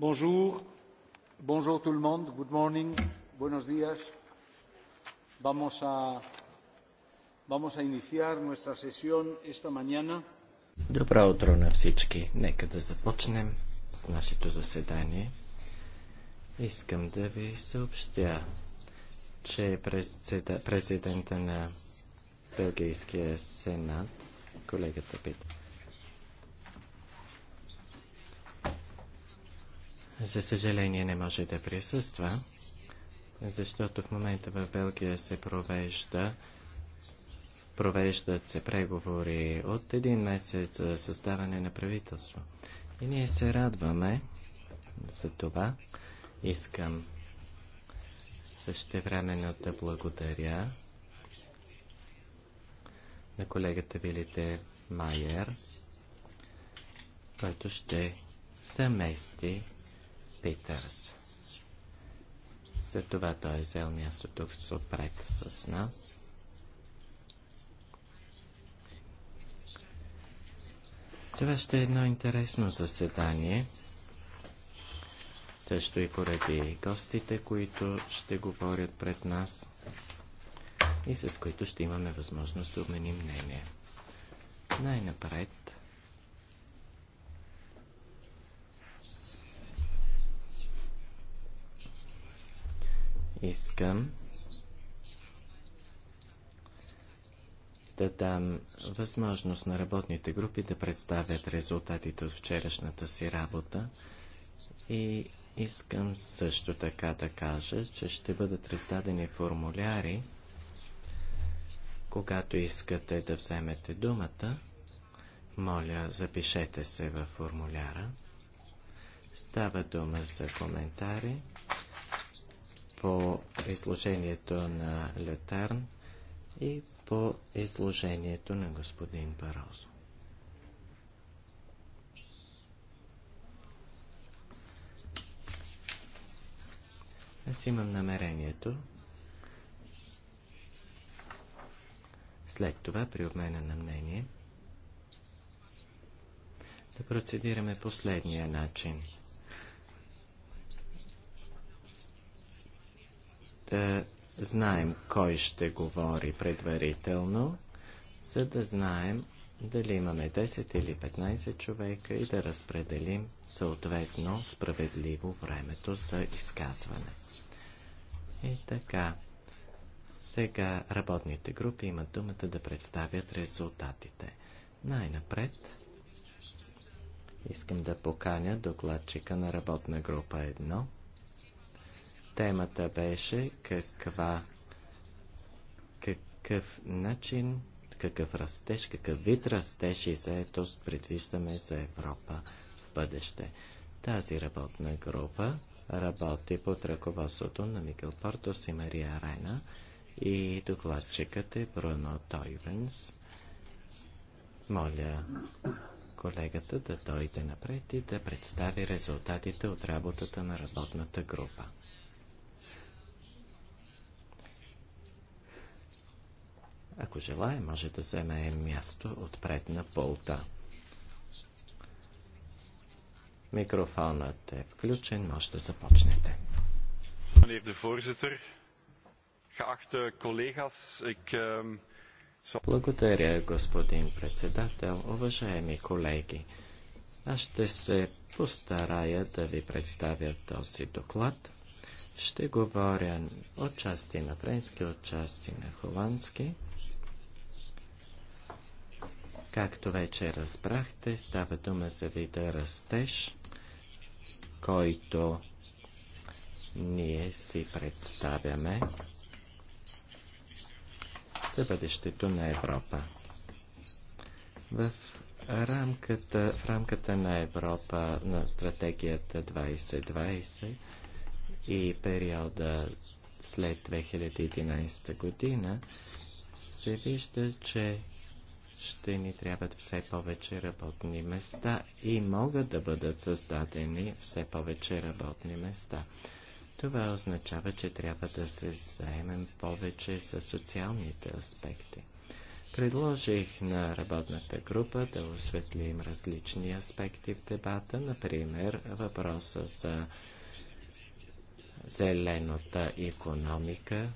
Bonjour. Bonjour tout le monde. Good morning. Buenos días. Vamos a, vamos a iniciar nuestra sesión esta mañana. Добро утро на всички. Нека да започнем с нашето заседание. Искам да ви съобщя, че президента на Белгийския сенат, колегата Питер, За съжаление не може да присъства, защото в момента в Белгия се провежда провеждат се преговори от един месец за създаване на правителство. И ние се радваме за това. Искам същевременно да благодаря на колегата Вилите Майер, който ще замести Питърс. това той е взел място тук отпред с нас. Това ще е едно интересно заседание, също и поради гостите, които ще говорят пред нас и с които ще имаме възможност да обменим мнение. Най-напред Искам да дам възможност на работните групи да представят резултатите от вчерашната си работа и искам също така да кажа, че ще бъдат раздадени формуляри, когато искате да вземете думата, моля, запишете се във формуляра. Става дума за коментари, по изложението на Летарн и по изложението на господин Барозо. Аз имам намерението след това при обмена на мнение да процедираме последния начин – да знаем кой ще говори предварително, за да знаем дали имаме 10 или 15 човека и да разпределим съответно справедливо времето за изказване. И така, сега работните групи имат думата да представят резултатите. Най-напред искам да поканя докладчика на работна група 1 Темата беше каква, какъв начин, какъв растеж, какъв вид растеж и заетост предвиждаме за Европа в бъдеще. Тази работна група работи под ръководството на Мигел Портос и Мария Рена и докладчикът е Бруно Тойвенс. Моля колегата да дойде напред и да представи резултатите от работата на работната група. Ако желая, може да вземе място отпред на полта. Микрофонът е включен, може да започнете. Meneer de voorzitter, geachte collega's, ik ehm, благодаря, господин председател. Уважаеми колеги, аз ще се постарая да ви представя този доклад. Ще говоря отчасти на френски, отчасти на холандски. Както вече разбрахте, става дума за вида растеж, който ние си представяме за бъдещето на Европа. В рамката, в рамката на Европа на стратегията 2020 и периода след 2011 година се вижда, че ще ни трябват все повече работни места и могат да бъдат създадени все повече работни места. Това означава, че трябва да се заемем повече с социалните аспекти. Предложих на работната група да осветлим различни аспекти в дебата, например въпроса за зелената економика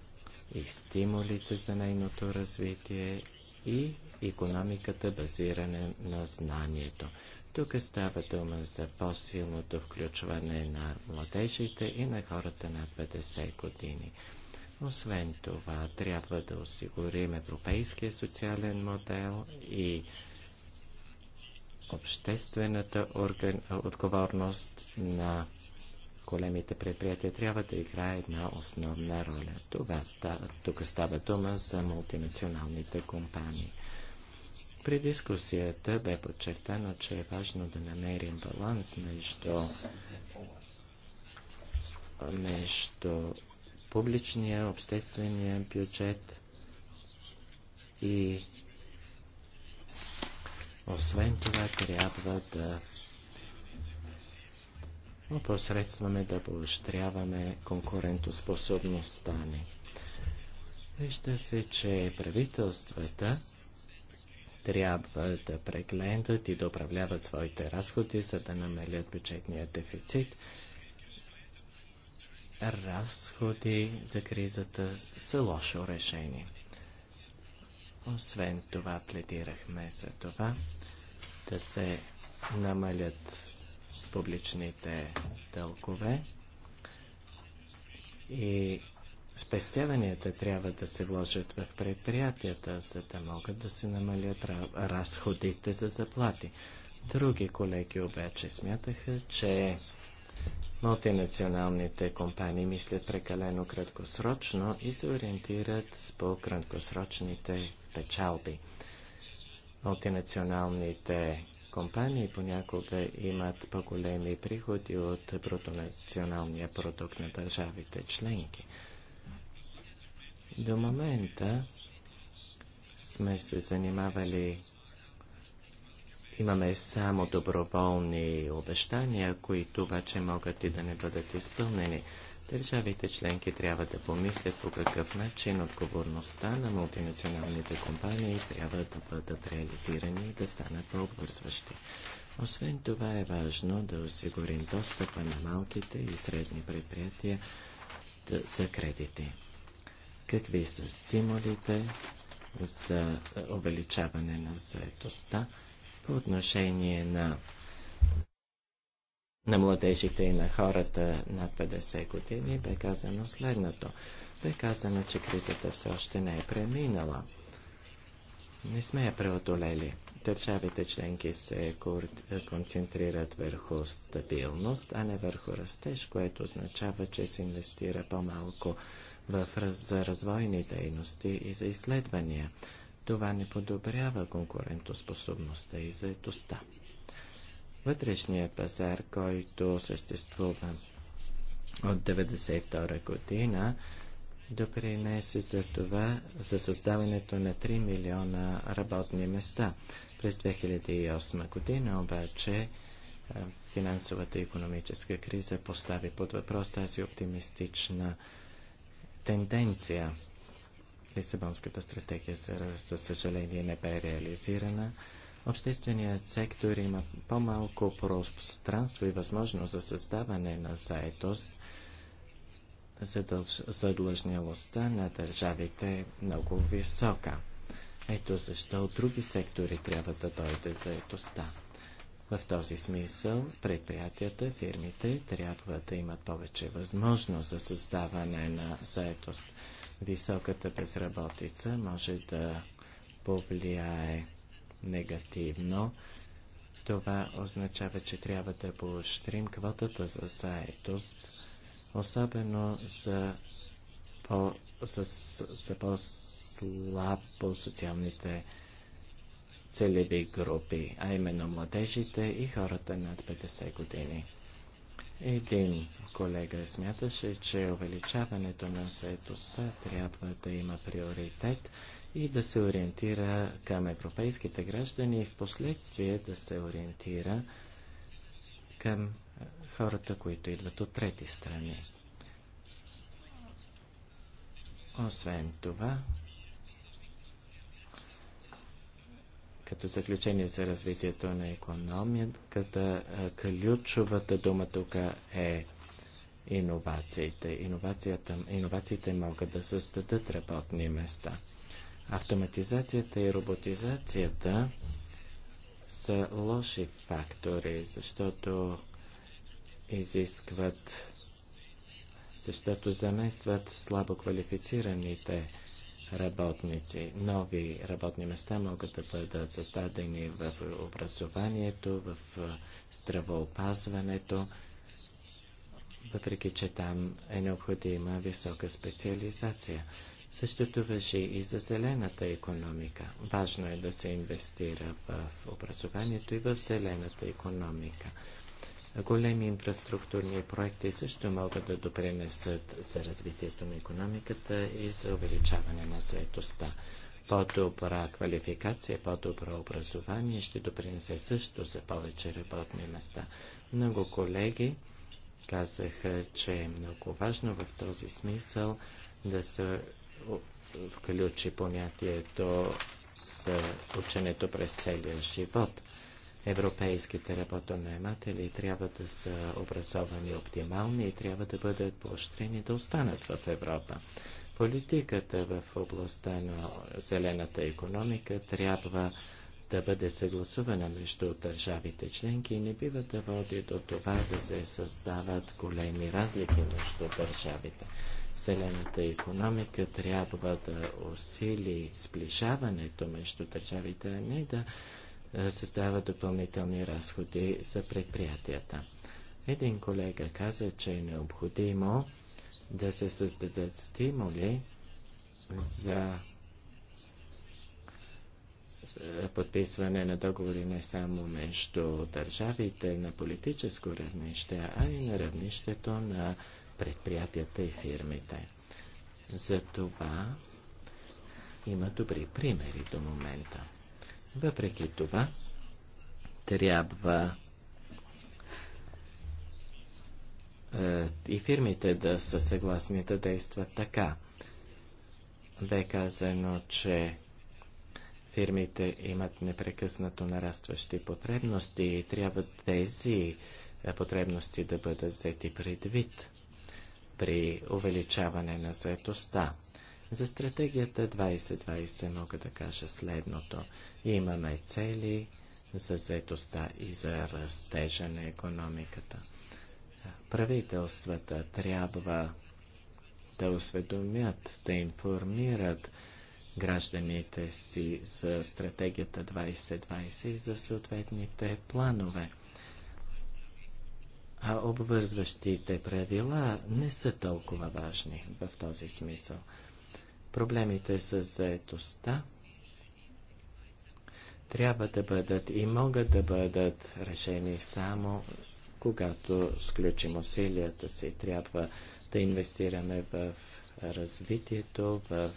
и стимулите за нейното развитие и економиката, базиране на знанието. Тук става дума за по-силното включване на младежите и на хората на 50 години. Освен това, трябва да осигурим европейския социален модел и обществената орган... отговорност на големите предприятия трябва да играе една основна роля. Това става, тук става дума за мултинационалните компании. При дискусията бе подчертано, че е важно да намерим баланс между, между публичния, обществения бюджет и освен това трябва да посредстваме да поощряваме конкурентоспособността ни. Вижда се, че правителствата трябва да прегледат и да управляват своите разходи, за да намалят бюджетния дефицит. Разходи за кризата са лошо решение. Освен това, пледирахме за това да се намалят публичните дългове и спестяванията трябва да се вложат в предприятията, за да могат да се намалят разходите за заплати. Други колеги обаче смятаха, че мултинационалните компании мислят прекалено краткосрочно и се ориентират по краткосрочните печалби. Мултинационалните компании понякога имат по-големи приходи от брутонационалния продукт на държавите членки. До момента сме се занимавали, имаме само доброволни обещания, които обаче могат и да не бъдат изпълнени. Държавите членки трябва да помислят по какъв начин отговорността на мултинационалните компании трябва да бъдат реализирани и да станат по-обвързващи. Освен това е важно да осигурим достъпа на малките и средни предприятия за кредити какви са стимулите за увеличаване на заетостта по отношение на на младежите и на хората на 50 години бе казано следното. Бе казано, че кризата все още не е преминала. Не сме я преодолели. Държавите членки се концентрират върху стабилност, а не върху растеж, което означава, че се инвестира по-малко в, за развойни дейности и за изследвания. Това не подобрява конкурентоспособността и заетостта. Вътрешният пазар, който съществува от 1992 година, допринесе за това за създаването на 3 милиона работни места. През 2008 година обаче финансовата и економическа криза постави под въпрос тази оптимистична тенденция. Лисабонската стратегия, със съжаление, не бе реализирана. Общественият сектор има по-малко пространство и възможност за създаване на заетост. Задълж... Задлъжнялостта на държавите е много висока. Ето защо от други сектори трябва да дойде заетостта. В този смисъл предприятията, фирмите трябва да имат повече възможност за създаване на заетост. Високата безработица може да повлияе негативно. Това означава, че трябва да поощрим квотата за заетост, особено за, по, за, за по-слабо социалните целеви групи, а именно младежите и хората над 50 години. Един колега смяташе, че увеличаването на заедостта трябва да има приоритет и да се ориентира към европейските граждани и в последствие да се ориентира към хората, които идват от трети страни. Освен това, като заключение за развитието на економиката, ключовата дума тук е иновациите. Иновациите могат да създадат работни места. Автоматизацията и роботизацията са лоши фактори, защото изискват, защото заместват слабо квалифицираните работници. Нови работни места могат да бъдат създадени в образованието, в здравоопазването, въпреки че там е необходима висока специализация. Същото въжи и за зелената економика. Важно е да се инвестира в образованието и в зелената економика. Големи инфраструктурни проекти също могат да допринесат за развитието на економиката и за увеличаване на заетостта. По-добра квалификация, по-добро образование ще допринесе също за повече работни места. Много колеги казаха, че е много важно в този смисъл да се включи понятието за ученето през целия живот. Европейските работонаематели трябва да са образовани оптимални и трябва да бъдат поощрени да останат в Европа. Политиката в областта на зелената економика трябва да бъде съгласувана между държавите членки и не бива да води до това да се създават големи разлики между държавите. Зелената економика трябва да усили сближаването между държавите, а не да е, създава допълнителни разходи за предприятията. Един колега каза, че е необходимо да се създадат стимули за подписване на договори не само между държавите на политическо равнище, а и на равнището на предприятията и фирмите. За това има добри примери до момента. Въпреки това, трябва е, и фирмите да са съгласни да действат така. Бе казано, че фирмите имат непрекъснато нарастващи потребности и трябва тези е, потребности да бъдат взети предвид при увеличаване на заетостта. За стратегията 2020 мога да кажа следното. Имаме цели за заетостта и за растежа на економиката. Правителствата трябва да осведомят, да информират гражданите си за стратегията 2020 и за съответните планове. А обвързващите правила не са толкова важни в този смисъл. Проблемите с заетостта трябва да бъдат и могат да бъдат решени само когато сключим усилията си. Трябва да инвестираме в развитието, в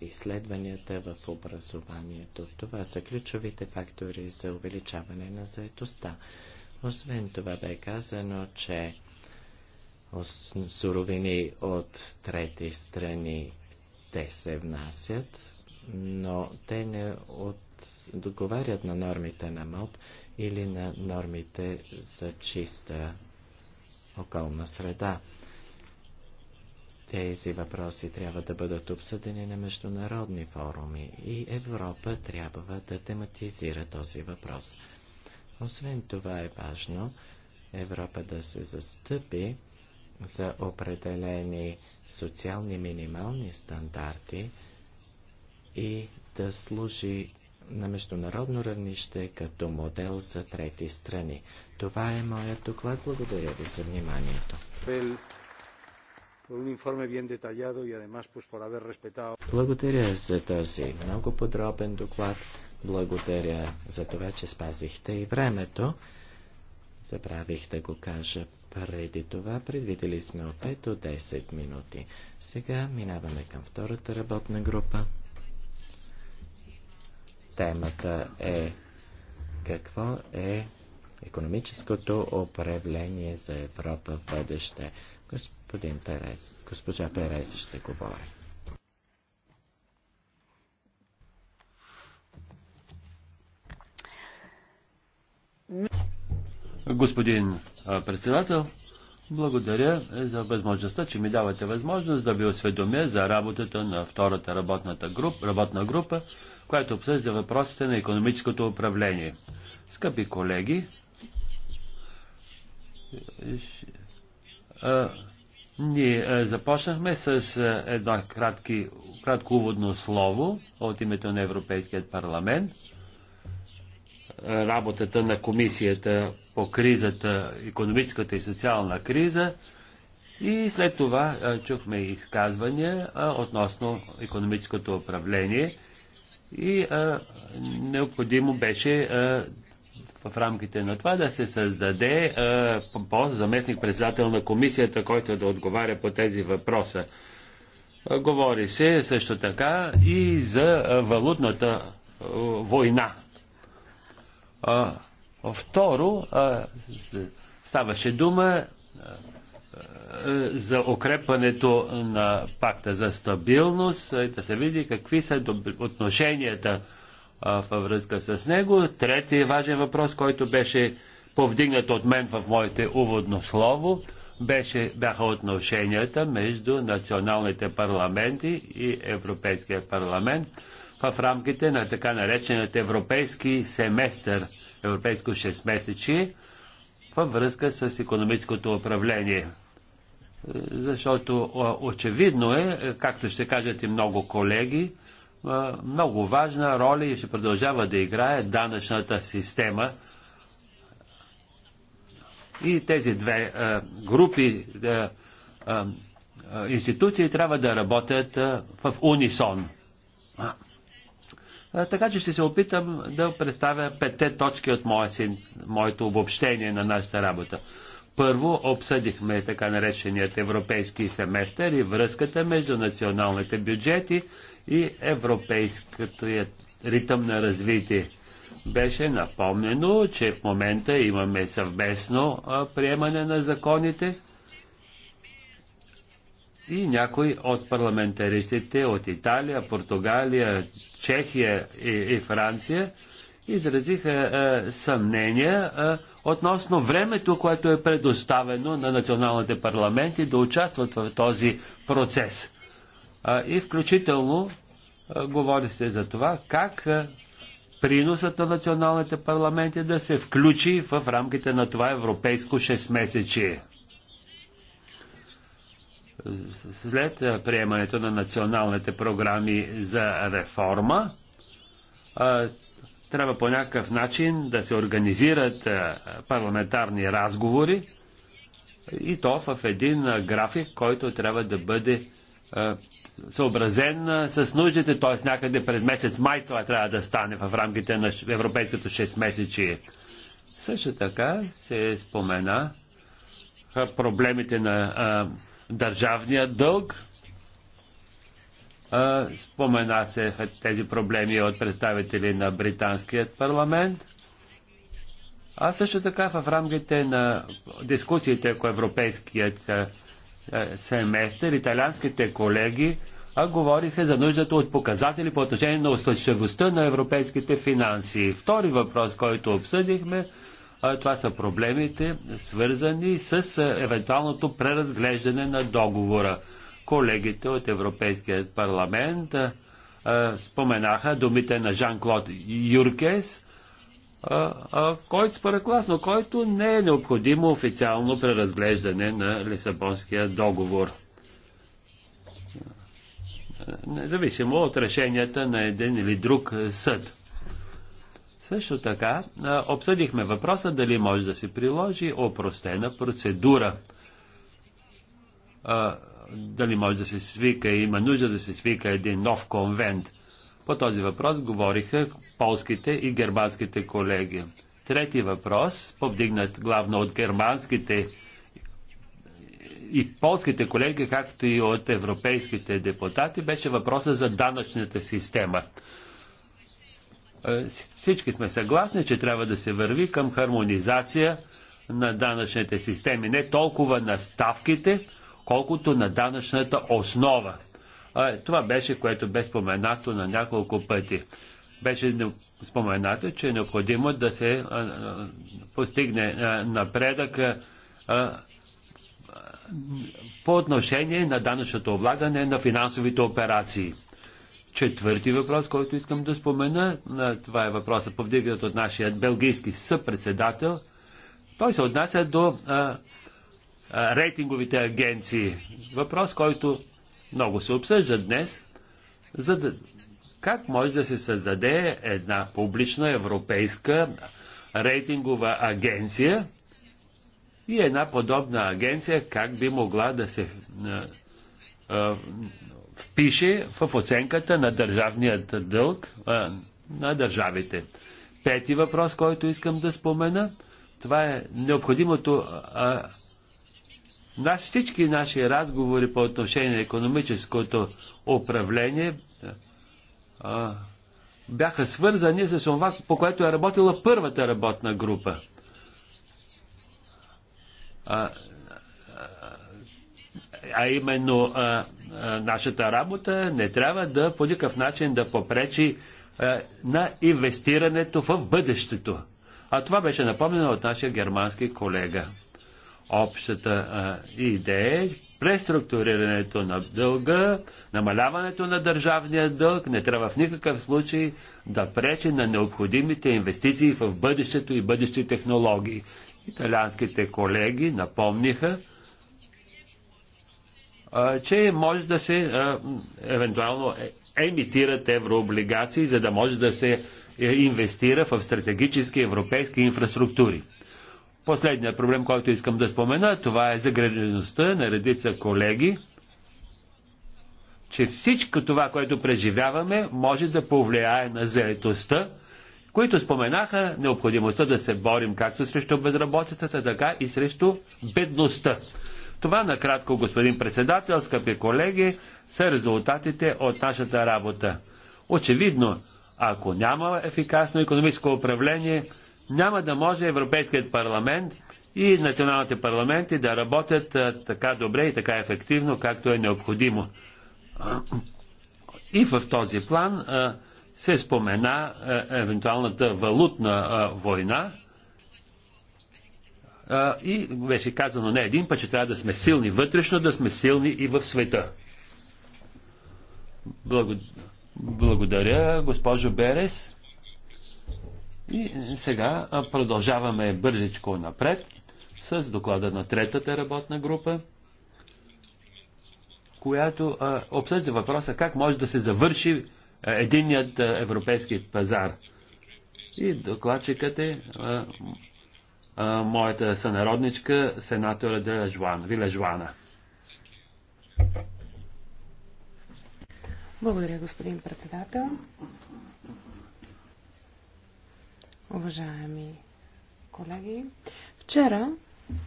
изследванията, в образованието. Това са ключовите фактори за увеличаване на заетостта. Освен това бе казано, че суровини от трети страни те се внасят, но те не от... договарят на нормите на МОД или на нормите за чиста околна среда. Тези въпроси трябва да бъдат обсъдени на международни форуми и Европа трябва да тематизира този въпрос. Освен това е важно Европа да се застъпи за определени социални минимални стандарти и да служи на международно равнище като модел за трети страни. Това е моят доклад. Благодаря ви за вниманието. Благодаря за този много подробен доклад. Благодаря за това, че спазихте и времето. Забравих да го кажа преди това предвидели сме от 5 до 10 минути. Сега минаваме към втората работна група. Темата е какво е економическото управление за Европа в бъдеще. Господин Перес, госпожа Перес ще говори. Господин председател. Благодаря за възможността, че ми давате възможност да ви осведомя за работата на втората работната груп, работна група, която обсъжда въпросите на економическото управление. Скъпи колеги, ние започнахме с едно кратко уводно слово от името на Европейският парламент – работата на комисията по кризата, економическата и социална криза. И след това чухме изказвания относно економическото управление и а, необходимо беше а, в рамките на това да се създаде пост заместник председател на комисията, който да отговаря по тези въпроса. говори се също така и за а, валутната а, война а, второ, а, ставаше дума за укрепването на пакта за стабилност и да се види какви са отношенията във връзка с него. Трети важен въпрос, който беше повдигнат от мен в моите уводно слово, беше, бяха отношенията между националните парламенти и Европейския парламент в рамките на така нареченият европейски семестър, европейско 6 месечи, във връзка с економическото управление. Защото очевидно е, както ще кажат и много колеги, много важна роля и ще продължава да играе данъчната система. И тези две групи институции трябва да работят в унисон. Така че ще се опитам да представя петте точки от моя син, моето обобщение на нашата работа. Първо обсъдихме така нареченият европейски семестър и връзката между националните бюджети и европейското е ритъм на развитие. Беше напомнено, че в момента имаме съвместно приемане на законите и някои от парламентаристите от Италия, Португалия, Чехия и, и Франция изразиха е, съмнения е, относно времето, което е предоставено на националните парламенти да участват в този процес. Е, и включително е, говори се за това как е, приносът на националните парламенти да се включи в рамките на това европейско 6 месечие след е, приемането на националните програми за реформа, е, трябва по някакъв начин да се организират е, парламентарни разговори и то в един график, който трябва да бъде съобразен с нуждите, т.е. някъде през месец май това трябва да стане в рамките на европейското 6 месечие. Също така се спомена проблемите на държавния дълг. Спомена се тези проблеми от представители на британският парламент. А също така в рамките на дискусиите по европейският семестър, италианските колеги а говориха за нуждата от показатели по отношение на устойчивостта на европейските финанси. Втори въпрос, който обсъдихме, това са проблемите, свързани с евентуалното преразглеждане на договора. Колегите от Европейския парламент споменаха думите на Жан-Клод Юркес, който споръкласно, който не е необходимо официално преразглеждане на Лисабонския договор. Независимо от решенията на един или друг съд. Също така обсъдихме въпроса дали може да се приложи опростена процедура. Дали може да се свика, има нужда да се свика един нов конвент. По този въпрос говориха полските и германските колеги. Трети въпрос, повдигнат главно от германските и полските колеги, както и от европейските депутати, беше въпроса за данъчната система. Е, всички сме съгласни, че трябва да се върви към хармонизация на данъчните системи. Не толкова на ставките, колкото на данъчната основа. Е, това беше, което бе споменато на няколко пъти. Беше споменато, че е необходимо да се е, постигне напредък по отношение на данъчното облагане на финансовите операции. Четвърти въпрос, който искам да спомена, това е въпросът повдигнат от нашия белгийски съпредседател. Той се отнася до а, а, рейтинговите агенции. Въпрос, който много се обсъжда днес, за да, как може да се създаде една публична европейска рейтингова агенция и една подобна агенция как би могла да се а, а, впише в оценката на държавният дълг а, на държавите. Пети въпрос, който искам да спомена, това е необходимото. А, на всички наши разговори по отношение на економическото управление а, бяха свързани с това, по което е работила първата работна група. А, а именно а, а, нашата работа не трябва да по никакъв начин да попречи а, на инвестирането в бъдещето. А това беше напомнено от нашия германски колега. Общата а, идея е преструктурирането на дълга, намаляването на държавния дълг не трябва в никакъв случай да пречи на необходимите инвестиции в бъдещето и бъдещи технологии. Италианските колеги напомниха, че може да се евентуално е, емитират еврооблигации, за да може да се е, инвестира в стратегически европейски инфраструктури. Последният проблем, който искам да спомена, това е загрежеността на редица колеги, че всичко това, което преживяваме, може да повлияе на заетостта, които споменаха необходимостта да се борим както срещу безработицата, така и срещу бедността. Това накратко, господин председател, скъпи колеги, са резултатите от нашата работа. Очевидно, ако няма ефикасно економическо управление, няма да може Европейският парламент и националните парламенти да работят така добре и така ефективно, както е необходимо. И в този план се спомена евентуалната валутна война, и беше казано не един път, че трябва да сме силни вътрешно, да сме силни и в света. Благодаря, госпожо Берес. И сега продължаваме бързичко напред с доклада на третата работна група, която а, обсъжда въпроса как може да се завърши а, единният а, европейски пазар. И докладчикът е а, а, моята сънародничка, сенатора Виле Вилежуана. Благодаря, господин председател. Уважаеми колеги, вчера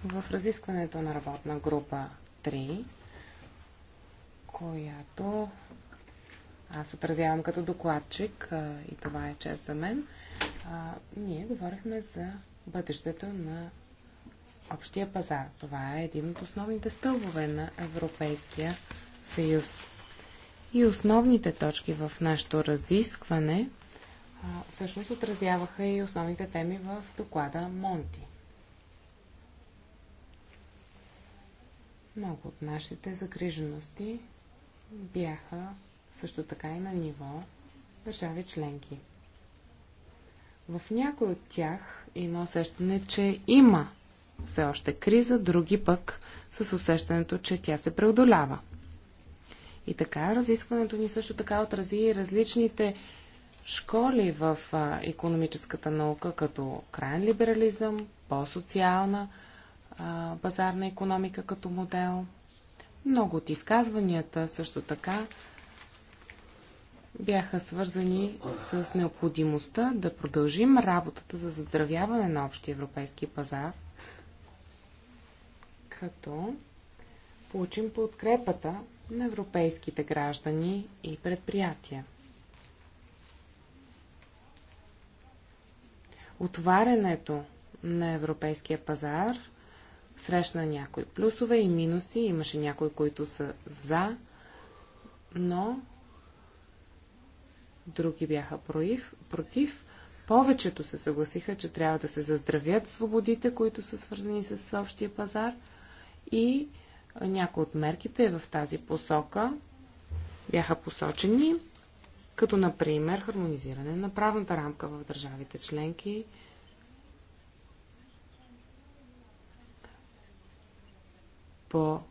в разискването на работна група 3, която аз отразявам като докладчик и това е чест за мен, ние говорихме за бъдещето на общия пазар. Това е един от основните стълбове на Европейския съюз. И основните точки в нашето разискване а, всъщност отразяваха и основните теми в доклада Монти. Много от нашите загрижености бяха също така и на ниво държави членки. В някои от тях има усещане, че има все още криза, други пък с усещането, че тя се преодолява. И така, разискването ни също така отрази и различните школи в а, економическата наука, като крайен либерализъм, по-социална, базарна економика като модел. Много от изказванията също така бяха свързани с необходимостта да продължим работата за заздравяване на общия европейски пазар, като получим подкрепата на европейските граждани и предприятия. Отварянето на европейския пазар срещна някои плюсове и минуси. Имаше някои, които са за, но други бяха проив, против. Повечето се съгласиха, че трябва да се заздравят свободите, които са свързани с общия пазар и някои от мерките в тази посока бяха посочени, като например хармонизиране на правната рамка в държавите членки, по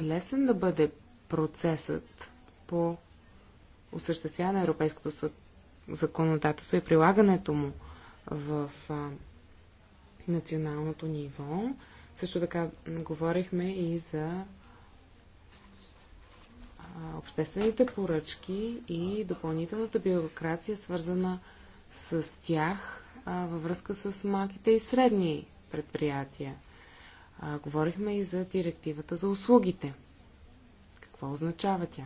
лесен да бъде процесът по осъществяване на европейското законодателство и прилагането му в а, националното ниво. Също така говорихме и за обществените поръчки и допълнителната бюрокрация, свързана с тях а, във връзка с малките и средни предприятия. А, говорихме и за директивата за услугите. Какво означава тя?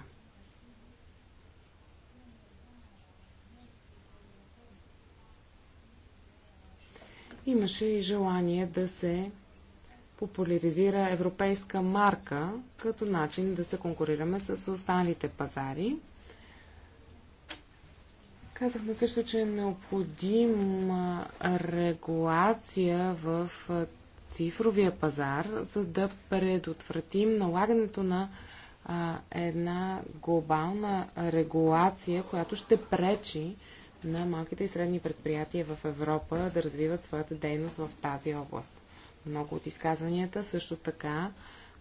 Имаше и желание да се популяризира европейска марка като начин да се конкурираме с останалите пазари. Казахме също, че е необходима регулация в цифровия пазар, за да предотвратим налагането на а, една глобална регулация, която ще пречи на малките и средни предприятия в Европа да развиват своята дейност в тази област. Много от изказванията също така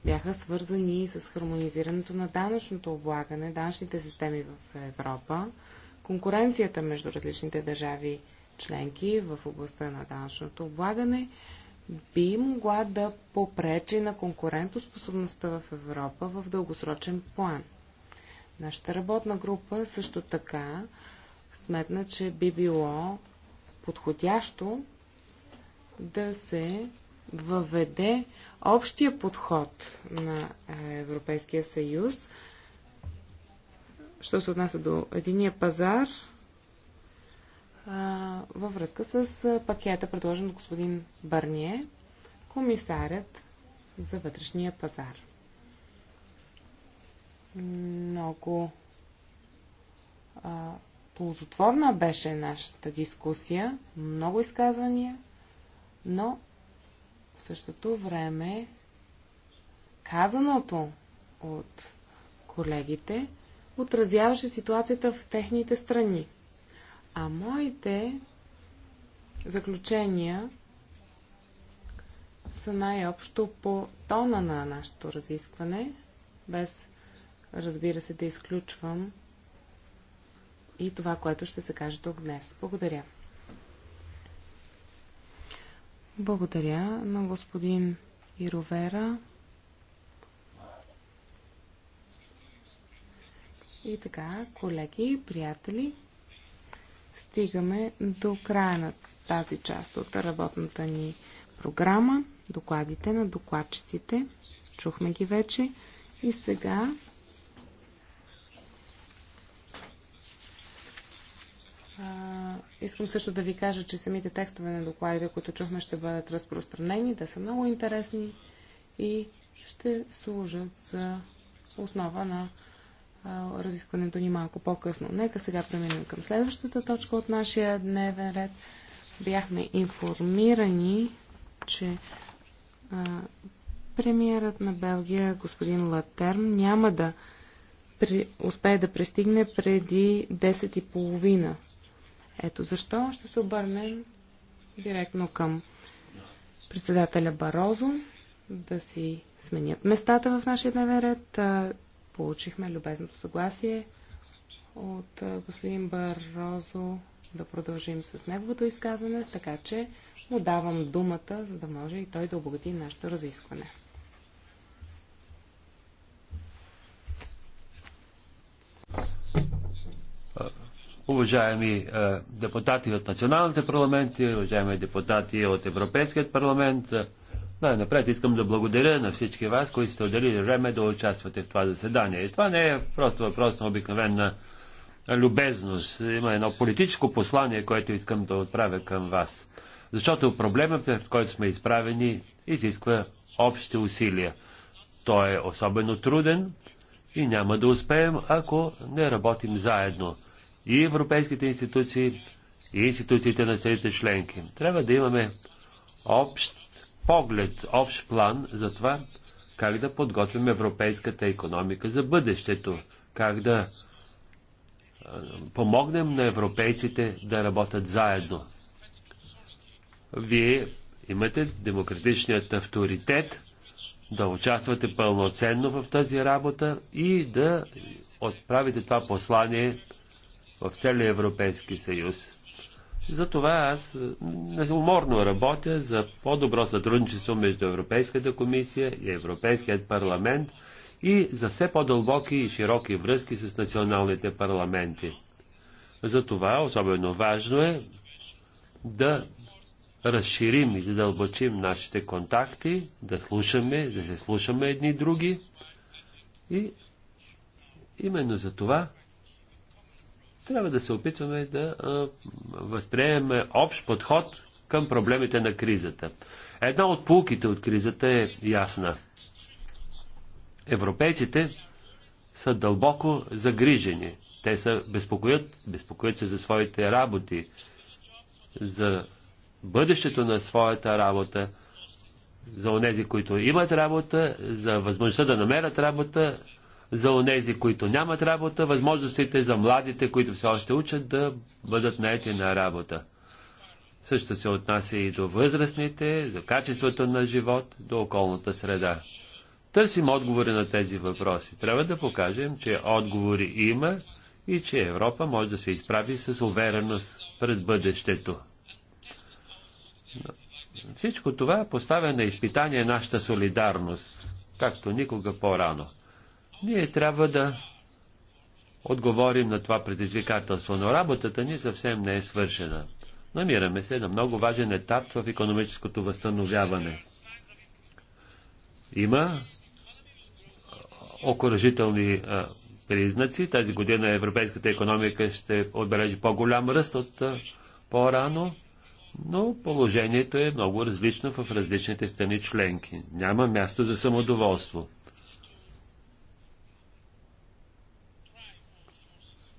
бяха свързани с хармонизирането на данъчното облагане, данъчните системи в Европа, конкуренцията между различните държави членки в областта на данъчното облагане би могла да попречи на конкурентоспособността в Европа в дългосрочен план. Нашата работна група също така сметна, че би било подходящо да се въведе общия подход на Европейския съюз, що се отнася до единия пазар, във връзка с пакета, предложен от господин Барние, комисарят за вътрешния пазар. Много ползотворна беше нашата дискусия, много изказвания, но в същото време казаното от колегите отразяваше ситуацията в техните страни. А моите заключения са най-общо по тона на нашето разискване, без, разбира се, да изключвам и това, което ще се каже тук днес. Благодаря. Благодаря на господин Ировера. И така, колеги, приятели, стигаме до края на тази част от работната ни програма, докладите на докладчиците. Чухме ги вече. И сега искам също да ви кажа, че самите текстове на докладите, които чухме, ще бъдат разпространени. Те да са много интересни и ще служат за основа на разискването ни малко по-късно. Нека сега преминем към следващата точка от нашия дневен ред. Бяхме информирани, че премиерът на Белгия, господин Латерм, няма да при, успее да пристигне преди 10.30. Ето защо ще се обърнем директно към председателя Барозо да си сменят местата в нашия дневен ред. Получихме любезното съгласие от господин Барозо да продължим с неговото изказване, така че му давам думата, за да може и той да обогати нашето разискване. уважаеми е, депутати от националните парламенти, уважаеми депутати от Европейският парламент. Е, най-напред искам да благодаря на всички вас, които сте отделили време да участвате в това заседание. И това не е просто въпрос на обикновена любезност. Има едно политическо послание, което искам да отправя към вас. Защото проблемът, пред който сме изправени, изисква общи усилия. Той е особено труден и няма да успеем, ако не работим заедно и европейските институции, и институциите на страните членки. Трябва да имаме общ поглед, общ план за това как да подготвим европейската економика за бъдещето, как да помогнем на европейците да работят заедно. Вие имате демократичният авторитет да участвате пълноценно в тази работа и да отправите това послание в целия Европейски съюз. Затова аз е, неуморно работя за по-добро сътрудничество между Европейската комисия и Европейският парламент и за все по-дълбоки и широки връзки с националните парламенти. Затова особено важно е да разширим и да дълбочим нашите контакти, да слушаме, да се слушаме едни други. И именно за това трябва да се опитваме да възприемем общ подход към проблемите на кризата. Една от полуките от кризата е ясна. Европейците са дълбоко загрижени. Те са безпокоят, безпокоят се за своите работи, за бъдещето на своята работа, за онези, които имат работа, за възможността да намерят работа, за онези, които нямат работа, възможностите за младите, които все още учат, да бъдат наети на работа. Също се отнася и до възрастните, за качеството на живот, до околната среда. Търсим отговори на тези въпроси. Трябва да покажем, че отговори има и че Европа може да се изправи с увереност пред бъдещето. Всичко това поставя на изпитание нашата солидарност, както никога по-рано. Ние трябва да отговорим на това предизвикателство, но работата ни съвсем не е свършена. Намираме се на много важен етап в економическото възстановяване. Има окоръжителни признаци. Тази година европейската економика ще отбележи по-голям ръст от по-рано, но положението е много различно в различните страни членки. Няма място за самодоволство.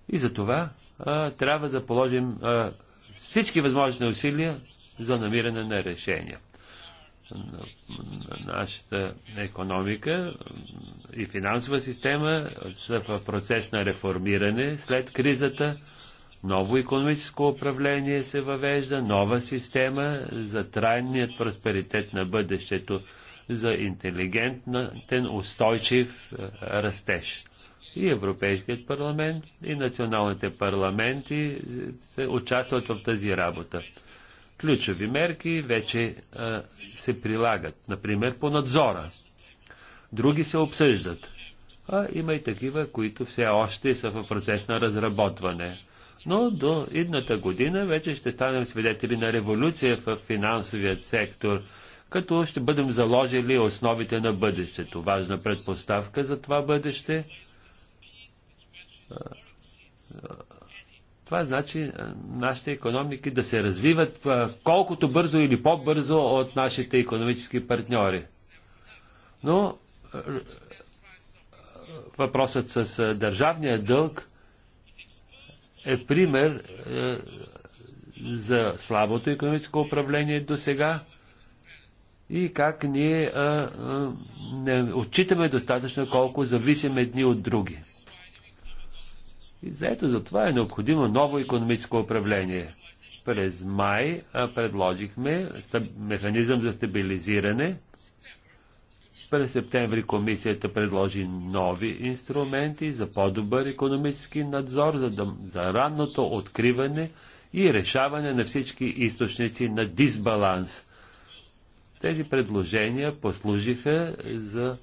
И за това а, трябва да положим а, всички възможни усилия за намиране на решения. На, на нашата економика и финансова система са в процес на реформиране след кризата. Ново економическо управление се въвежда, нова система за трайният просперитет на бъдещето, за интелигентен, устойчив растеж. И Европейският парламент, и националните парламенти е, се участват в тази работа. Ключови мерки вече а, е, се прилагат, например по надзора. Други се обсъждат. А има и такива, които все още са в процес на разработване. Но до идната година вече ще станем свидетели на революция в финансовия сектор, като ще бъдем заложили основите на бъдещето. Важна предпоставка за това бъдеще това значи е, нашите економики да се развиват е, колкото бързо или по-бързо от нашите економически партньори. Но е, въпросът с държавния дълг е пример за слабото економическо управление до сега и как ние а, а, не отчитаме достатъчно колко зависим едни от други. И заето за това е необходимо ново економическо управление. През май предложихме механизъм за стабилизиране. През септември комисията предложи нови инструменти за по-добър економически надзор, за, да, за ранното откриване и решаване на всички източници на дисбаланс. Тези предложения послужиха за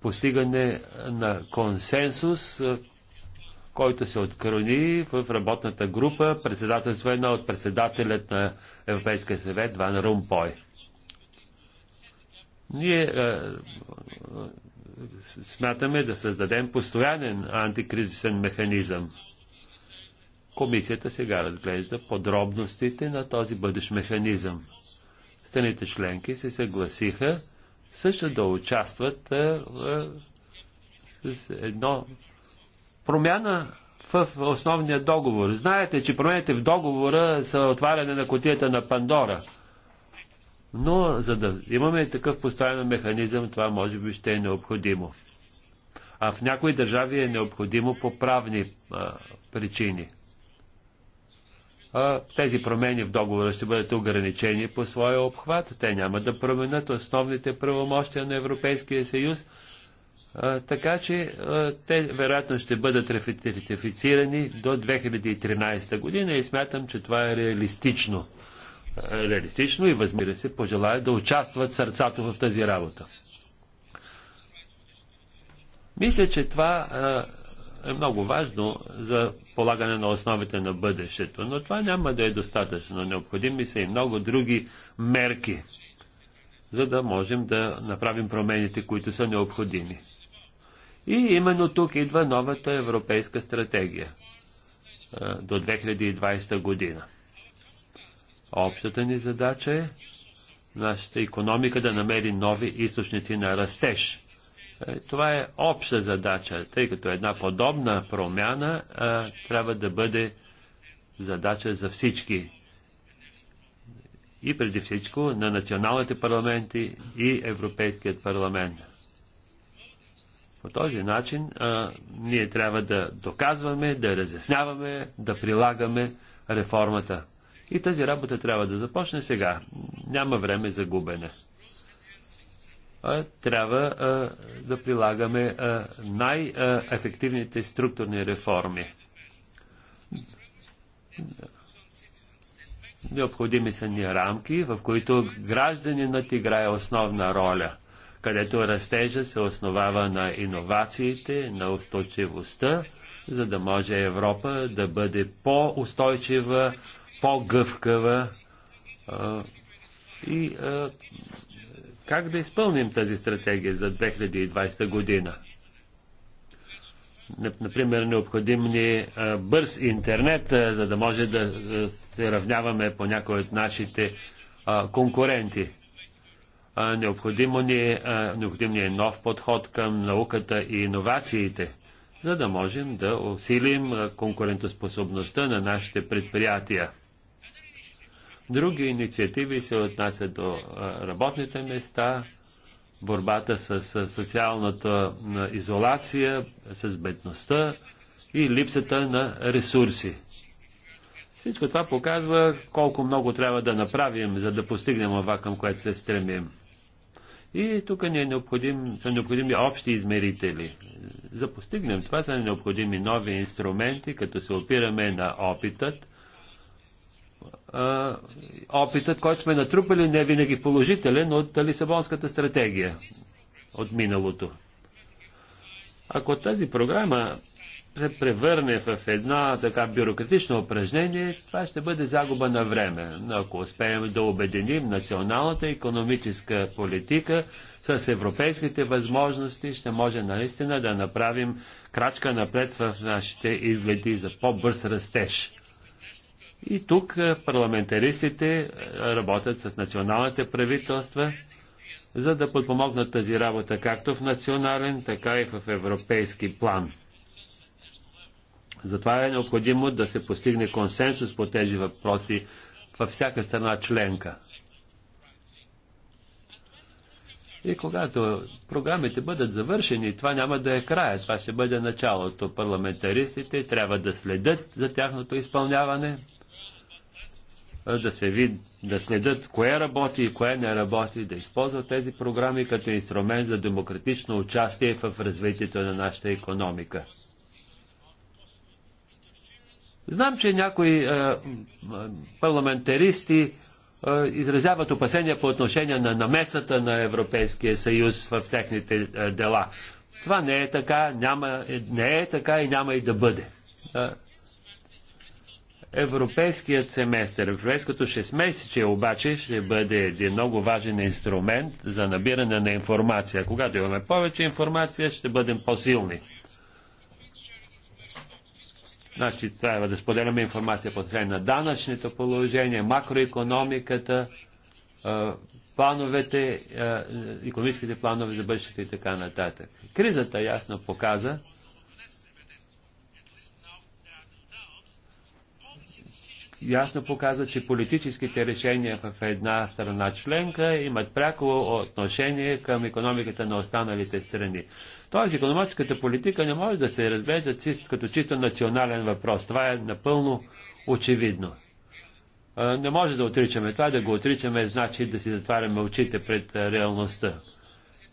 постигане на консенсус, който се открони в работната група, председателство една от председателят на Европейския съвет Ван Румпой. Ние е, смятаме да създадем постоянен антикризисен механизъм. Комисията сега разглежда подробностите на този бъдещ механизъм. Страните членки се съгласиха също да участват е, е, с едно промяна в основния договор. Знаете, че промените в договора са отваряне на котията на Пандора. Но за да имаме такъв постоянен механизъм, това може би ще е необходимо. А в някои държави е необходимо по правни а, причини. А, тези промени в договора ще бъдат ограничени по своя обхват. Те няма да променят основните правомощия на Европейския съюз, така че те вероятно ще бъдат ратифицирани до 2013 година и смятам, че това е реалистично. Реалистично и възмира се, пожелая да участват сърцато в тази работа. Мисля, че това е много важно за полагане на основите на бъдещето, но това няма да е достатъчно. Необходими са и много други мерки, за да можем да направим промените, които са необходими. И именно тук идва новата европейска стратегия до 2020 година. Общата ни задача е нашата економика да намери нови източници на растеж. Е, това е обща задача, тъй като една подобна промяна а, трябва да бъде задача за всички. И преди всичко на националните парламенти и Европейският парламент. По този начин а, ние трябва да доказваме, да разясняваме, да прилагаме реформата. И тази работа трябва да започне сега. Няма време за губене. А, трябва а, да прилагаме най-ефективните структурни реформи. Необходими са ни рамки, в които гражданинът играе основна роля – където растежа се основава на иновациите, на устойчивостта, за да може Европа да бъде по-устойчива, по-гъвкава и а, как да изпълним тази стратегия за 2020 година. Например, необходим ни бърз интернет, за да може да се равняваме по някои от нашите конкуренти необходимо ни е, необходим ни е нов подход към науката и иновациите, за да можем да усилим конкурентоспособността на нашите предприятия. Други инициативи се отнасят до работните места, борбата с социалната изолация, с бедността и липсата на ресурси. Всичко това показва колко много трябва да направим, за да постигнем това, към което се стремим. И тук не е необходим, са необходими общи измерители. За постигнем това са необходими нови инструменти, като се опираме на опитът. опитът, който сме натрупали, не е винаги положителен от Лисабонската стратегия от миналото. Ако тази програма превърне в една така бюрократично упражнение, това ще бъде загуба на време. Но ако успеем да обединим националната економическа политика с европейските възможности, ще може наистина да направим крачка напред в нашите изгледи за по-бърз растеж. И тук е, парламентаристите е, работят с националните правителства, за да подпомогнат тази работа както в национален, така и в европейски план. Затова е необходимо да се постигне консенсус по тези въпроси във всяка страна членка. И когато програмите бъдат завършени, това няма да е края, това ще бъде началото. Парламентаристите трябва да следят за тяхното изпълняване, да се вид, да следят кое работи и кое не работи, да използват тези програми като инструмент за демократично участие в развитието на нашата економика. Знам, че някои е, е, парламентаристи е, изразяват опасения по отношение на намесата на Европейския съюз в техните е, дела. Това не е така, няма, е, не е така и няма и да бъде. Е, Европейският семестър, европейското 6 месече обаче ще бъде един много важен инструмент за набиране на информация. Когато имаме повече информация, ще бъдем по-силни. Значи трябва да споделяме информация по цен на данъчните положения, макроекономиката, плановете, економическите планове за бъдещето и така нататък. Кризата ясно показа, ясно показа, че политическите решения в една страна членка имат пряко отношение към економиката на останалите страни. Тоест, економическата политика не може да се разглежда чист, като чисто национален въпрос. Това е напълно очевидно. Не може да отричаме това, да го отричаме, значи да си затваряме очите пред реалността.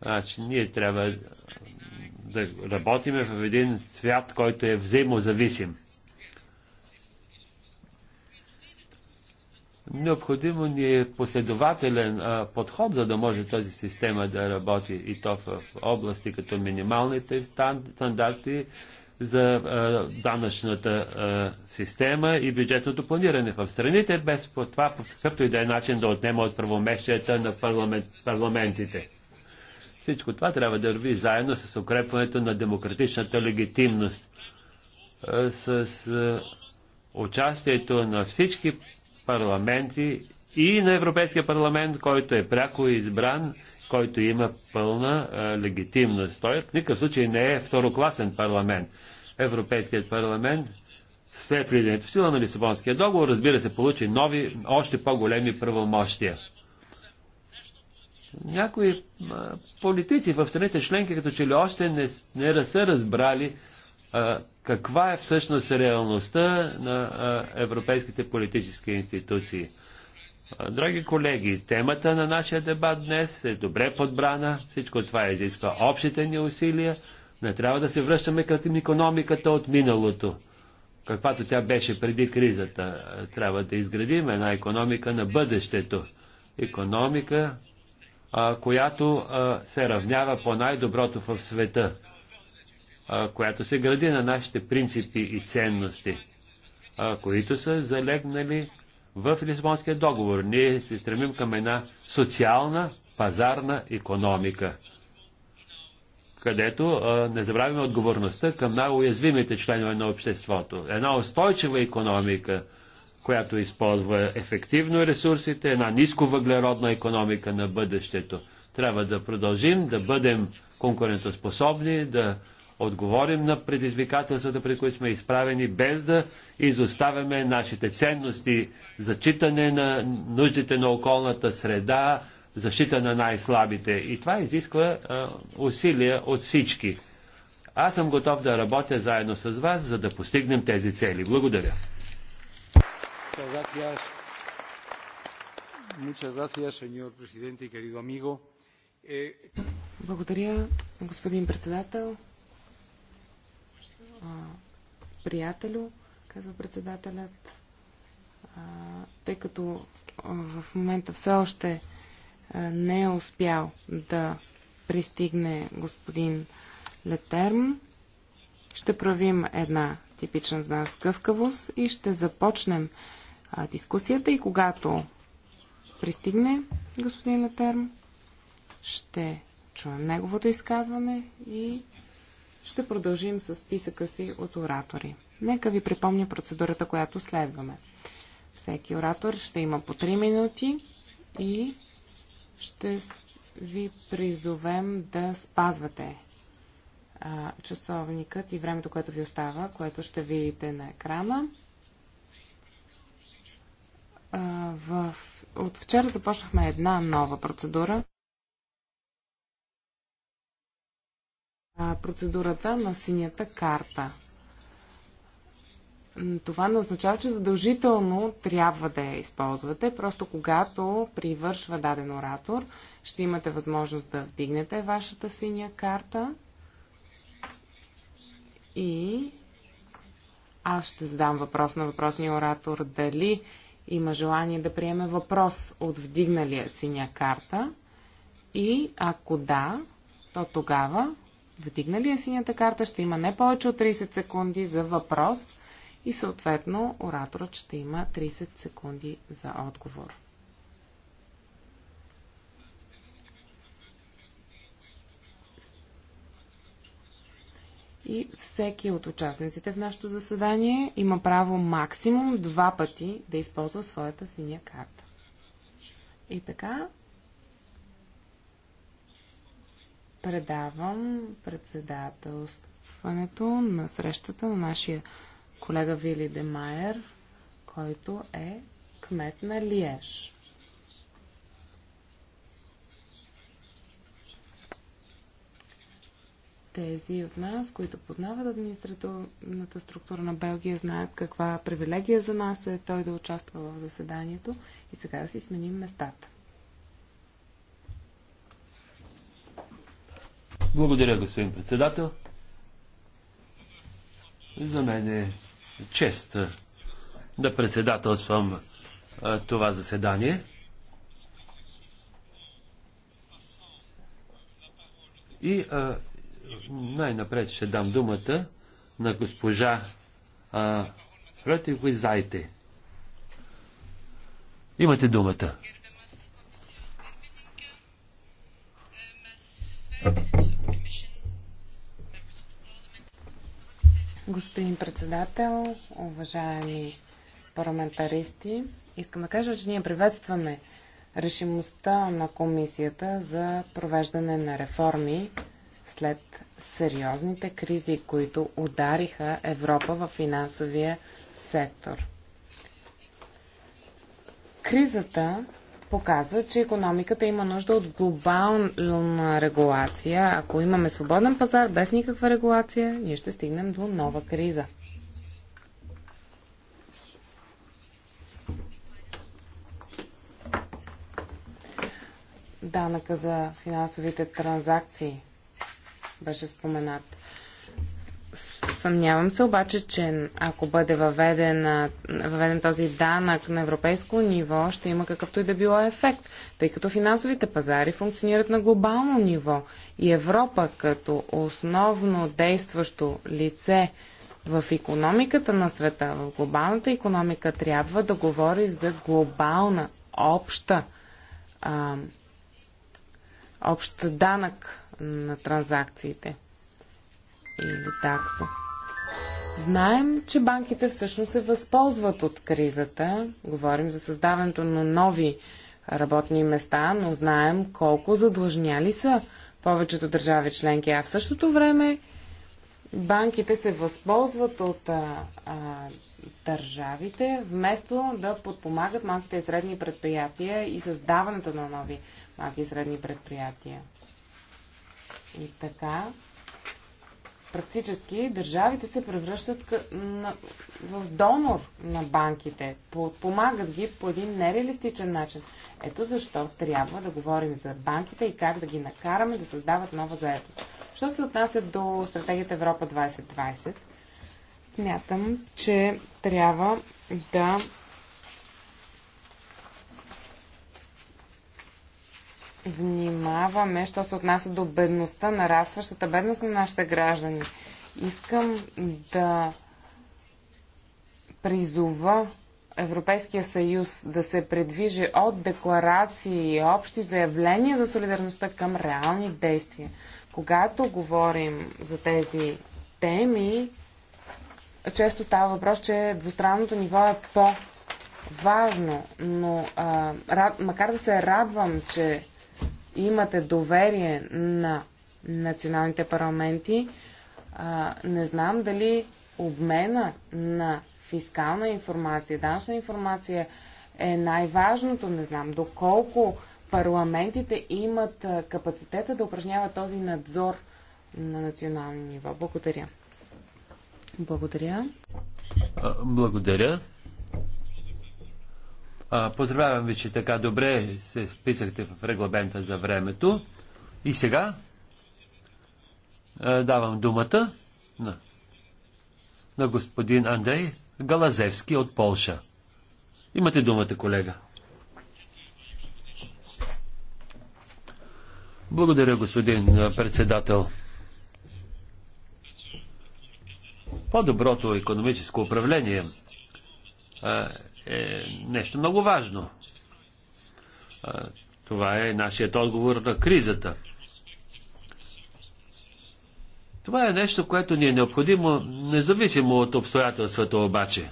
Значи, ние трябва да работиме в един свят, който е взаимозависим. Необходимо ни е последователен а, подход, за да може тази система да работи и то в области като минималните стандарти за а, данъчната а, система и бюджетното планиране в страните, без по това по какъвто и да е начин да отнема от правомещията на парламент, парламентите. Всичко това трябва да върви заедно с укрепването на демократичната легитимност, с участието на всички парламенти и на Европейския парламент, който е пряко избран, който има пълна а, легитимност. Той в никакъв случай не е второкласен парламент. Европейският парламент след влизането в сила на Лисабонския договор, разбира се, получи нови, още по-големи правомощия. Някои политици в страните членки, като че ли още не, не са разбрали а, каква е всъщност реалността на европейските политически институции. Драги колеги, темата на нашия дебат днес е добре подбрана. Всичко това изисква общите ни усилия. Не трябва да се връщаме към економиката от миналото, каквато тя беше преди кризата. Трябва да изградим една економика на бъдещето. Економика, която се равнява по най-доброто в света която се гради на нашите принципи и ценности, които са залегнали в Лисбонския договор. Ние се стремим към една социална пазарна економика, където не забравяме отговорността към най-уязвимите членове на обществото. Една устойчива економика, която използва ефективно ресурсите, една нисковъглеродна економика на бъдещето. Трябва да продължим да бъдем конкурентоспособни, да отговорим на предизвикателствата, при които сме изправени, без да изоставяме нашите ценности, зачитане на нуждите на околната среда, защита на най-слабите. И това изисква а, усилия от всички. Аз съм готов да работя заедно с вас, за да постигнем тези цели. Благодаря. Eh, Благодаря, господин председател приятелю, казва председателят, а, тъй като в момента все още не е успял да пристигне господин Летерм, ще правим една типична за нас къвкавост и ще започнем а, дискусията и когато пристигне господин Летерм, ще чуем неговото изказване и ще продължим с списъка си от оратори. Нека ви припомня процедурата, която следваме. Всеки оратор ще има по 3 минути и ще ви призовем да спазвате а, часовникът и времето, което ви остава, което ще видите на екрана. А, в... От вчера започнахме една нова процедура. процедурата на синята карта. Това не означава, че задължително трябва да я използвате. Просто когато привършва даден оратор, ще имате възможност да вдигнете вашата синя карта и аз ще задам въпрос на въпросния оратор дали има желание да приеме въпрос от вдигналия синя карта и ако да, то тогава вдигнали е синята карта, ще има не повече от 30 секунди за въпрос и съответно ораторът ще има 30 секунди за отговор. И всеки от участниците в нашето заседание има право максимум два пъти да използва своята синя карта. И така, предавам председателстването на срещата на нашия колега Вили Демайер, който е кмет на Лиеж. Тези от нас, които познават административната структура на Белгия, знаят каква привилегия за нас е той да участва в заседанието и сега да си сменим местата. Благодаря, господин председател. За мен е чест да председателствам това заседание. И най-напред ще дам думата на госпожа Ретихо Зайте. Имате думата. Е, Господин председател, уважаеми парламентаристи, искам да кажа, че ние приветстваме решимостта на комисията за провеждане на реформи след сериозните кризи, които удариха Европа в финансовия сектор. Кризата показа, че економиката има нужда от глобална регулация. Ако имаме свободен пазар без никаква регулация, ние ще стигнем до нова криза. Данъка за финансовите транзакции беше споменат. Съмнявам се обаче, че ако бъде въведен, въведен този данък на европейско ниво, ще има какъвто и да било ефект, тъй като финансовите пазари функционират на глобално ниво и Европа като основно действащо лице в економиката на света, в глобалната економика, трябва да говори за глобална, обща, а, общ данък на транзакциите или такса. Знаем, че банките всъщност се възползват от кризата. Говорим за създаването на нови работни места, но знаем колко задлъжняли са повечето държави членки. А в същото време банките се възползват от а, а, държавите, вместо да подпомагат малките и средни предприятия и създаването на нови малки и средни предприятия. И така, практически държавите се превръщат в донор на банките, помагат ги по един нереалистичен начин. Ето защо трябва да говорим за банките и как да ги накараме да създават нова заедност. Що се отнася до стратегията Европа 2020, смятам, че трябва да внимаваме, що се отнася до бедността, нарастващата бедност на нашите граждани. Искам да призова Европейския съюз да се предвижи от декларации и общи заявления за солидарността към реални действия. Когато говорим за тези теми, често става въпрос, че двустранното ниво е по-важно, но а, рад, макар да се радвам, че имате доверие на националните парламенти, а, не знам дали обмена на фискална информация, данъчна информация е най-важното. Не знам доколко парламентите имат капацитета да упражняват този надзор на национални ниво. Благодаря. Благодаря. Благодаря. Поздравявам ви, че така добре се вписахте в регламента за времето. И сега давам думата на, на господин Андрей Галазевски от Полша. Имате думата, колега. Благодаря, господин председател. По-доброто економическо управление е нещо много важно. Това е нашият отговор на кризата. Това е нещо, което ни е необходимо, независимо от обстоятелствата обаче.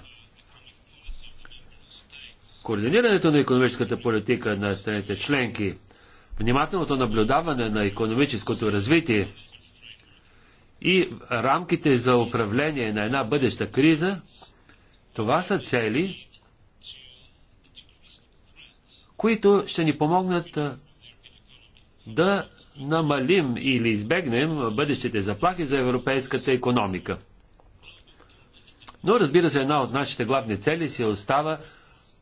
Координирането на економическата политика на страните членки, внимателното наблюдаване на економическото развитие и рамките за управление на една бъдеща криза, това са цели, които ще ни помогнат да намалим или избегнем бъдещите заплахи за европейската економика. Но разбира се, една от нашите главни цели си остава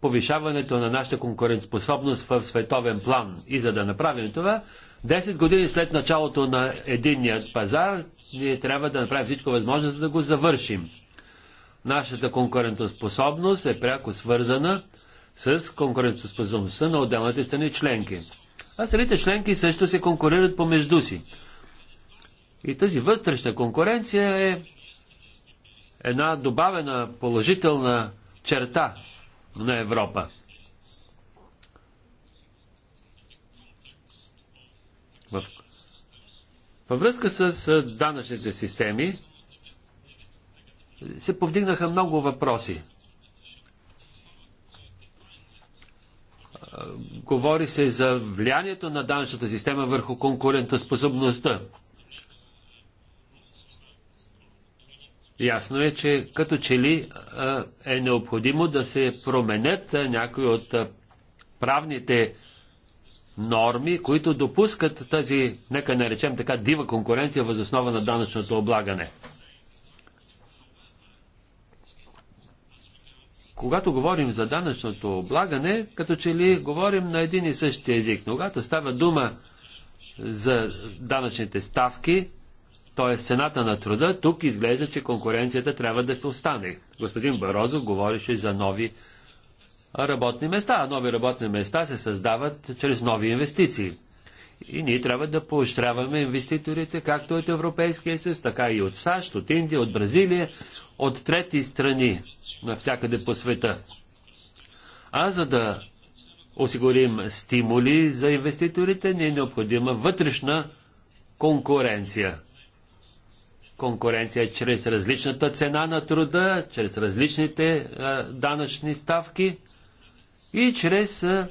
повишаването на нашата конкурентоспособност в световен план. И за да направим това, 10 години след началото на единният пазар, ние трябва да направим всичко възможно, за да го завършим. Нашата конкурентоспособност е пряко свързана с конкурентоспособността на отделните страни членки. А страните членки също се конкурират помежду си. И тази вътрешна конкуренция е една добавена положителна черта на Европа. Във връзка с данъчните системи се повдигнаха много въпроси. Говори се за влиянието на данъчната система върху конкурентоспособността. Ясно е, че като че ли е необходимо да се променят някои от правните норми, които допускат тази, нека наречем така, дива конкуренция възоснова на данъчното облагане. когато говорим за данъчното облагане, като че ли говорим на един и същи език. Но когато става дума за данъчните ставки, т.е. цената на труда, тук изглежда, че конкуренцията трябва да се остане. Господин Барозов говореше за нови работни места, а нови работни места се създават чрез нови инвестиции. И ние трябва да поощряваме инвеститорите, както от Европейския съюз, така и от САЩ, от Индия, от Бразилия, от трети страни навсякъде по света. А за да осигурим стимули за инвеститорите, ни е необходима вътрешна конкуренция. Конкуренция чрез различната цена на труда, чрез различните а, данъчни ставки и чрез а,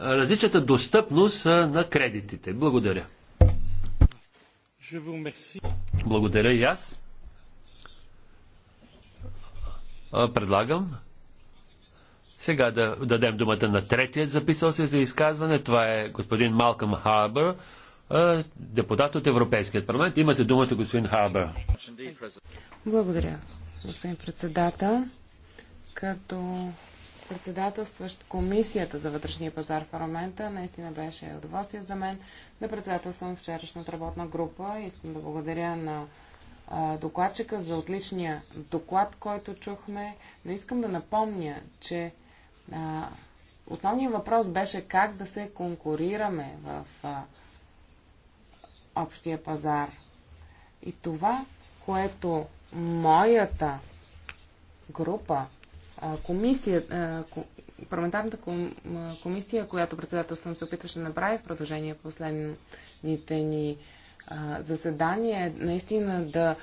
различната достъпност а, на кредитите. Благодаря. Благодаря и аз предлагам сега да дадем думата на третият записал се за изказване. Това е господин Малкъм Харбър, депутат от Европейският парламент. Имате думата, господин Харбър. Благодаря, господин председател. Като председателстващ комисията за вътрешния пазар в парламента, наистина беше удоволствие за мен да председателствам вчерашната работна група. Искам да благодаря на докладчика за отличния доклад, който чухме. Но искам да напомня, че а, основният въпрос беше как да се конкурираме в а, общия пазар. И това, което моята група, а, комисия, а, парламентарната комисия, която председател съм се опитваше да направи в продължение последните ни Заседание заседание наистина да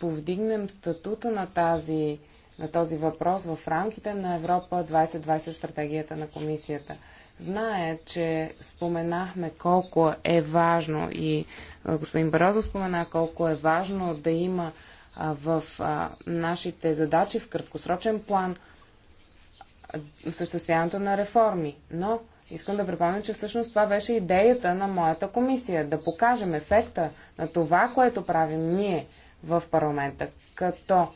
повдигнем статута на тази на този въпрос в рамките на Европа 2020 стратегията на комисията. Зная, че споменахме колко е важно и господин Барозо спомена колко е важно да има в нашите задачи в краткосрочен план осъществяването на реформи. Но Искам да припомня, че всъщност това беше идеята на моята комисия да покажем ефекта на това, което правим ние в парламента, като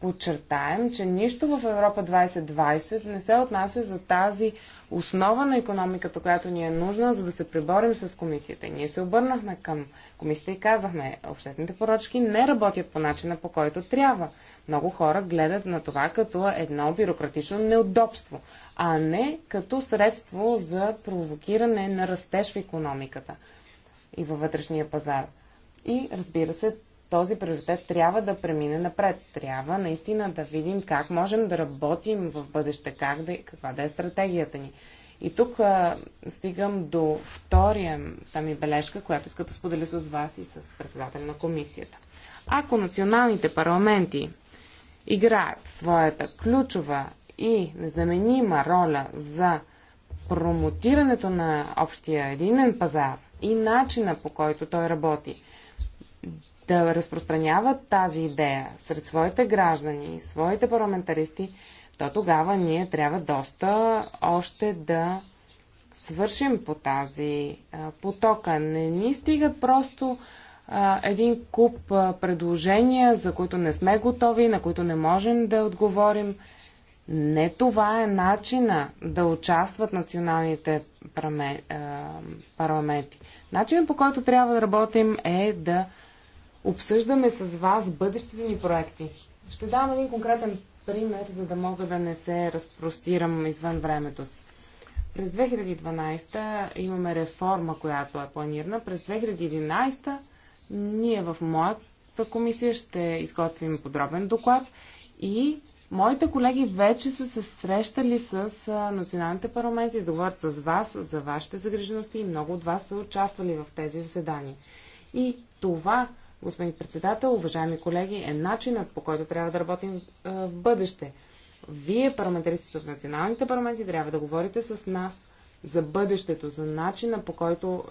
подчертаем, че нищо в Европа 2020 не се отнася за тази основа на економиката, която ни е нужна, за да се преборим с комисията. Ние се обърнахме към комисията и казахме, обществените поръчки не работят по начина, по който трябва. Много хора гледат на това като едно бюрократично неудобство, а не като средство за провокиране на растеж в економиката и във вътрешния пазар. И разбира се, този приоритет трябва да премине напред. Трябва наистина да видим как можем да работим в бъдеще, как да, каква да е стратегията ни. И тук а, стигам до втория там и е бележка, която иска да споделя с вас и с председателя на комисията. Ако националните парламенти играят своята ключова и незаменима роля за промотирането на общия единен пазар и начина по който той работи, да разпространяват тази идея сред своите граждани, своите парламентаристи, то тогава ние трябва доста още да свършим по тази потока. Не ни стигат просто един куп предложения, за които не сме готови, на които не можем да отговорим. Не това е начина да участват националните парламенти. Начинът по който трябва да работим е да обсъждаме с вас бъдещите ни проекти. Ще дам един конкретен пример, за да мога да не се разпростирам извън времето си. През 2012 имаме реформа, която е планирана. През 2011 ние в моята комисия ще изготвим подробен доклад и моите колеги вече са се срещали с националните парламенти, изговорят с вас за вашите загрижености и много от вас са участвали в тези заседания. И това господин председател, уважаеми колеги, е начинът по който трябва да работим е, в бъдеще. Вие, парламентаристите от националните парламенти, трябва да говорите с нас за бъдещето, за начина по който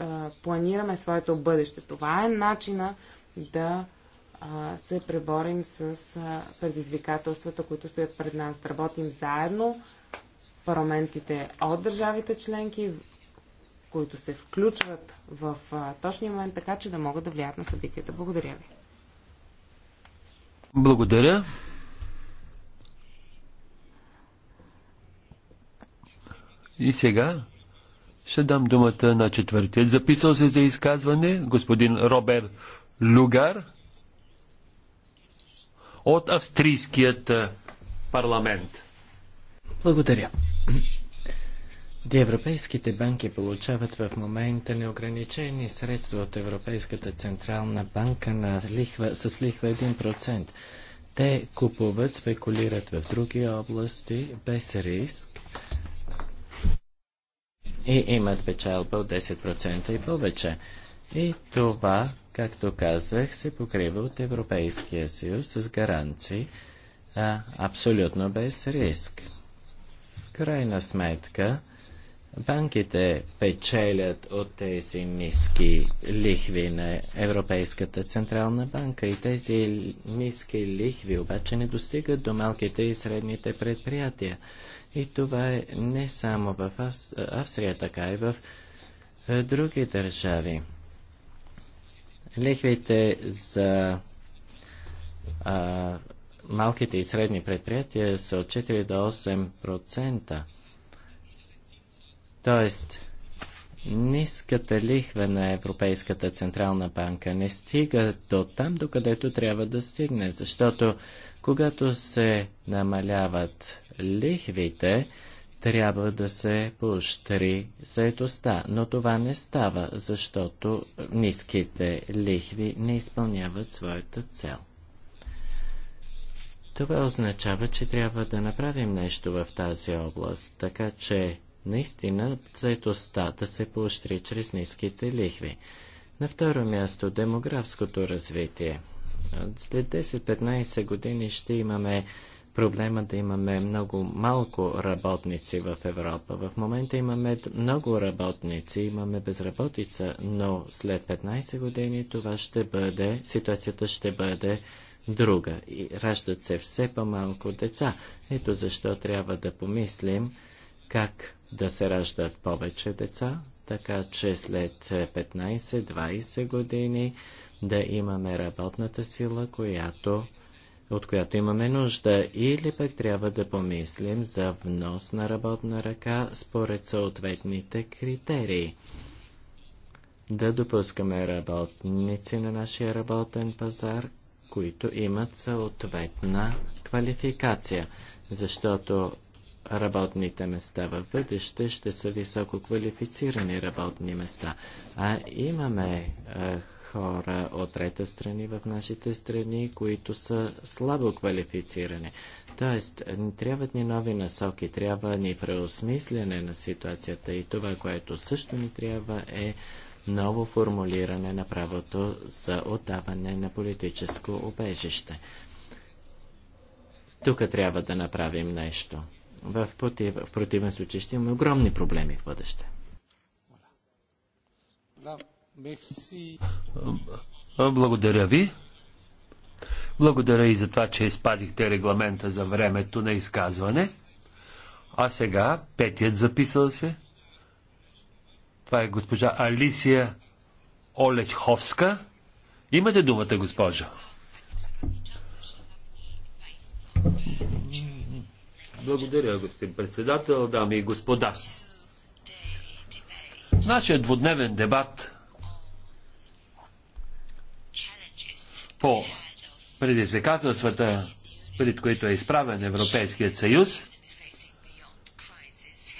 е, е, планираме своето бъдеще. Това е начина да се преборим с предизвикателствата, които стоят пред нас. Да работим заедно парламентите от държавите членки, които се включват в а, точния момент, така че да могат да влияят на събитията. Благодаря ви. Благодаря. И сега ще дам думата на четвъртият. Записал се за изказване господин Робер Люгар от австрийският парламент. Благодаря. Европейските банки получават в момента неограничени средства от Европейската централна банка на лихва, с лихва 1%. Те купуват, спекулират в други области без риск и имат печалба от 10% и повече. И това, както казах, се покрива от Европейския съюз с гаранции а, абсолютно без риск. В крайна сметка, Банките печелят от тези ниски лихви на Европейската Централна банка и тези ниски лихви обаче не достигат до малките и средните предприятия. И това е не само в Австрия, така и в е, други държави. Лихвите за а, малките и средни предприятия са от 4 до 8%. Тоест, ниската лихва на Европейската Централна банка не стига до там, докъдето трябва да стигне, защото когато се намаляват лихвите, трябва да се поощри заедостта, но това не става, защото ниските лихви не изпълняват своята цел. Това означава, че трябва да направим нещо в тази област, така че наистина заедостта да се поощри чрез ниските лихви. На второ място демографското развитие. След 10-15 години ще имаме проблема да имаме много малко работници в Европа. В момента имаме много работници, имаме безработица, но след 15 години това ще бъде, ситуацията ще бъде друга. И раждат се все по-малко деца. Ето защо трябва да помислим как да се раждат повече деца, така че след 15-20 години да имаме работната сила, която, от която имаме нужда, или пък трябва да помислим за внос на работна ръка според съответните критерии. Да допускаме работници на нашия работен пазар, които имат съответна квалификация, защото работните места в бъдеще ще са високо квалифицирани работни места. А имаме а, е, хора от трета страни в нашите страни, които са слабо квалифицирани. Тоест, трябват ни нови насоки, трябва ни преосмислене на ситуацията и това, което също ни трябва е ново формулиране на правото за отдаване на политическо обежище. Тук трябва да направим нещо. В, против, в противен случай ще имаме огромни проблеми в бъдеще. Благодаря ви. Благодаря и за това, че изпадихте регламента за времето на изказване. А сега петият записал се. Това е госпожа Алисия Олечховска. Имате думата, госпожо. Благодаря, господин председател, дами и господа. Нашият двудневен дебат по предизвикателствата, пред които е изправен Европейският съюз,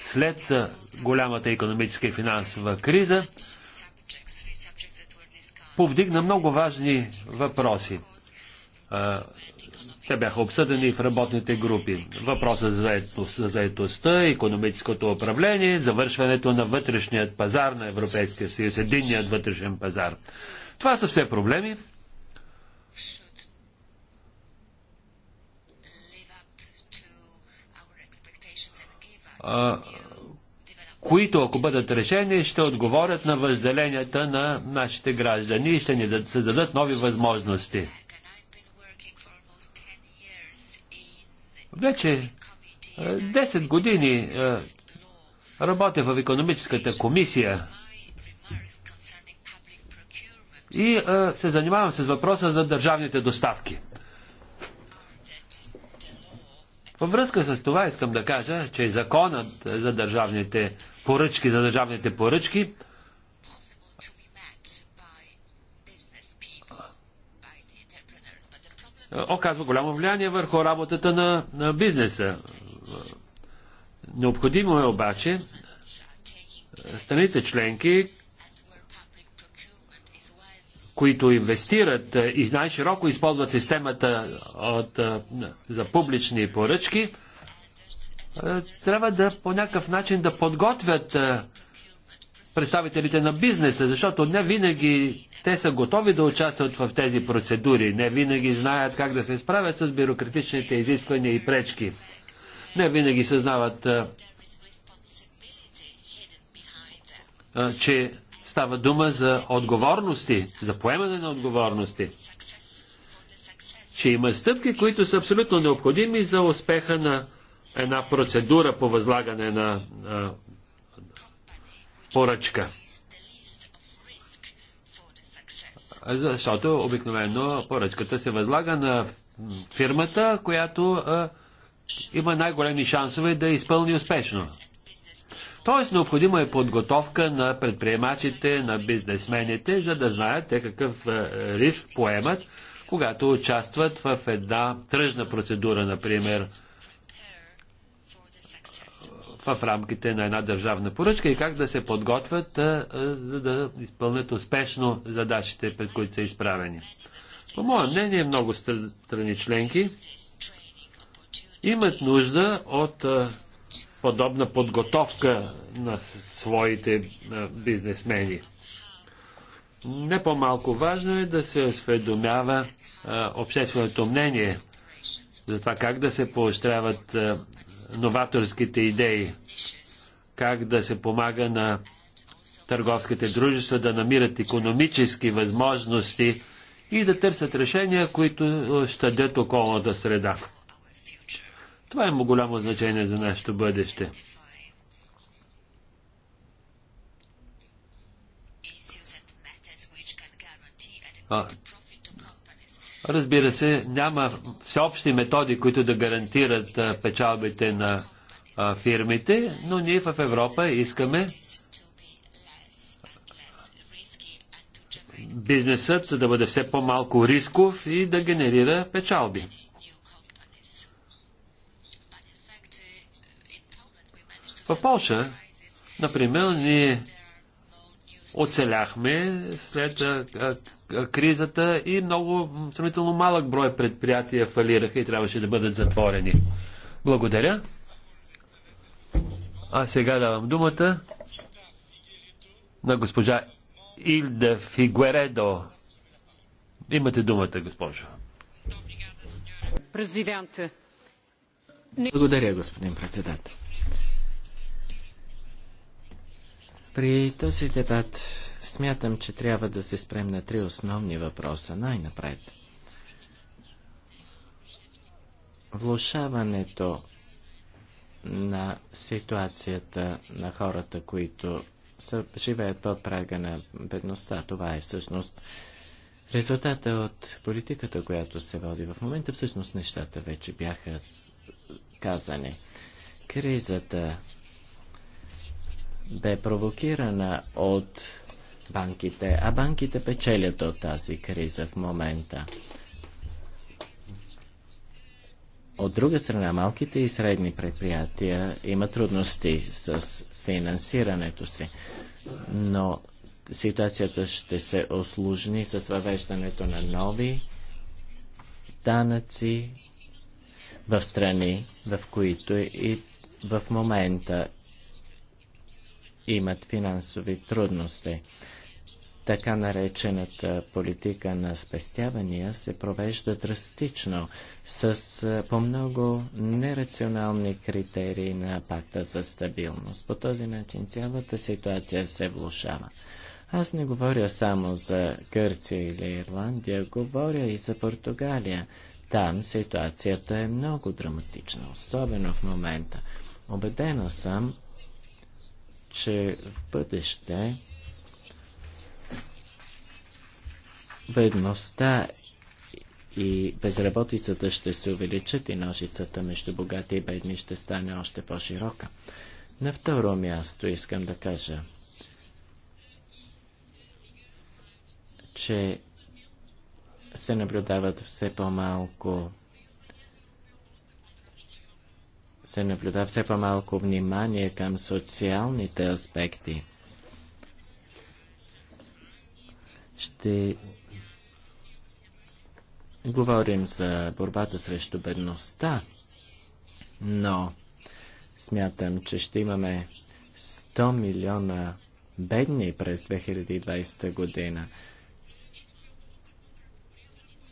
след голямата економическа и финансова криза, повдигна много важни въпроси. Те бяха обсъдени в работните групи. Въпроса за, заетост, за економическото управление, завършването на вътрешният пазар на Европейския съюз, единният вътрешен пазар. Това са все проблеми, които, ако бъдат решени, ще отговорят на въжделенията на нашите граждани и ще ни създадат нови възможности. Вече 10 е, години е, работя в економическата комисия и е, се занимавам с въпроса за държавните доставки. Във връзка с това искам да кажа, че законът за държавните поръчки, за държавните поръчки, оказва голямо влияние върху работата на, на бизнеса. Необходимо е обаче е, страните членки, които инвестират е, и най-широко използват системата е, от, за публични поръчки, трябва да по някакъв начин да подготвят представителите на бизнеса, защото не винаги те са готови да участват в тези процедури, не винаги знаят как да се справят с бюрократичните изисквания и пречки, не винаги съзнават, че става дума за отговорности, за поемане на отговорности, че има стъпки, които са абсолютно необходими за успеха на една процедура по възлагане на поръчка. Защото обикновено поръчката се възлага на фирмата, която а, има най-големи шансове да изпълни успешно. Тоест, необходима е подготовка на предприемачите, на бизнесмените, за да знаят те какъв риск поемат, когато участват в една тръжна процедура, например, в рамките на една държавна поръчка и как да се подготвят, за да изпълнят успешно задачите, пред които са изправени. По мое мнение, много страни членки имат нужда от подобна подготовка на своите бизнесмени. Не по-малко важно е да се осведомява общественото мнение за това как да се поощряват е, новаторските идеи, как да се помага на търговските дружества да намират економически възможности и да търсят решения, които е, щадят околната среда. Това има е голямо значение за нашето бъдеще. Разбира се, няма всеобщи методи, които да гарантират печалбите на фирмите, но ние в Европа искаме бизнесът да бъде все по-малко рисков и да генерира печалби. В Польша, например, ние оцеляхме след кризата и много сравнително малък брой предприятия фалираха и трябваше да бъдат затворени. Благодаря. А сега давам думата на госпожа Илда Фигуередо. Имате думата, госпожо. Благодаря, господин председател. При този дебат Смятам, че трябва да се спрем на три основни въпроса най-напред. Влушаването на ситуацията на хората, които са, живеят под прага на бедността. Това е всъщност резултата от политиката, която се води в момента. Всъщност нещата вече бяха казани. Кризата бе провокирана от банките, а банките печелят от тази криза в момента. От друга страна, малките и средни предприятия имат трудности с финансирането си, но ситуацията ще се осложни с въвеждането на нови данъци в страни, в които и в момента имат финансови трудности така наречената политика на спестявания се провежда драстично с по много нерационални критерии на пакта за стабилност. По този начин цялата ситуация се влушава. Аз не говоря само за Гърция или Ирландия, говоря и за Португалия. Там ситуацията е много драматична, особено в момента. Обедена съм, че в бъдеще бедността и безработицата ще се увеличат и ножицата между богати и бедни ще стане още по-широка. На второ място искам да кажа, че се наблюдават все по-малко се наблюдава все по-малко внимание към социалните аспекти. Ще Говорим за борбата срещу бедността, но смятам, че ще имаме 100 милиона бедни през 2020 година.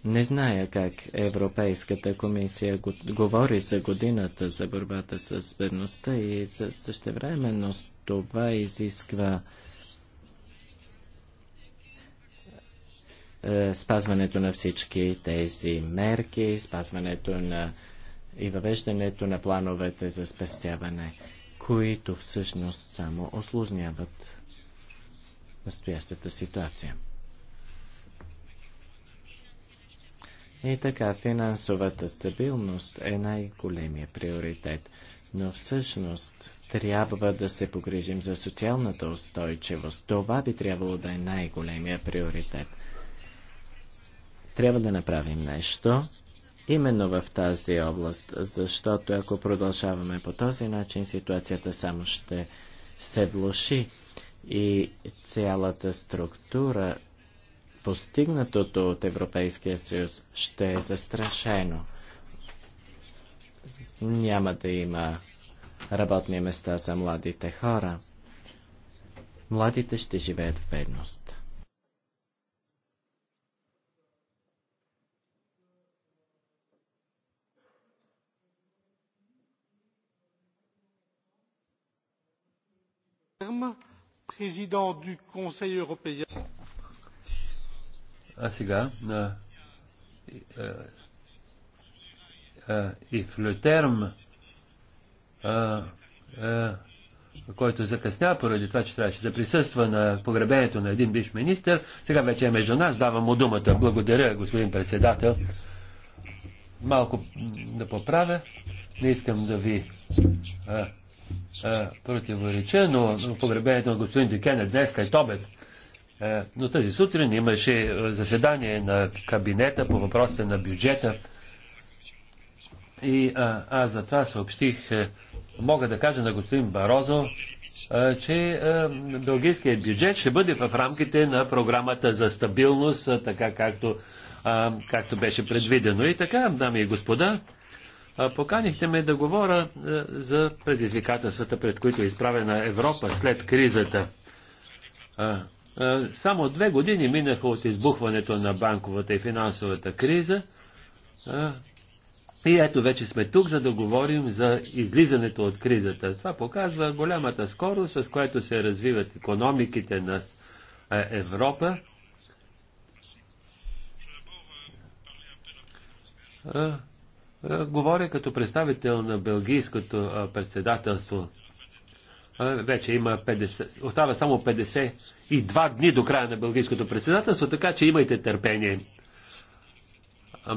Не зная как Европейската комисия говори за годината за борбата с бедността и същевременно това изисква Е, спазването на всички тези мерки, спазването на и въвеждането на плановете за спестяване, които всъщност само осложняват настоящата ситуация. И така, финансовата стабилност е най-големия приоритет, но всъщност трябва да се погрижим за социалната устойчивост. Това би трябвало да е най-големия приоритет – трябва да направим нещо именно в тази област, защото ако продължаваме по този начин, ситуацията само ще се влуши и цялата структура, постигнатото от Европейския съюз, ще е застрашено. Няма да има работни места за младите хора. Младите ще живеят в бедност. Президент du Conseil européen. А сега на който закъсня поради това, че трябваше да присъства на погребението на един биш министр, сега вече е между нас, давам му думата. Благодаря, господин председател. Малко да поправя. Не искам да ви а, Противоречено но, погребението на господин Дюкен е днес след обед. Е, но тази сутрин имаше е, заседание на кабинета по въпросите на бюджета и а, аз за това съобщих, е, мога да кажа на господин Барозо, а, че а, белгийският бюджет ще бъде в рамките на програмата за стабилност, а, така както, а, както беше предвидено. И така, дами и господа, Поканихте ме да говоря е, за предизвикателствата, пред които е изправена Европа след кризата. Само две години минаха от избухването на банковата и финансовата криза. И ето вече сме тук, за да говорим за излизането от кризата. Това показва голямата скорост, с която се развиват економиките на е, Европа. А, е, говоря като представител на Белгийското председателство. Е, вече има 50, остава само 50 и 2 дни до края на Белгийското председателство, така че имайте търпение.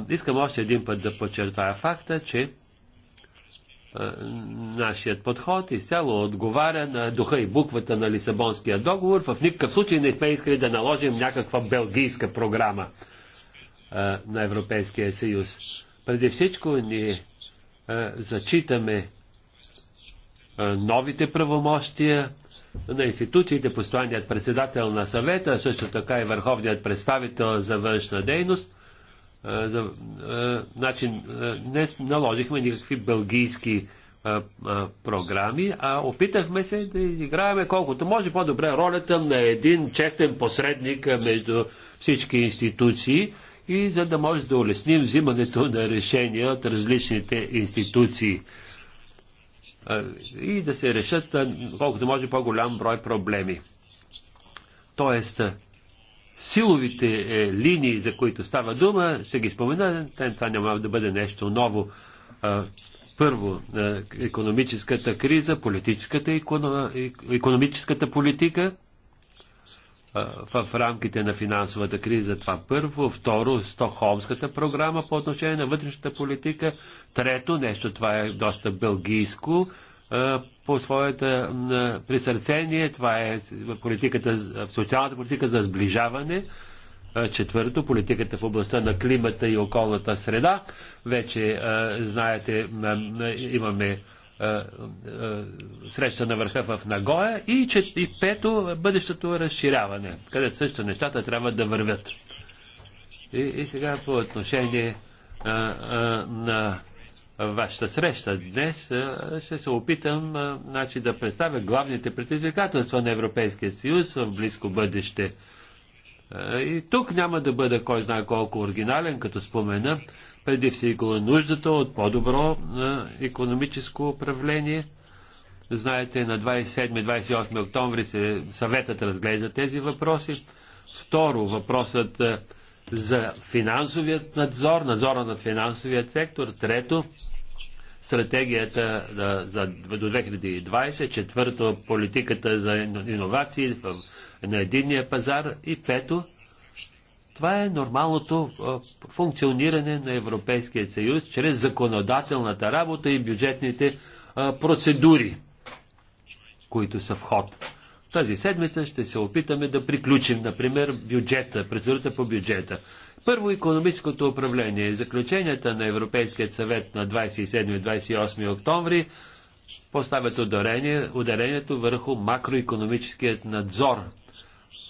Искам още един път да подчертая факта, че нашият подход изцяло отговаря на духа и буквата на Лисабонския договор. В никакъв случай не сме искали да наложим някаква белгийска програма на Европейския съюз. Преди всичко ние а, зачитаме а, е, новите правомощия на институциите, постоянният председател на съвета, също така и върховният представител за външна дейност. А, е, за, а, е, значи, не наложихме никакви бългийски програми, а опитахме се да играеме колкото може по-добре ролята на един честен посредник между всички институции, и за да може да улесним взимането на решения от различните институции и да се решат колкото може по-голям брой проблеми. Тоест, силовите е, линии, за които става дума, ще ги спомена, това няма да бъде нещо ново. Първо, економическата криза, политическата, е, економическата политика, в рамките на финансовата криза. Това първо. Второ, Стокхолмската програма по отношение на вътрешната политика. Трето, нещо, това е доста бългийско по своята присърцение. Това е политиката, социалната политика за сближаване. Четвърто, политиката в областта на климата и околната среда. Вече знаете, имаме е, е, среща на върха в Нагоя и, че, и пето бъдещото разширяване, където също нещата трябва да вървят. И, и сега по отношение а, е, а, на вашата среща днес а, ще се опитам а, значи, да представя главните предизвикателства на Европейския съюз в близко бъдеще. А, и тук няма да бъда кой знае колко оригинален, като спомена преди всичко нуждата от по-добро економическо управление. Знаете, на 27-28 октомври се, съветът разглежда тези въпроси. Второ, въпросът за финансовият надзор, надзора на финансовият сектор. Трето, стратегията за, до 2020. Четвърто, политиката за иновации на единния пазар. И пето, това е нормалното функциониране на Европейския съюз чрез законодателната работа и бюджетните процедури, които са в ход. Тази седмица ще се опитаме да приключим, например, бюджета, процедурата по бюджета. Първо, економическото управление. Заключенията на Европейския съвет на 27 и 28 октомври поставят ударение, ударението върху макроекономическият надзор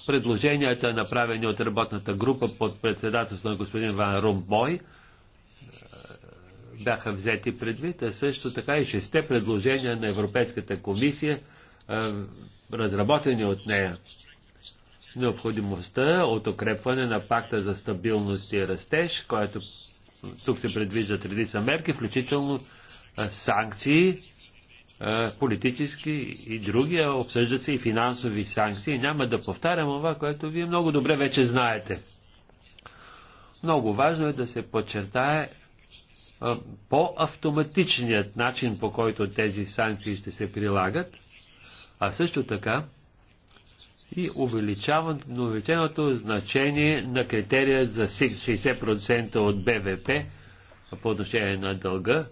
предложенията, направени от работната група под председателство на господин Ван Румбой, е, бяха взети предвид, а също така и шесте предложения на Европейската комисия, е, разработени от нея. Необходимостта от укрепване на пакта за стабилност и растеж, който тук се предвиждат редица мерки, включително е, санкции политически и други, а обсъждат се и финансови санкции. Няма да повтарям това, което вие много добре вече знаете. Много важно е да се подчертае по-автоматичният начин, по който тези санкции ще се прилагат, а също така и увеличеното значение на критерия за 60% от БВП по отношение на дълга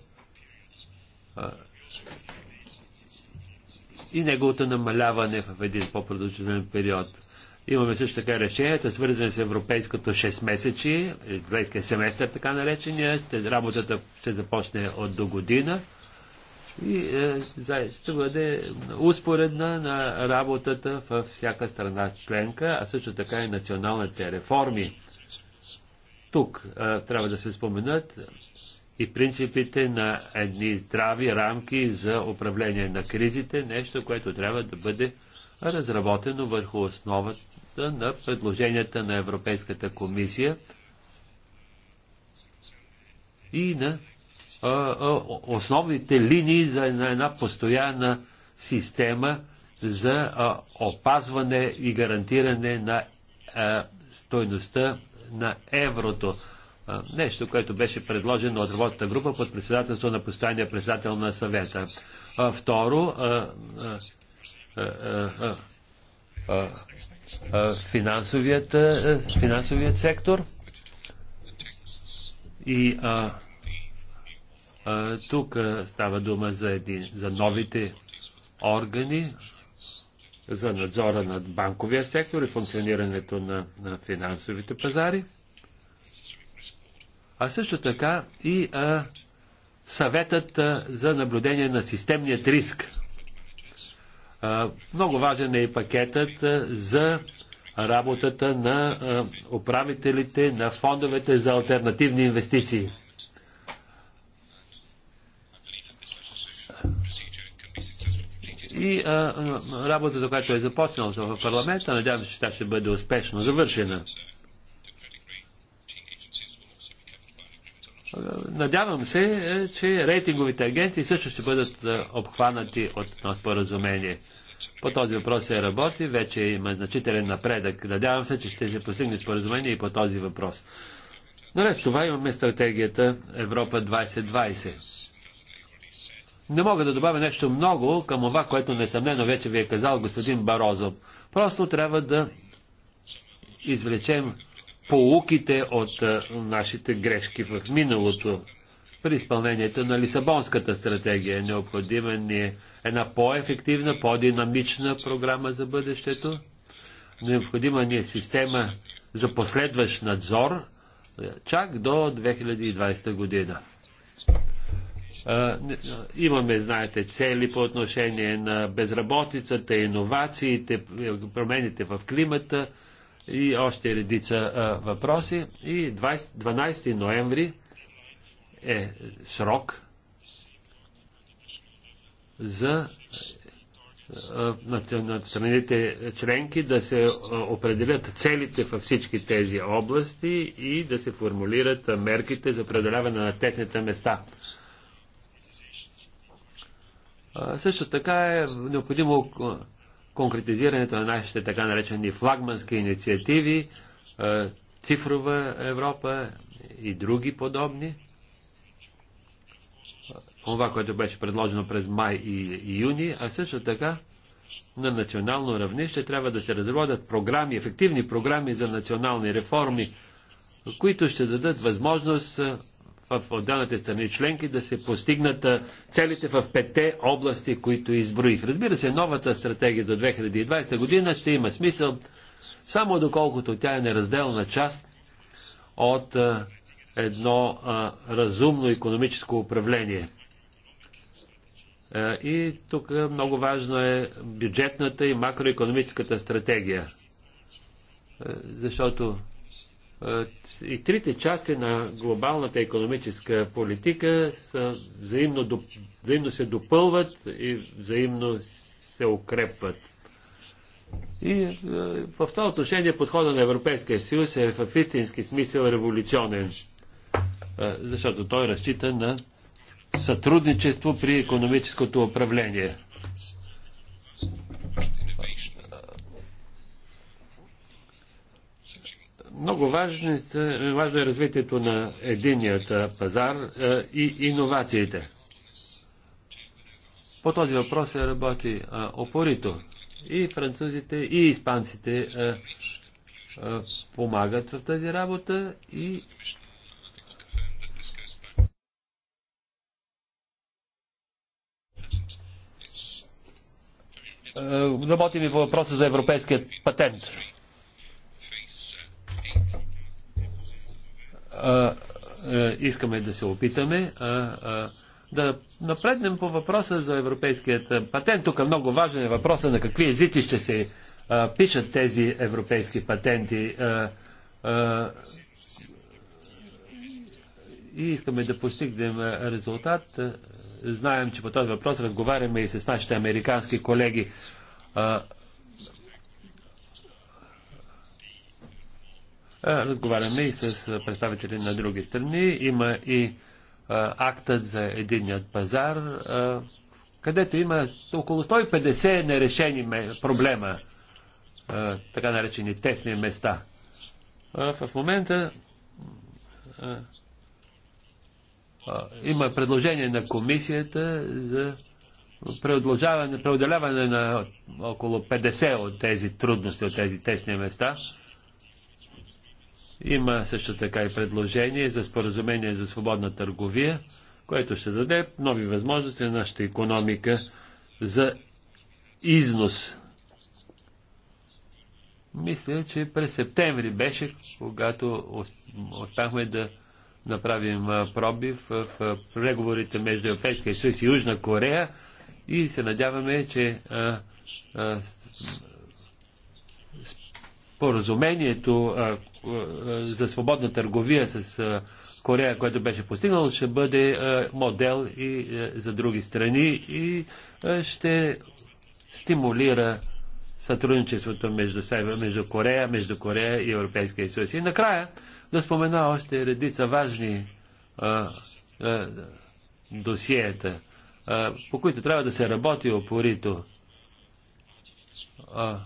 и неговото намаляване в един по-продължителен период. Имаме също така решенията, свързани с европейското 6 месечи, европейския семестър, така наречения. Работата ще започне от до година и е, ще бъде успоредна на работата във всяка страна членка, а също така и националните реформи. Тук е, трябва да се споменат и принципите на едни здрави рамки за управление на кризите, нещо, което трябва да бъде разработено върху основата на предложенията на Европейската комисия и на а, а, основните линии за една, една постоянна система за а, опазване и гарантиране на стойността на еврото нещо, което беше предложено от работната група под председателство на постоянния председател на съвета. Второ, финансовият, финансовият сектор и а, а, тук става дума за, един, за новите органи за надзора над банковия сектор и функционирането на, на финансовите пазари а също така и а, съветът а, за наблюдение на системният риск. А, много важен е и пакетът а, за работата на а, управителите на фондовете за альтернативни инвестиции. И а, работата, която е започнала в парламента, надявам се, че тя ще бъде успешно завършена. Надявам се, е, че рейтинговите агенции също ще бъдат е, обхванати от едно споразумение. По този въпрос се работи, вече има значителен напредък. Надявам се, че ще се постигне споразумение и по този въпрос. Наред с това имаме стратегията Европа 2020. Не мога да добавя нещо много към това, което несъмнено вече ви е казал господин Барозов. Просто трябва да извлечем полуките от нашите грешки в миналото при изпълнението на Лисабонската стратегия. Е необходима ни е една по-ефективна, по-динамична програма за бъдещето. Необходима ни е система за последващ надзор чак до 2020 година. Имаме, знаете, цели по отношение на безработицата, иновациите, промените в климата, и още редица а, въпроси. И 20, 12 ноември е срок за на страните членки да се определят целите във всички тези области и да се формулират мерките за преодоляване на тесните места. Също така е необходимо конкретизирането на нашите така наречени флагмански инициативи, е, цифрова Европа и други подобни. Това, което беше предложено през май и юни, а също така на национално равнище трябва да се разводят програми, ефективни програми за национални реформи, които ще дадат възможност е, в отделните страни членки да се постигнат целите в пете области, които изброих. Разбира се, новата стратегия до 2020 година ще има смисъл само доколкото тя е неразделна част от едно разумно економическо управление. И тук много важно е бюджетната и макроекономическата стратегия. Защото и трите части на глобалната економическа политика са взаимно, взаимно се допълват и взаимно се укрепват. И в това отношение подхода на Европейския съюз е в истински смисъл революционен, защото той разчита на сътрудничество при економическото управление. Много важно е, важно е развитието на единият пазар и иновациите. По този въпрос се работи опорито. И французите, и испанците помагат в тази работа и работим и по въпроса за европейският патент. а, а, е, искаме да се опитаме а, а, да напреднем по въпроса за европейският патент. Тук е много важен е въпроса на какви езици ще се а, пишат тези европейски патенти. А, а, и искаме да постигнем резултат. Знаем, че по този въпрос разговаряме и с нашите американски колеги. А, Разговаряме и с представители на други страни. Има и актът за единният пазар, където има около 150 нерешени проблема, така наречени тесни места. В момента има предложение на комисията за преодоляване на около 50 от тези трудности, от тези тесни места – има също така и предложение за споразумение за свободна търговия, което ще даде нови възможности на нашата економика за износ. Мисля, че през септември беше, когато успяхме да направим пробив в преговорите между Европейския съюз и Южна Корея и се надяваме, че а, а, споразумението за свободна търговия с Корея, което беше постигнало, ще бъде модел и за други страни и ще стимулира сътрудничеството между, между Корея, между Корея и Европейския съюз. И накрая да спомена още редица важни а, а, досиета, а, по които трябва да се работи опорито. А,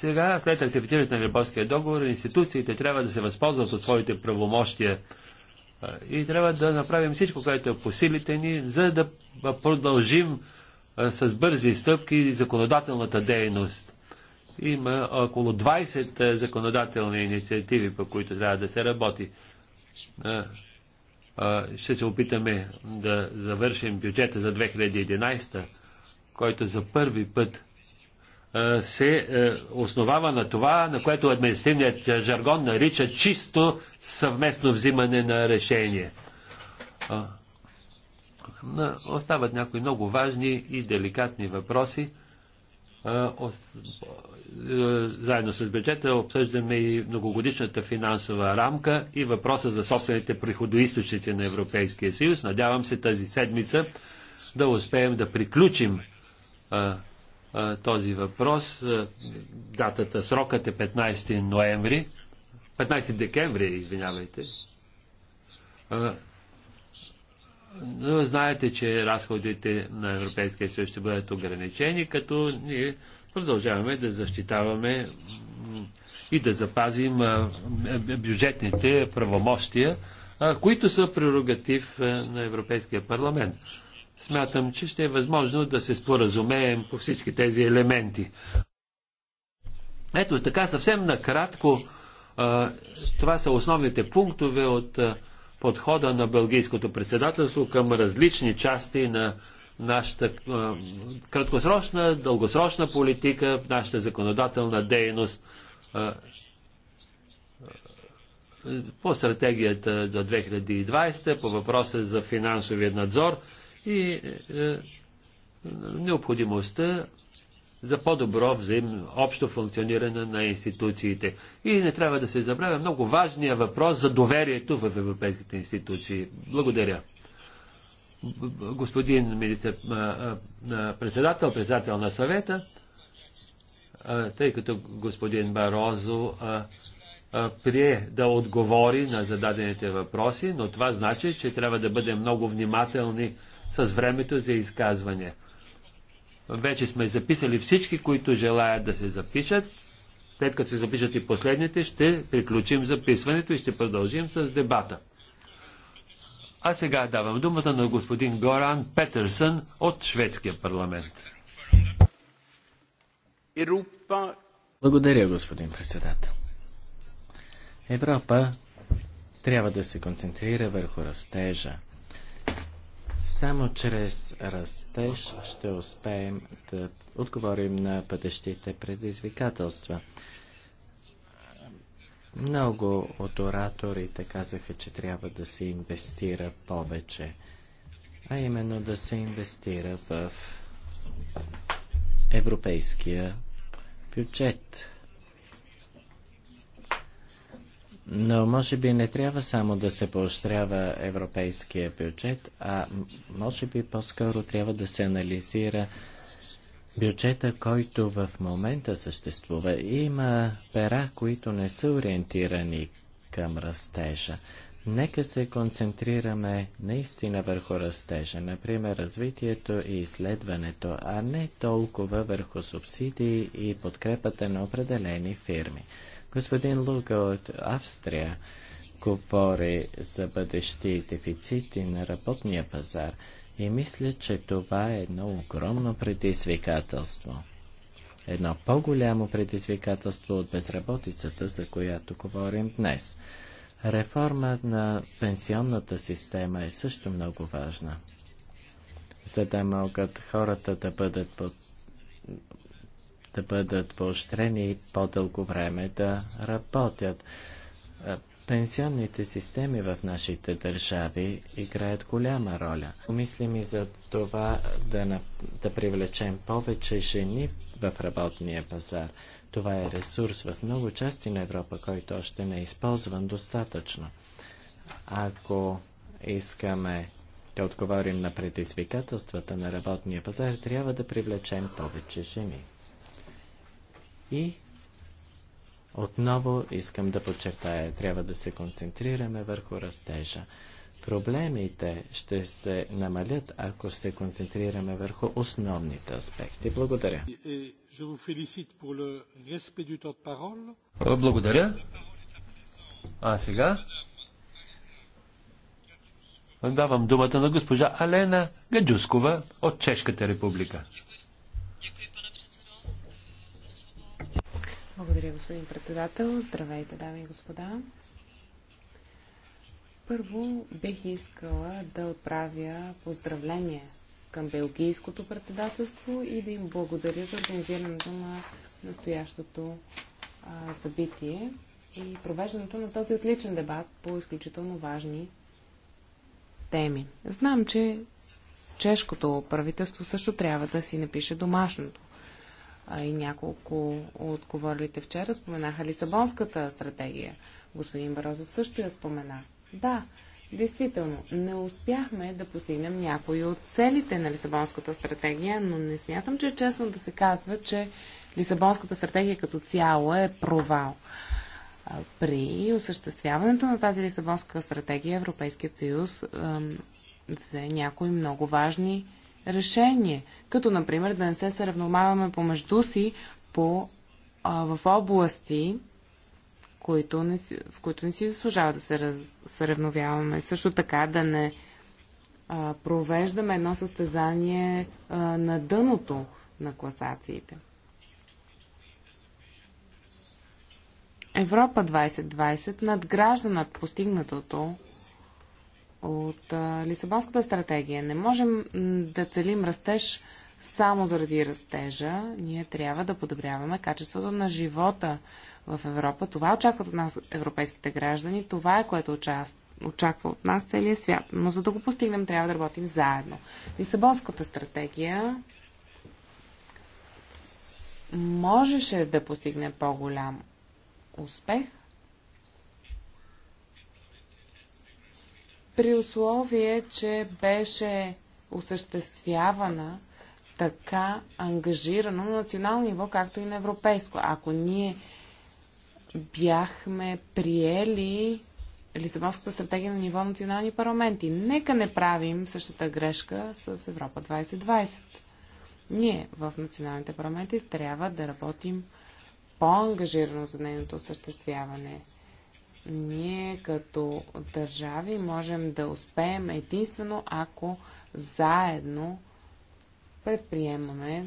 Сега, след активитирането на Либовския договор, институциите трябва да се възползват от своите правомощия и трябва да направим всичко, което е по силите ни, за да продължим с бързи стъпки законодателната дейност. Има около 20 законодателни инициативи, по които трябва да се работи. Ще се опитаме да завършим бюджета за 2011, който за първи път се основава на това, на което административният жаргон нарича чисто съвместно взимане на решение. Остават някои много важни и деликатни въпроси. Заедно с бюджета обсъждаме и многогодишната финансова рамка и въпроса за собствените приходоисточници на Европейския съюз. Надявам се тази седмица да успеем да приключим този въпрос. Датата, срокът е 15 ноември, 15 декември, извинявайте. но знаете, че разходите на Европейския съюз ще бъдат ограничени, като ние продължаваме да защитаваме и да запазим бюджетните правомощия, които са прерогатив на Европейския парламент смятам, че ще е възможно да се споразумеем по всички тези елементи. Ето така, съвсем накратко, това са основните пунктове от подхода на Бългийското председателство към различни части на нашата краткосрочна, дългосрочна политика, нашата законодателна дейност по стратегията до 2020, по въпроса за финансовия надзор и е, необходимостта за по-добро взаимно общо функциониране на институциите. И не трябва да се забравя много важния въпрос за доверието в европейските институции. Благодаря. Господин министр, председател, председател на съвета, тъй като господин Барозо прие да отговори на зададените въпроси, но това значи, че трябва да бъдем много внимателни с времето за изказване. Вече сме записали всички, които желаят да се запишат. След като се запишат и последните, ще приключим записването и ще продължим с дебата. А сега давам думата на господин Горан Петърсън от шведския парламент. Благодаря, господин председател. Европа трябва да се концентрира върху растежа – само чрез растеж ще успеем да отговорим на бъдещите предизвикателства. Много от ораторите казаха, че трябва да се инвестира повече, а именно да се инвестира в европейския бюджет. Но може би не трябва само да се поощрява европейския бюджет, а може би по-скоро трябва да се анализира бюджета, който в момента съществува. Има пера, които не са ориентирани към растежа. Нека се концентрираме наистина върху растежа, например развитието и изследването, а не толкова върху субсидии и подкрепата на определени фирми. Господин Луга от Австрия говори за бъдещи дефицити на работния пазар и мисля, че това е едно огромно предизвикателство. Едно по-голямо предизвикателство от безработицата, за която говорим днес. Реформа на пенсионната система е също много важна, за да могат хората да бъдат под да бъдат поощрени и по-дълго време да работят. Е, пенсионните системи в нашите държави играят голяма роля. Мислим и за това да, на, да привлечем повече жени в работния пазар. Това е ресурс в много части на Европа, който още не е използван достатъчно. Ако искаме да отговорим на предизвикателствата на работния пазар, трябва да привлечем повече жени. И отново искам да подчертая, трябва да се концентрираме върху растежа. Проблемите ще се намалят, ако се концентрираме върху основните аспекти. Благодаря. Е, благодаря. А сега давам думата на госпожа Алена Гаджускова от Чешката република. Благодаря, господин председател. Здравейте, дами и господа. Първо бих искала да отправя поздравление към Белгийското председателство и да им благодаря за организирането на настоящото а, събитие и провеждането на този отличен дебат по изключително важни теми. Знам, че чешкото правителство също трябва да си напише домашното и няколко отговорилите вчера споменаха Лисабонската стратегия. Господин Барозо също я спомена. Да, действително, не успяхме да постигнем някои от целите на Лисабонската стратегия, но не смятам, че е честно да се казва, че Лисабонската стратегия като цяло е провал. При осъществяването на тази Лисабонска стратегия Европейският съюз за някои много важни решение, като например да не се съревноваваме помежду си по, а, в области, които не си, в които не си заслужава да се раз, съревновяваме. Също така да не а, провеждаме едно състезание а, на дъното на класациите. Европа 2020 надгражда над постигнатото от а, Лисабонската стратегия. Не можем да целим растеж само заради растежа. Ние трябва да подобряваме качеството на живота в Европа. Това очакват от нас европейските граждани. Това е което участ... очаква от нас целия свят. Но за да го постигнем, трябва да работим заедно. Лисабонската стратегия можеше да постигне по-голям успех, при условие, че беше осъществявана така ангажирано на национално ниво, както и на европейско. Ако ние бяхме приели Лисабонската стратегия на ниво национални парламенти, нека не правим същата грешка с Европа 2020. Ние в националните парламенти трябва да работим по-ангажирано за нейното осъществяване ние като държави можем да успеем единствено ако заедно предприемаме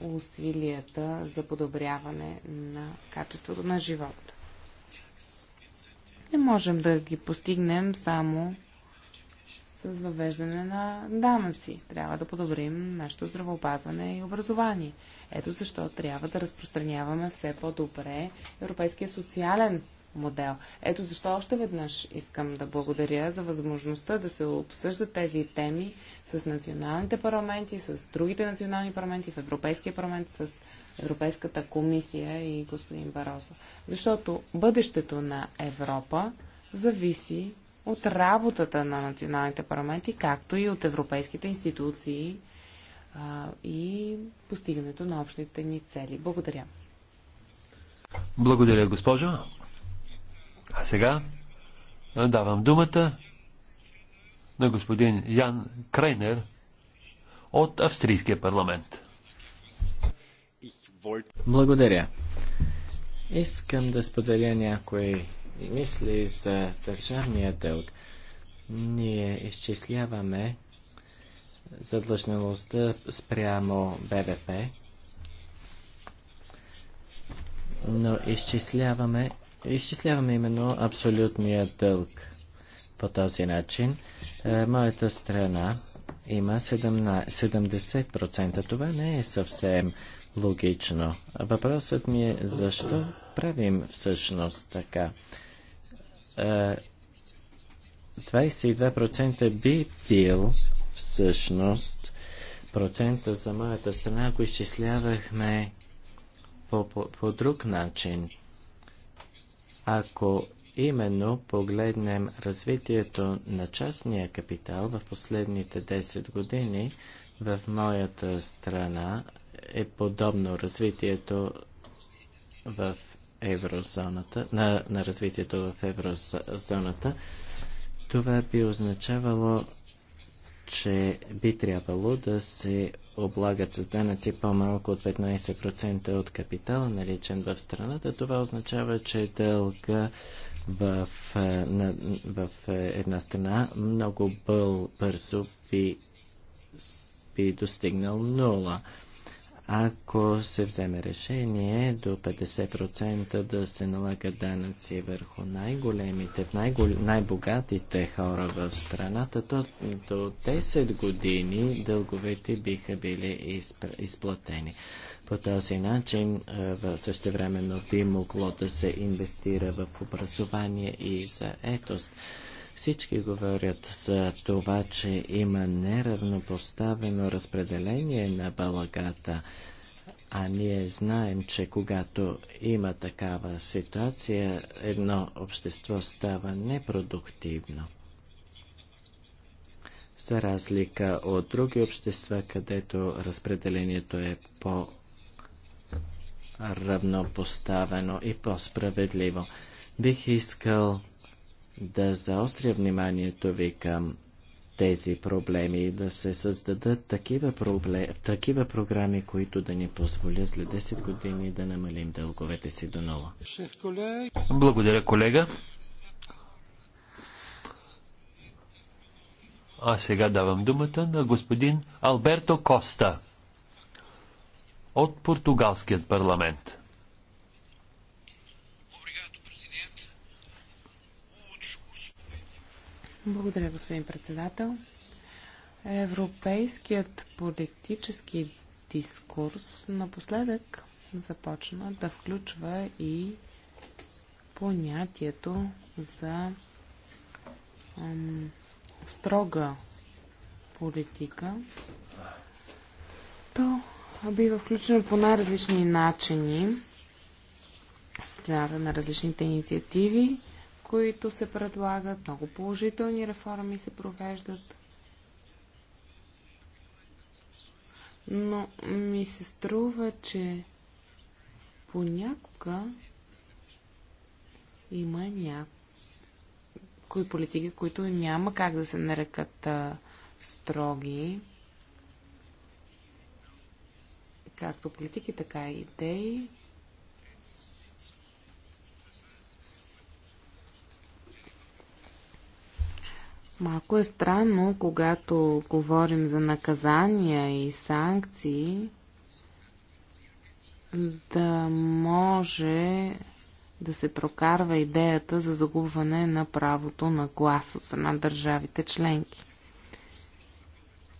усилията за подобряване на качеството на живота. Не можем да ги постигнем само с въвеждане на данъци. Трябва да подобрим нашето здравеопазване и образование. Ето защо трябва да разпространяваме все по-добре Европейския социален модел. Ето защо още веднъж искам да благодаря за възможността да се обсъждат тези теми с националните парламенти, с другите национални парламенти, в Европейския парламент, с Европейската комисия и господин Баросо. Защото бъдещето на Европа зависи от работата на националните парламенти, както и от европейските институции а, и постигането на общите ни цели. Благодаря. Благодаря, госпожо. А сега давам думата на господин Ян Крайнер от Австрийския парламент. Благодаря. Искам да споделя някои мисли за държавния дълг. Ние изчисляваме задлъжнялостта спрямо БВП, но изчисляваме изчисляваме именно абсолютния дълг по този начин. Е, моята страна има 70%. Това не е съвсем логично. Въпросът ми е защо правим всъщност така. 22% е, би бил всъщност процента за моята страна, ако изчислявахме по, по, по друг начин. Ако именно погледнем развитието на частния капитал в последните 10 години, в моята страна е подобно развитието в еврозоната, на, на развитието в еврозоната. Това би означавало че би трябвало да се облагат с данъци по-малко от 15% от капитала, наличен в страната. Това означава, че дълга в, е, на, в е, една страна много бързо би, би достигнал нула ако се вземе решение до 50% да се налагат данъци върху най-големите, най-богатите най хора в страната, то до 10 години дълговете биха били изплатени. По този начин същевременно би могло да се инвестира в образование и за етост. Всички говорят за това, че има неравнопоставено разпределение на балагата, а ние знаем, че когато има такава ситуация, едно общество става непродуктивно за разлика от други общества, където разпределението е по-равнопоставено и по-справедливо. Бих искал да заостря вниманието ви към тези проблеми и да се създадат такива, проблем, такива програми, които да ни позволят след 10 години да намалим дълговете си до нова. Благодаря, колега. А сега давам думата на господин Алберто Коста от португалският парламент. Благодаря, господин председател. Европейският политически дискурс напоследък започна да включва и понятието за ам, строга политика. То бива включено по най-различни начини. на различните инициативи които се предлагат, много положителни реформи се провеждат. Но ми се струва, че понякога има някои политики, които няма как да се нарекат а, строги, както политики, така и идеи. Малко е странно, когато говорим за наказания и санкции, да може да се прокарва идеята за загубване на правото на глас от страна държавите членки.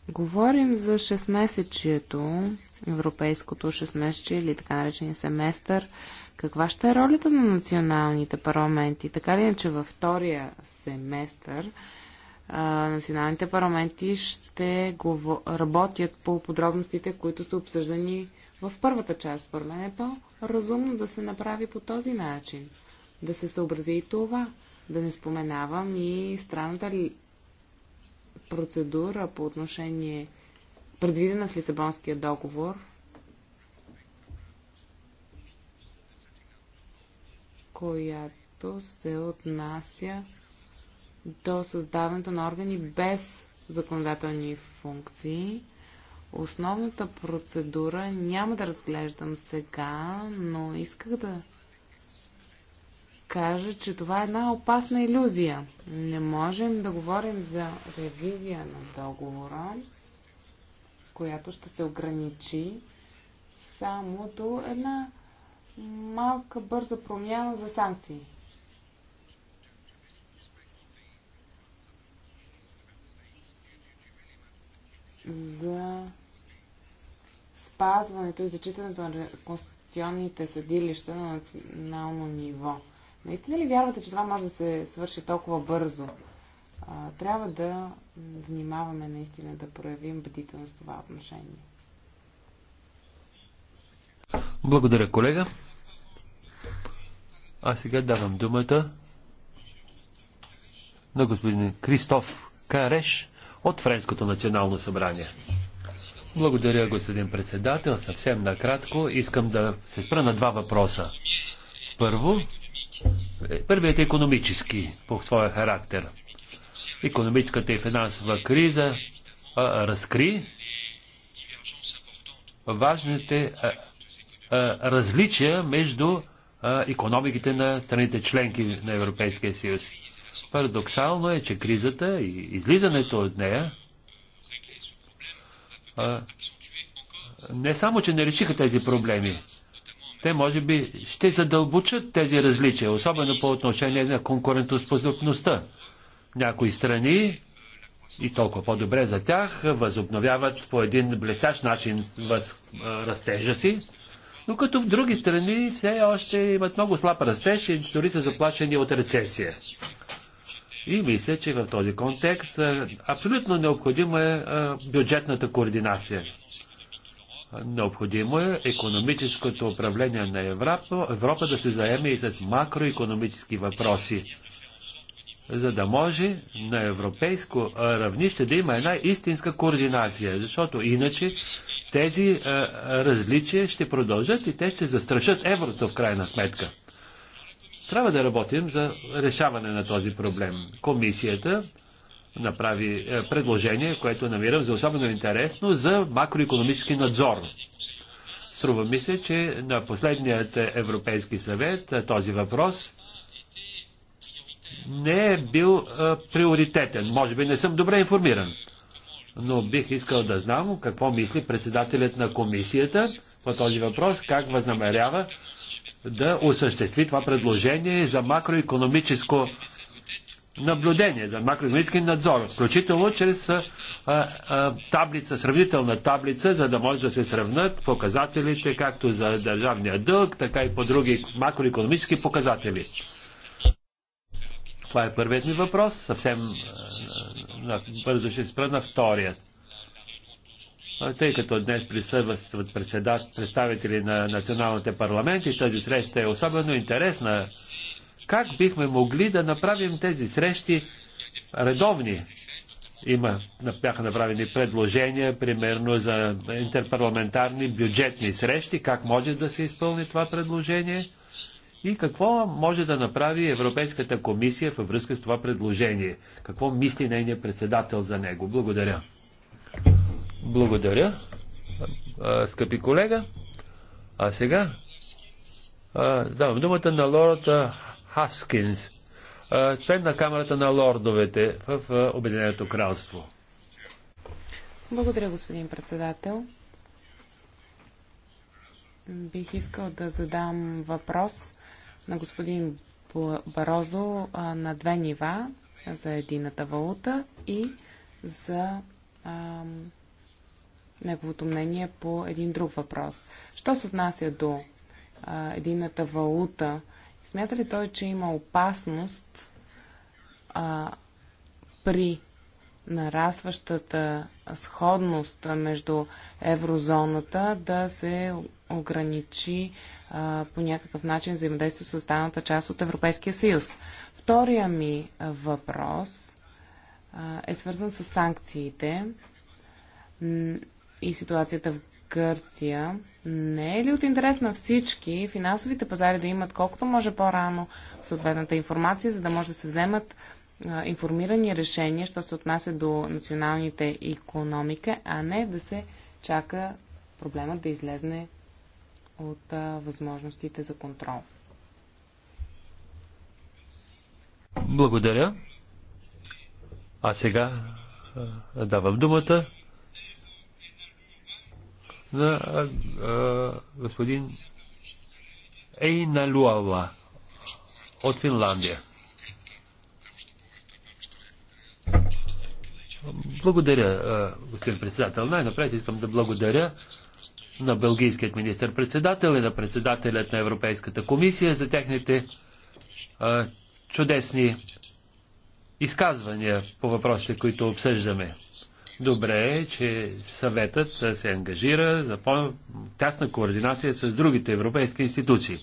Говорим за 6-месечието, европейското 6-месечие или така наречения семестър. Каква ще е ролята на националните парламенти? Така ли е, че във втория семестър националните парламенти ще го работят по подробностите, които са обсъждани в първата част. Според мен е по-разумно да се направи по този начин. Да се съобрази и това. Да не споменавам и странната процедура по отношение, предвидена в Лисабонския договор, която се отнася до създаването на органи без законодателни функции. Основната процедура няма да разглеждам сега, но исках да кажа, че това е една опасна иллюзия. Не можем да говорим за ревизия на договора, която ще се ограничи само до една малка бърза промяна за санкции. за спазването и зачитането на конституционните съдилища на национално ниво. Наистина ли вярвате, че това може да се свърши толкова бързо? А, трябва да внимаваме наистина да проявим бдителност в това отношение. Благодаря, колега. А сега давам думата на господин Кристоф Кареш от Френското национално събрание. Благодаря, господин председател. Съвсем накратко искам да се спра на два въпроса. Първо, е, първият е економически по своя характер. Економическата и финансова криза а, разкри важните а, а, различия между а, економиките на страните членки на Европейския съюз. Парадоксално е, че кризата и излизането от нея не само, че не решиха тези проблеми, те може би ще задълбочат тези различия, особено по отношение на конкурентоспособността. Някои страни, и толкова по-добре за тях, възобновяват по един блестящ начин въз, растежа си, но като в други страни все още имат много слаб растеж и дори са заплашени от рецесия. И мисля, че в този контекст абсолютно необходима е бюджетната координация. Необходимо е економическото управление на Европа, Европа да се заеме и с макроекономически въпроси, за да може на европейско равнище да има една истинска координация, защото иначе тези различия ще продължат и те ще застрашат еврото в крайна сметка. Трябва да работим за решаване на този проблем. Комисията направи е, предложение, което намирам за особено интересно, за макроекономически надзор. Струва ми се, че на последният Европейски съвет е, този въпрос не е бил а, е, приоритетен. Може би не съм добре информиран, но бих искал да знам какво мисли председателят на комисията по този въпрос, как възнамерява да осъществи това предложение за макроекономическо наблюдение, за макроекономически надзор, включително чрез а, а, таблица, сравнителна таблица, за да може да се сравнат показателите както за държавния дълг, така и по други макроекономически показатели. Това е първият ми въпрос. Съвсем а, бързо ще спра на вторият тъй като днес присъстват представители на националните парламенти, тази среща е особено интересна. Как бихме могли да направим тези срещи редовни? Има, бяха направени предложения, примерно за интерпарламентарни бюджетни срещи. Как може да се изпълни това предложение? И какво може да направи Европейската комисия във връзка с това предложение? Какво мисли нейният председател за него? Благодаря. Благодаря, скъпи колега. А сега давам думата на лорд Хаскинс, член на Камерата на лордовете в Обединеното кралство. Благодаря, господин председател. Бих искал да задам въпрос на господин Барозо на две нива за едината валута и за неговото мнение по един друг въпрос. Що се отнася до а, едината валута, смята ли той, че има опасност а, при нарастващата сходност между еврозоната да се ограничи а, по някакъв начин взаимодействието с останалата част от Европейския съюз. Втория ми въпрос а, е свързан с санкциите и ситуацията в Гърция. Не е ли от интерес на всички финансовите пазари да имат колкото може по-рано съответната информация, за да може да се вземат а, информирани решения, що се отнася до националните економики, а не да се чака проблемът да излезне от а, възможностите за контрол. Благодаря. А сега давам думата на а, а, господин Ейна Луава от Финландия. Благодаря, господин председател. Най-напред искам да благодаря на бългийският министр-председател и на председателят на Европейската комисия за техните а, чудесни изказвания по въпросите, които обсъждаме. Добре е, че съветът се ангажира за по-тясна координация с другите европейски институции.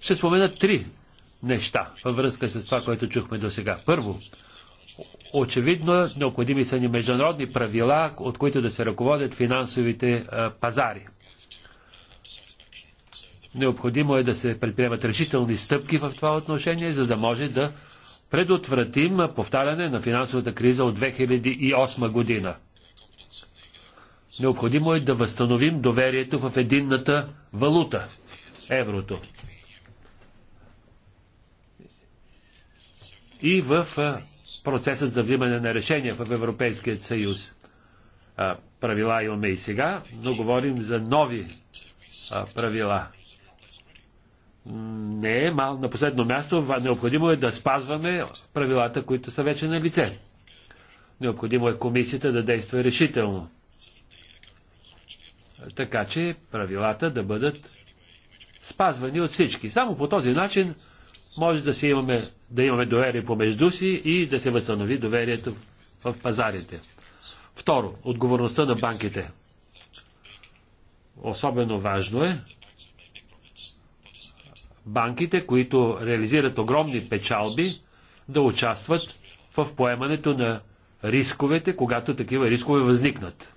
Ще спомена три неща във връзка с това, което чухме до сега. Първо, очевидно необходими са ни международни правила, от които да се ръководят финансовите а, пазари. Необходимо е да се предприемат решителни стъпки в това отношение, за да може да предотвратим повтаряне на финансовата криза от 2008 година. Необходимо е да възстановим доверието в единната валута еврото. И в процесът за взимане на решения в Европейския съюз. Правила имаме и сега, но говорим за нови правила не е мал, на последно място, необходимо е да спазваме правилата, които са вече на лице. Необходимо е комисията да действа решително. Така че правилата да бъдат спазвани от всички. Само по този начин може да, си имаме, да имаме доверие помежду си и да се възстанови доверието в пазарите. Второ, отговорността на банките. Особено важно е банките, които реализират огромни печалби, да участват в поемането на рисковете, когато такива рискове възникнат.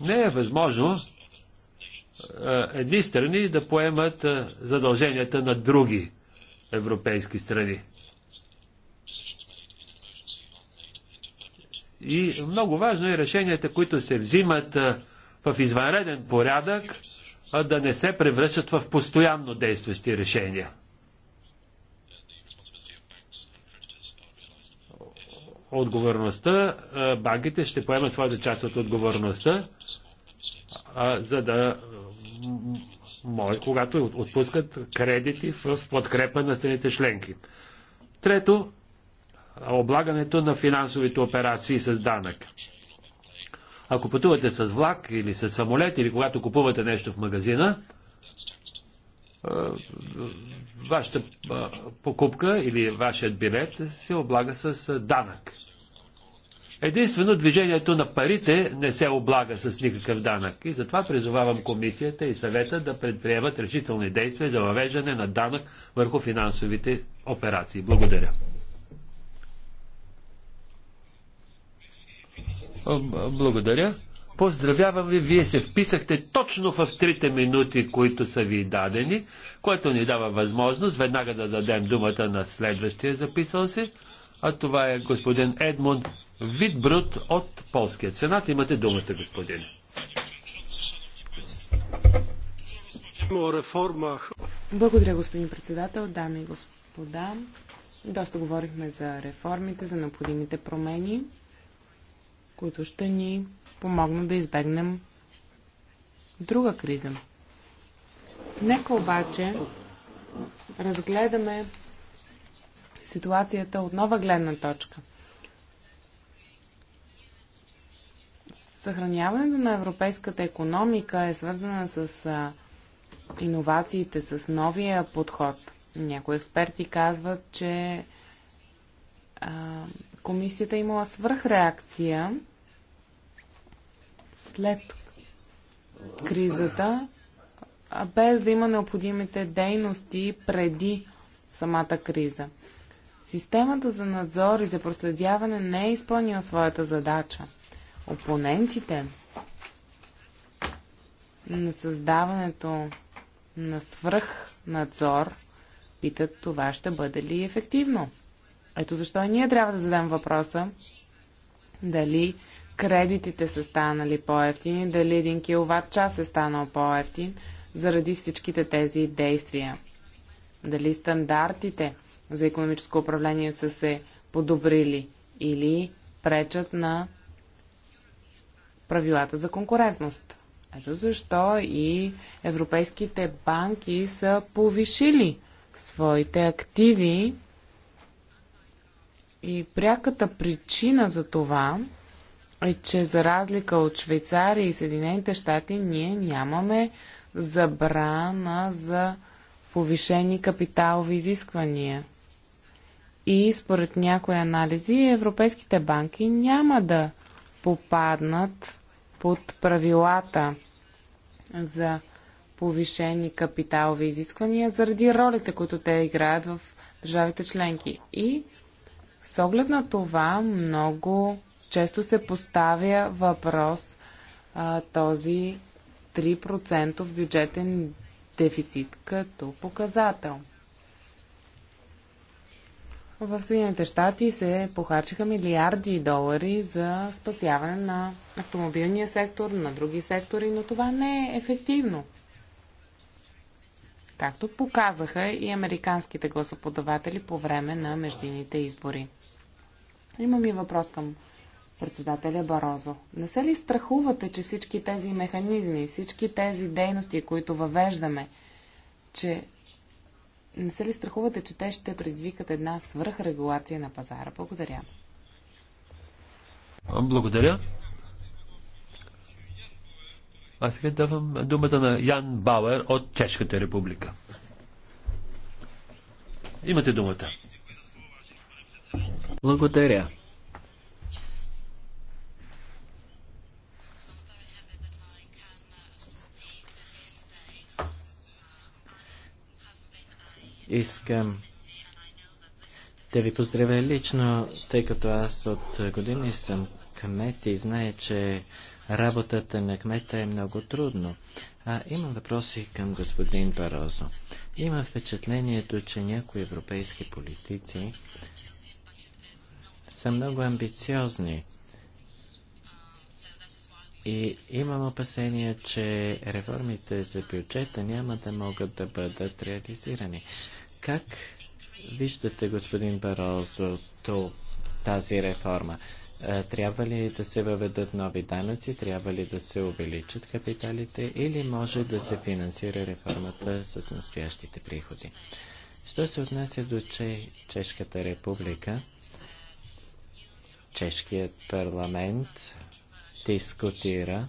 Не е възможно едни страни да поемат задълженията на други европейски страни. И много важно е решенията, които се взимат в извънреден порядък, а да не се превръщат в постоянно действащи решения. Отговорността, банките ще поемат своята част от отговорността, за да може, когато отпускат кредити в подкрепа на страните членки. Трето, облагането на финансовите операции с данък. Ако пътувате с влак или с самолет или когато купувате нещо в магазина, вашата покупка или вашият билет се облага с данък. Единствено движението на парите не се облага с никакъв данък. И затова призовавам комисията и съвета да предприемат решителни действия за въвеждане на данък върху финансовите операции. Благодаря. Благодаря. Поздравявам ви, вие се вписахте точно в трите минути, които са ви дадени, което ни дава възможност веднага да дадем думата на следващия записал се, а това е господин Едмунд Витбрут от Полския сенат. Имате думата, господин. Благодаря, господин председател, дами и господа. Доста говорихме за реформите, за необходимите промени които ще ни помогнат да избегнем друга криза. Нека обаче разгледаме ситуацията от нова гледна точка. Съхраняването на европейската економика е свързана с а, иновациите, с новия подход. Някои експерти казват, че комисията е имала свръхреакция след кризата, без да има необходимите дейности преди самата криза. Системата за надзор и за проследяване не е изпълнила своята задача. Опонентите на създаването на свръхнадзор питат това ще бъде ли ефективно. Ето защо и ние трябва да задам въпроса дали кредитите са станали по-ефтини, дали един киловатт час е станал по-ефтин заради всичките тези действия. Дали стандартите за економическо управление са се подобрили или пречат на правилата за конкурентност. Ето защо и европейските банки са повишили своите активи и пряката причина за това е, че за разлика от Швейцария и Съединените щати, ние нямаме забрана за повишени капиталови изисквания. И според някои анализи, европейските банки няма да попаднат под правилата за повишени капиталови изисквания заради ролите, които те играят в държавите членки. И с оглед на това много често се поставя въпрос а, този 3% бюджетен дефицит като показател. В Съединените щати се похарчиха милиарди долари за спасяване на автомобилния сектор, на други сектори, но това не е ефективно както показаха и американските гласоподаватели по време на междинните избори. Имам и въпрос към председателя Барозо. Не се ли страхувате, че всички тези механизми, всички тези дейности, които въвеждаме, че не се ли страхувате, че те ще предизвикат една свръхрегулация на пазара? Благодаря. Благодаря. А сега давам думата на Ян Бауер от Чешката република. Имате думата. Благодаря. Искам да ви поздравя лично, тъй като аз от години съм кмет и знае, че Работата на кмета е много трудно. А, имам въпроси към господин Барозо. Има впечатлението, че някои европейски политици са много амбициозни. И имам опасение, че реформите за бюджета няма да могат да бъдат реализирани. Как виждате, господин Барозо, тази реформа? Е, трябва ли да се въведат нови данъци, трябва ли да се увеличат капиталите или може да се финансира реформата с настоящите приходи? Що се отнася до Чешката република, Чешкият парламент дискутира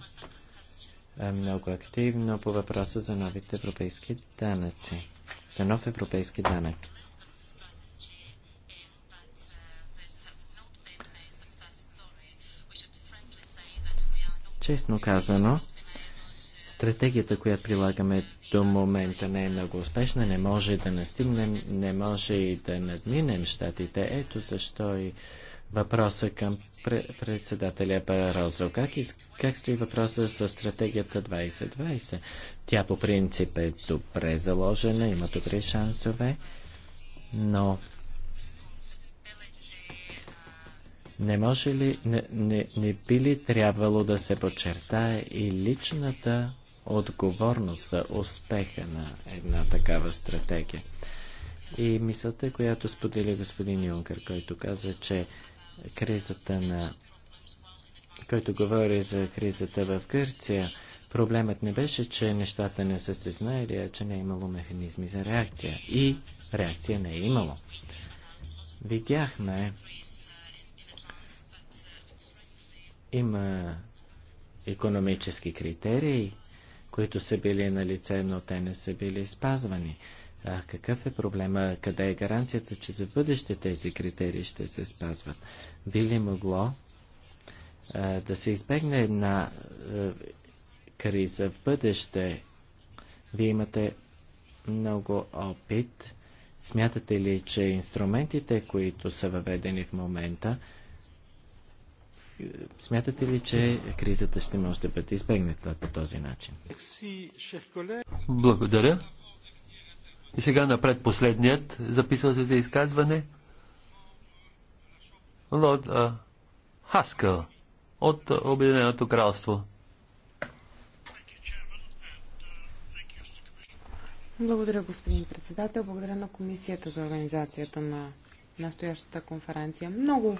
е, много активно по въпроса за новите европейски данъци, за нов европейски данък. Честно казано, стратегията, която прилагаме до момента не е много успешна, не може да настигнем, не може и да надминем щатите. Ето защо и въпроса към председателя Барозо. Как, из, как стои въпроса с стратегията 2020? Тя по принцип е добре заложена, има добри шансове, но Не може ли, не, не, не би ли трябвало да се подчертае и личната отговорност за успеха на една такава стратегия? И мисълта, която сподели господин Юнкер, който каза, че кризата на... който говори за кризата в Гърция, проблемът не беше, че нещата не са се знаели, а че не е имало механизми за реакция. И реакция не е имало. Видяхме Има економически критерии, които са били на лице, но те не са били спазвани. А какъв е проблема? Къде е гаранцията, че за бъдеще тези критерии ще се спазват? Би ли могло а, да се избегне една а, криза в бъдеще? Вие имате много опит. Смятате ли, че инструментите, които са въведени в момента, Смятате ли, че кризата ще може да бъде избегната по този начин? Благодаря. И сега напред последният, записал се за изказване, Лорд а, Хаскъл от Обединеното кралство. Благодаря, господин председател. Благодаря на комисията за организацията на настоящата конференция. Много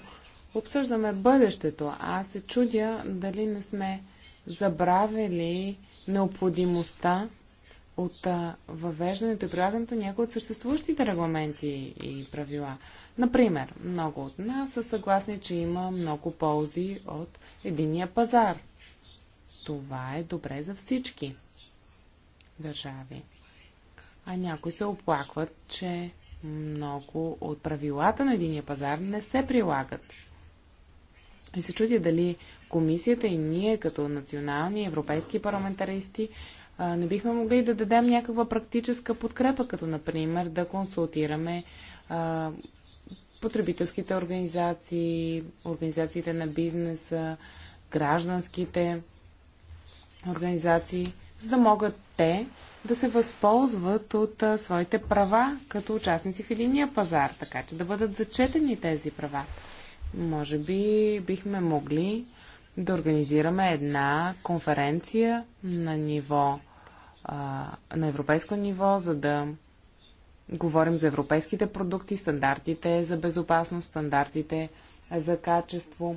обсъждаме бъдещето. Аз се чудя дали не сме забравили необходимостта от въвеждането и прилагането някои от съществуващите регламенти и правила. Например, много от нас са съгласни, че има много ползи от единия пазар. Това е добре за всички държави. А някои се оплакват, че много от правилата на единия пазар не се прилагат. И се чудя дали комисията и ние като национални европейски парламентаристи не бихме могли да дадем някаква практическа подкрепа, като например да консултираме потребителските организации, организациите на бизнеса, гражданските организации, за да могат те да се възползват от своите права като участници в единия пазар, така че да бъдат зачетени тези права. Може би бихме могли да организираме една конференция на ниво, а, на европейско ниво, за да говорим за европейските продукти, стандартите за безопасност, стандартите за качество.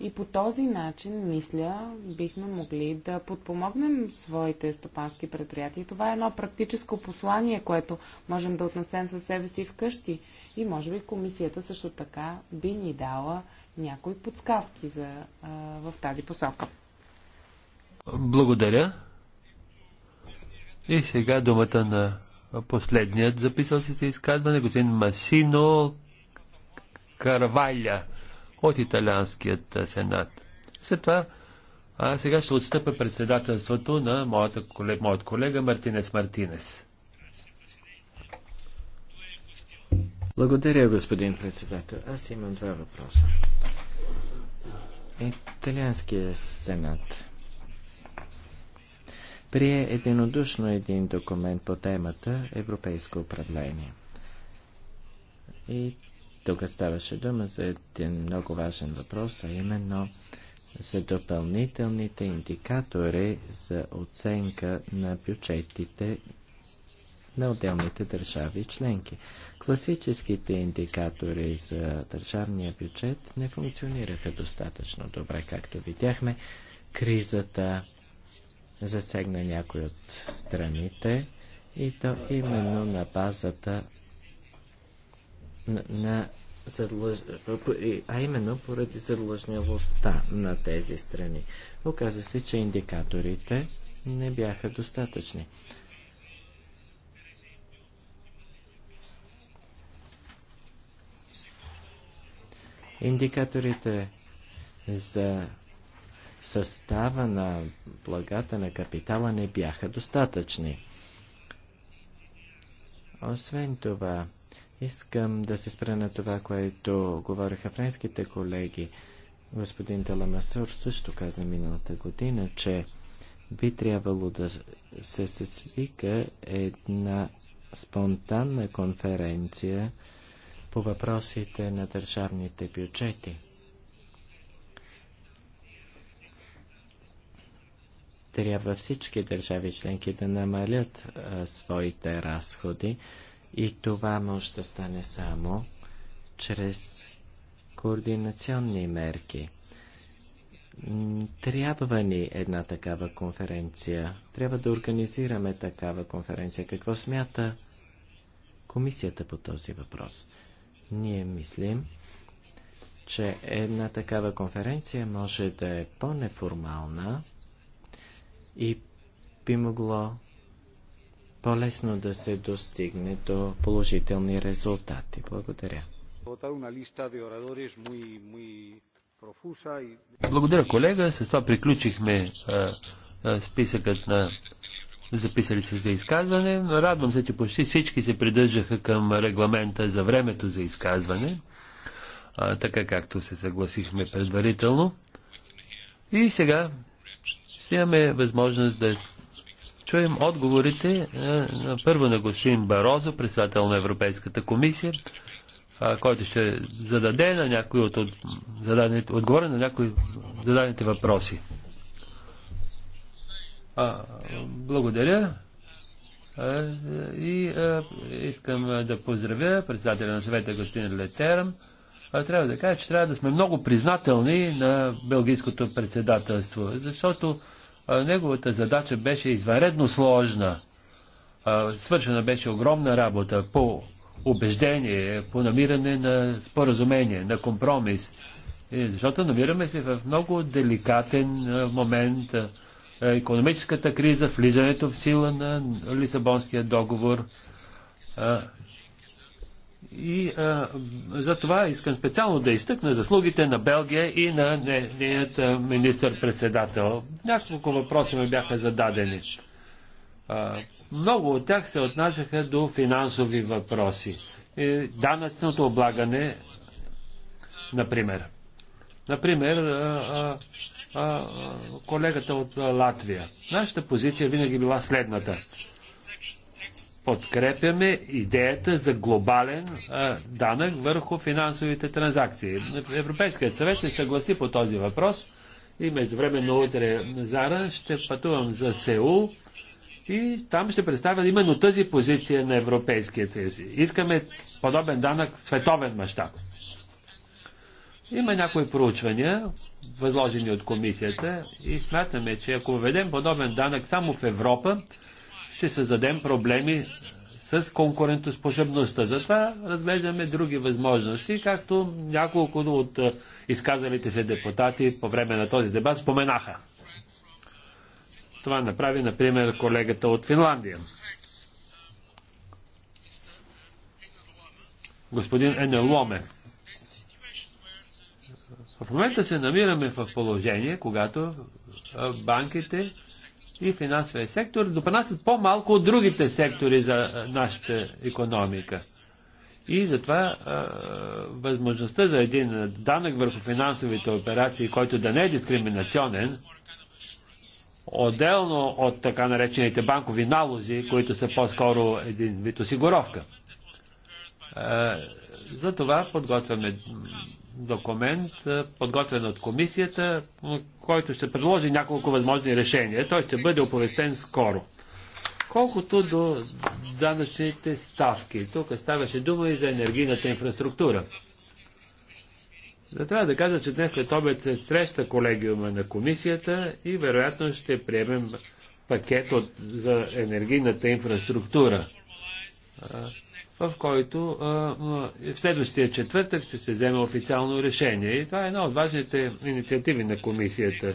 И по този начин, мисля, бихме могли да подпомогнем своите стопански предприятия. И това е едно практическо послание, което можем да отнесем със себе си вкъщи. И може би комисията също така би ни дала някои подсказки за, а, в тази посока. Благодаря. И сега думата на последният записал си се изказване, господин Масино Карваля от италианският сенат. След това а сега ще отстъпя председателството на моята, моят колега Мартинес Мартинес. Благодаря, господин председател. Аз имам два въпроса. Италианският сенат прие единодушно един документ по темата Европейско управление. И тук ставаше дума за един много важен въпрос, а именно за допълнителните индикатори за оценка на бюджетите на отделните държави и членки. Класическите индикатори за държавния бюджет не функционираха достатъчно добре, както видяхме. Кризата засегна някои от страните и то именно на базата на задлъж... а именно поради задлъжнявостта на тези страни. Оказа се, че индикаторите не бяха достатъчни. Индикаторите за състава на благата на капитала не бяха достатъчни. Освен това, Искам да се спра на това, което говориха френските колеги. Господин Таламасур също каза миналата година, че би трябвало да се свика една спонтанна конференция по въпросите на държавните бюджети. Трябва всички държави членки да намалят а, своите разходи, и това може да стане само чрез координационни мерки. Трябва ни една такава конференция. Трябва да организираме такава конференция. Какво смята комисията по този въпрос? Ние мислим, че една такава конференция може да е по-неформална и би могло по-лесно да се достигне до положителни резултати. Благодаря. Благодаря, колега. С това приключихме а, а, списъкът на записали се за изказване. Радвам се, че почти всички се придържаха към регламента за времето за изказване, а, така както се съгласихме предварително. И сега ще имаме възможност да чуем отговорите е, на първо на господин Барозо, председател на Европейската комисия, който ще зададе на някои от, от зададените, отговори на някои зададените въпроси. А, благодаря. А, и а, искам да поздравя председателя на съвета господин Летерам. А, трябва да кажа, че трябва да сме много признателни на белгийското председателство, защото неговата задача беше извънредно сложна. Свършена беше огромна работа по убеждение, по намиране на споразумение, на компромис. Защото намираме се в много деликатен момент. Економическата криза, влизането в сила на Лисабонския договор, и а, за това искам специално да изтъкна заслугите на Белгия и на нейният министър-председател. Няколко въпроси ми бяха зададени. А, много от тях се отнасяха до финансови въпроси. И данъчното облагане, например. Например, а, а, а, колегата от Латвия. Нашата позиция винаги била следната подкрепяме идеята за глобален а, данък върху финансовите транзакции. Европейският съвет се съгласи по този въпрос и междувременно утре Зара ще пътувам за Сеул и там ще представя именно тази позиция на Европейския съюз. Искаме подобен данък в световен мащаб. Има някои проучвания, възложени от комисията и смятаме, че ако введем подобен данък само в Европа, ще създадем проблеми с конкурентоспособността. Затова разглеждаме други възможности, както няколко от е, изказалите се депутати по време на този дебат споменаха. Това направи, например, колегата от Финландия. Господин Енеломе. В момента се намираме в положение, когато е, банките и финансовия сектор допринасят по-малко от другите сектори за нашата економика. И затова а, възможността за един данък върху финансовите операции, който да не е дискриминационен, отделно от така наречените банкови налози, които са по-скоро един вид осигуровка. А, за това подготвяме документ, подготвен от комисията, който ще предложи няколко възможни решения. Той ще бъде оповестен скоро. Колкото до данъчните ставки, тук ставаше дума и за енергийната инфраструктура. Да трябва да кажа, че днес след обед се среща колегиума на комисията и вероятно ще приемем пакет от, за енергийната инфраструктура в който в следващия четвъртък ще се вземе официално решение. И това е една от важните инициативи на комисията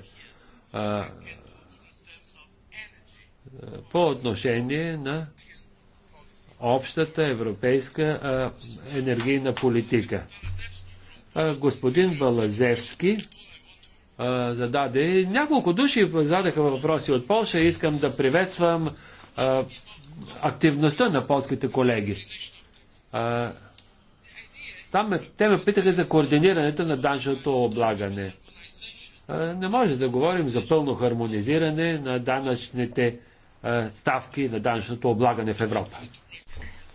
по отношение на общата европейска енергийна политика. Господин Балазевски зададе няколко души зададаха въпроси от Польша. Искам да приветствам активността на полските колеги а, там те ме питаха за координирането на данъчното облагане. А, не може да говорим за пълно хармонизиране на данъчните а, ставки на данъчното облагане в Европа.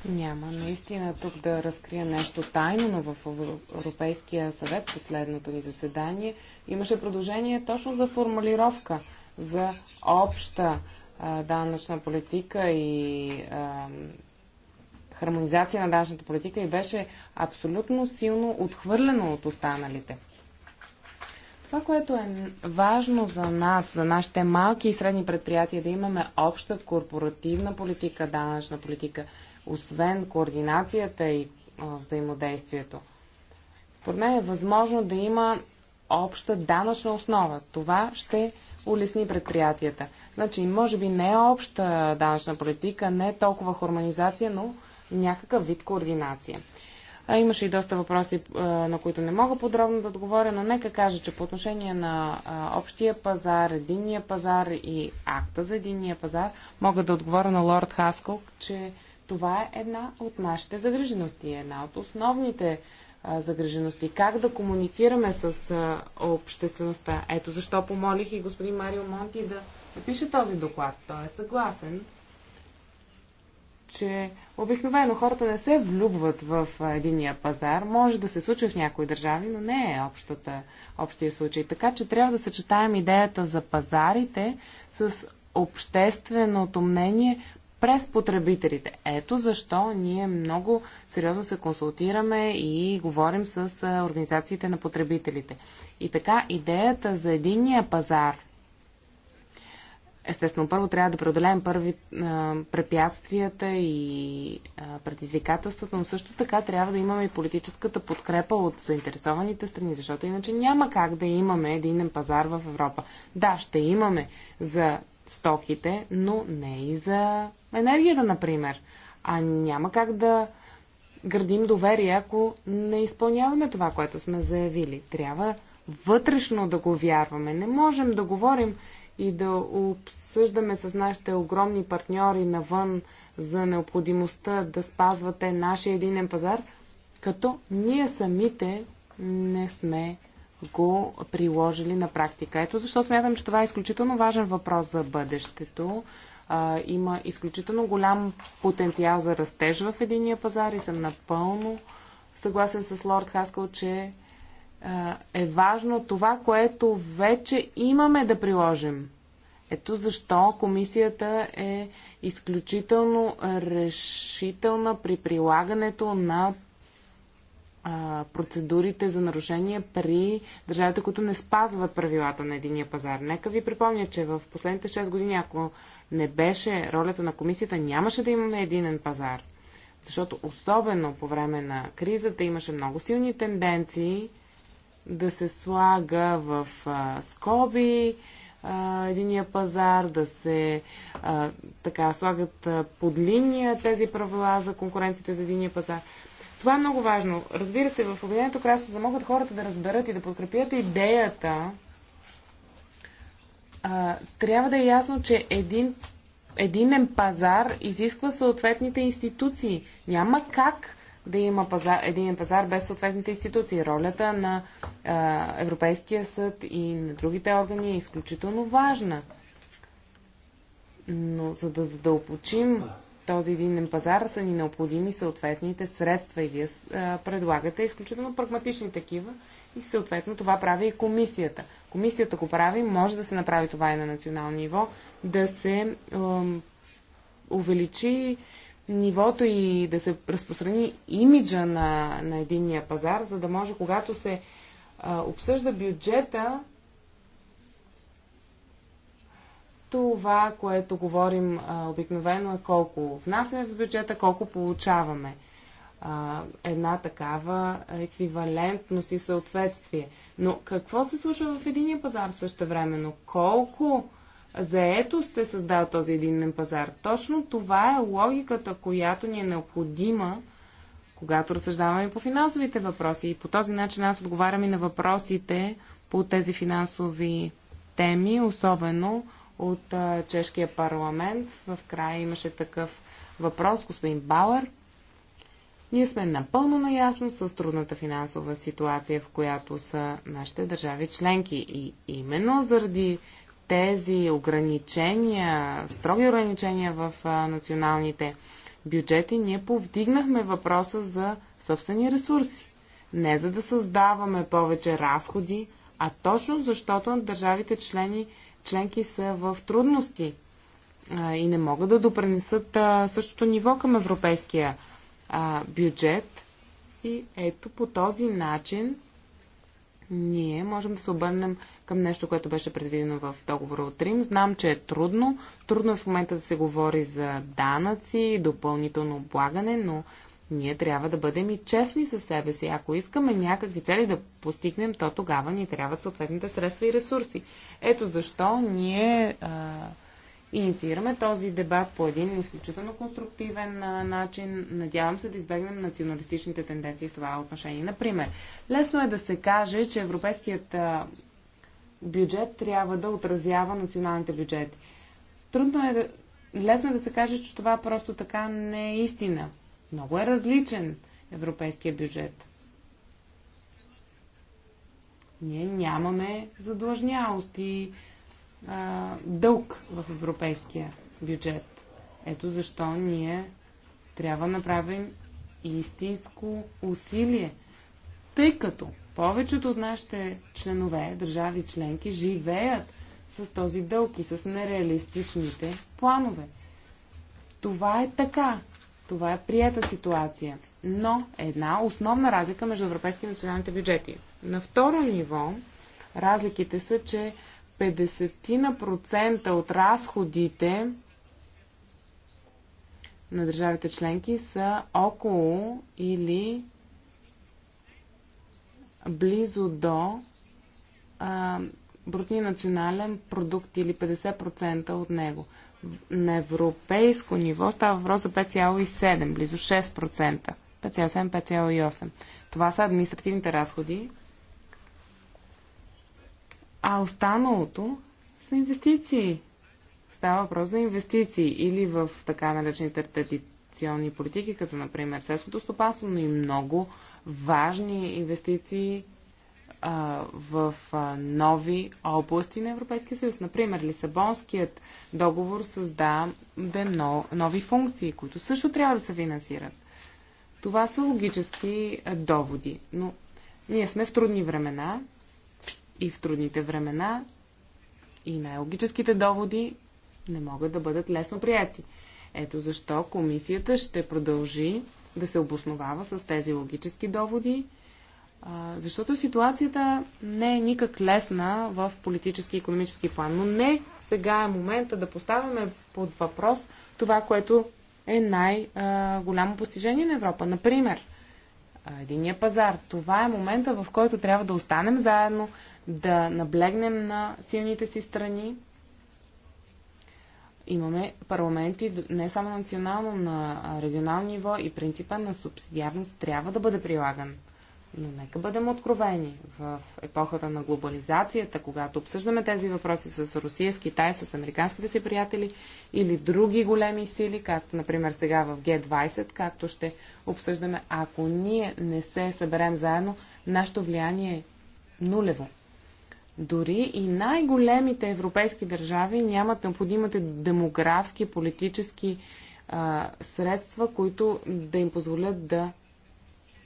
Няма наистина тук да разкрия нещо тайно, но в Европейския съвет, последното ни заседание, имаше продължение точно за формулировка за обща а, данъчна политика и а, хармонизация на данъчната политика и беше абсолютно силно отхвърлено от останалите. Това, което е важно за нас, за нашите малки и средни предприятия, е да имаме обща корпоративна политика, данъчна политика, освен координацията и взаимодействието. Според мен е възможно да има обща данъчна основа. Това ще улесни предприятията. Значи, може би не е обща данъчна политика, не е толкова хармонизация, но някакъв вид координация. А, имаше и доста въпроси, на които не мога подробно да отговоря, но нека кажа, че по отношение на общия пазар, единния пазар и акта за единния пазар, мога да отговоря на Лорд Хаскол, че това е една от нашите загрижености, една от основните загрижености. Как да комуникираме с а, обществеността? Ето защо помолих и господин Марио Монти да напише този доклад. Той е съгласен че обикновено хората не се влюбват в единия пазар. Може да се случи в някои държави, но не е общата, общия случай. Така че трябва да съчетаем идеята за пазарите с общественото мнение през потребителите. Ето защо ние много сериозно се консултираме и говорим с организациите на потребителите. И така идеята за единния пазар – Естествено, първо трябва да преодолеем първи а, препятствията и а, предизвикателствата, но също така трябва да имаме и политическата подкрепа от заинтересованите страни, защото иначе няма как да имаме единен пазар в Европа. Да, ще имаме за стоките, но не и за енергията, например. А няма как да градим доверие, ако не изпълняваме това, което сме заявили. Трябва вътрешно да го вярваме. Не можем да говорим и да обсъждаме с нашите огромни партньори навън за необходимостта да спазвате нашия единен пазар, като ние самите не сме го приложили на практика. Ето защо смятам, че това е изключително важен въпрос за бъдещето. А, има изключително голям потенциал за растеж в единия пазар и съм напълно съгласен с Лорд Хаскал, че е важно това, което вече имаме да приложим. Ето защо комисията е изключително решителна при прилагането на процедурите за нарушение при държавите, които не спазват правилата на единия пазар. Нека ви припомня, че в последните 6 години, ако не беше ролята на комисията, нямаше да имаме единен пазар. Защото особено по време на кризата имаше много силни тенденции да се слага в а, скоби а, единия пазар, да се а, така слагат а, под линия тези правила за конкуренцията за единия пазар. Това е много важно. Разбира се, в Обединеното кралство, за могат хората да разберат и да подкрепят идеята, а, трябва да е ясно, че един единен пазар изисква съответните институции. Няма как да има пазар, един пазар без съответните институции. Ролята на а, Европейския съд и на другите органи е изключително важна. Но за да задълбочим този единен пазар са ни необходими съответните средства и вие а, предлагате изключително прагматични такива и съответно това прави и комисията. Комисията го прави, може да се направи това и на национално ниво, да се а, увеличи нивото и да се разпространи имиджа на, на единния пазар, за да може, когато се а, обсъжда бюджета, това, което говорим а, обикновено е колко внасяме в бюджета, колко получаваме. А, една такава еквивалентност и съответствие. Но какво се случва в единия пазар също времено? Колко Заето сте създал този единен пазар. Точно това е логиката, която ни е необходима, когато разсъждаваме по финансовите въпроси. И по този начин аз отговарям и на въпросите по тези финансови теми, особено от а, чешкия парламент. В края имаше такъв въпрос, господин Бауер. Ние сме напълно наясно с трудната финансова ситуация, в която са нашите държави членки. И именно заради тези ограничения, строги ограничения в националните бюджети, ние повдигнахме въпроса за собствени ресурси. Не за да създаваме повече разходи, а точно защото държавите члени, членки са в трудности и не могат да допренесат същото ниво към европейския бюджет. И ето по този начин ние можем да се обърнем към нещо, което беше предвидено в договора от Рим. Знам, че е трудно. Трудно е в момента да се говори за данъци, допълнително облагане, но ние трябва да бъдем и честни със себе си. Ако искаме някакви цели да постигнем, то тогава ни трябват съответните средства и ресурси. Ето защо ние а, инициираме този дебат по един изключително конструктивен а, начин. Надявам се да избегнем националистичните тенденции в това отношение. Например, лесно е да се каже, че Европейският а, бюджет трябва да отразява националните бюджети. Трудно е да... Лесно е да се каже, че това просто така не е истина. Много е различен европейския бюджет. Ние нямаме задлъжнялост и а, дълг в европейския бюджет. Ето защо ние трябва да направим истинско усилие, тъй като повечето от нашите членове, държави членки, живеят с този дълг и с нереалистичните планове. Това е така. Това е прията ситуация. Но една основна разлика между европейски и националните бюджети. На второ ниво разликите са, че 50% от разходите на държавите членки са около или близо до а, брутни национален продукт или 50% от него. На европейско ниво става въпрос за 5,7, близо 6%. 5,7, 5,8. Това са административните разходи. А останалото са инвестиции. Става въпрос за инвестиции или в така наречените традиционни политики, като например селското стопанство, но и много важни инвестиции в нови области на Европейския съюз. Например, Лисабонският договор създаде да нови функции, които също трябва да се финансират. Това са логически доводи, но ние сме в трудни времена и в трудните времена и най-логическите доводи не могат да бъдат лесно прияти. Ето защо комисията ще продължи да се обосновава с тези логически доводи, защото ситуацията не е никак лесна в политически и економически план. Но не сега е момента да поставяме под въпрос това, което е най-голямо постижение на Европа. Например, единия пазар. Това е момента, в който трябва да останем заедно, да наблегнем на силните си страни, имаме парламенти не само на национално, на регионално ниво и принципа на субсидиарност трябва да бъде прилаган. Но нека бъдем откровени. В епохата на глобализацията, когато обсъждаме тези въпроси с Русия, с Китай, с американските си приятели или други големи сили, както например сега в Г-20, както ще обсъждаме, ако ние не се съберем заедно, нашето влияние е нулево. Дори и най-големите европейски държави нямат необходимите демографски, политически а, средства, които да им позволят да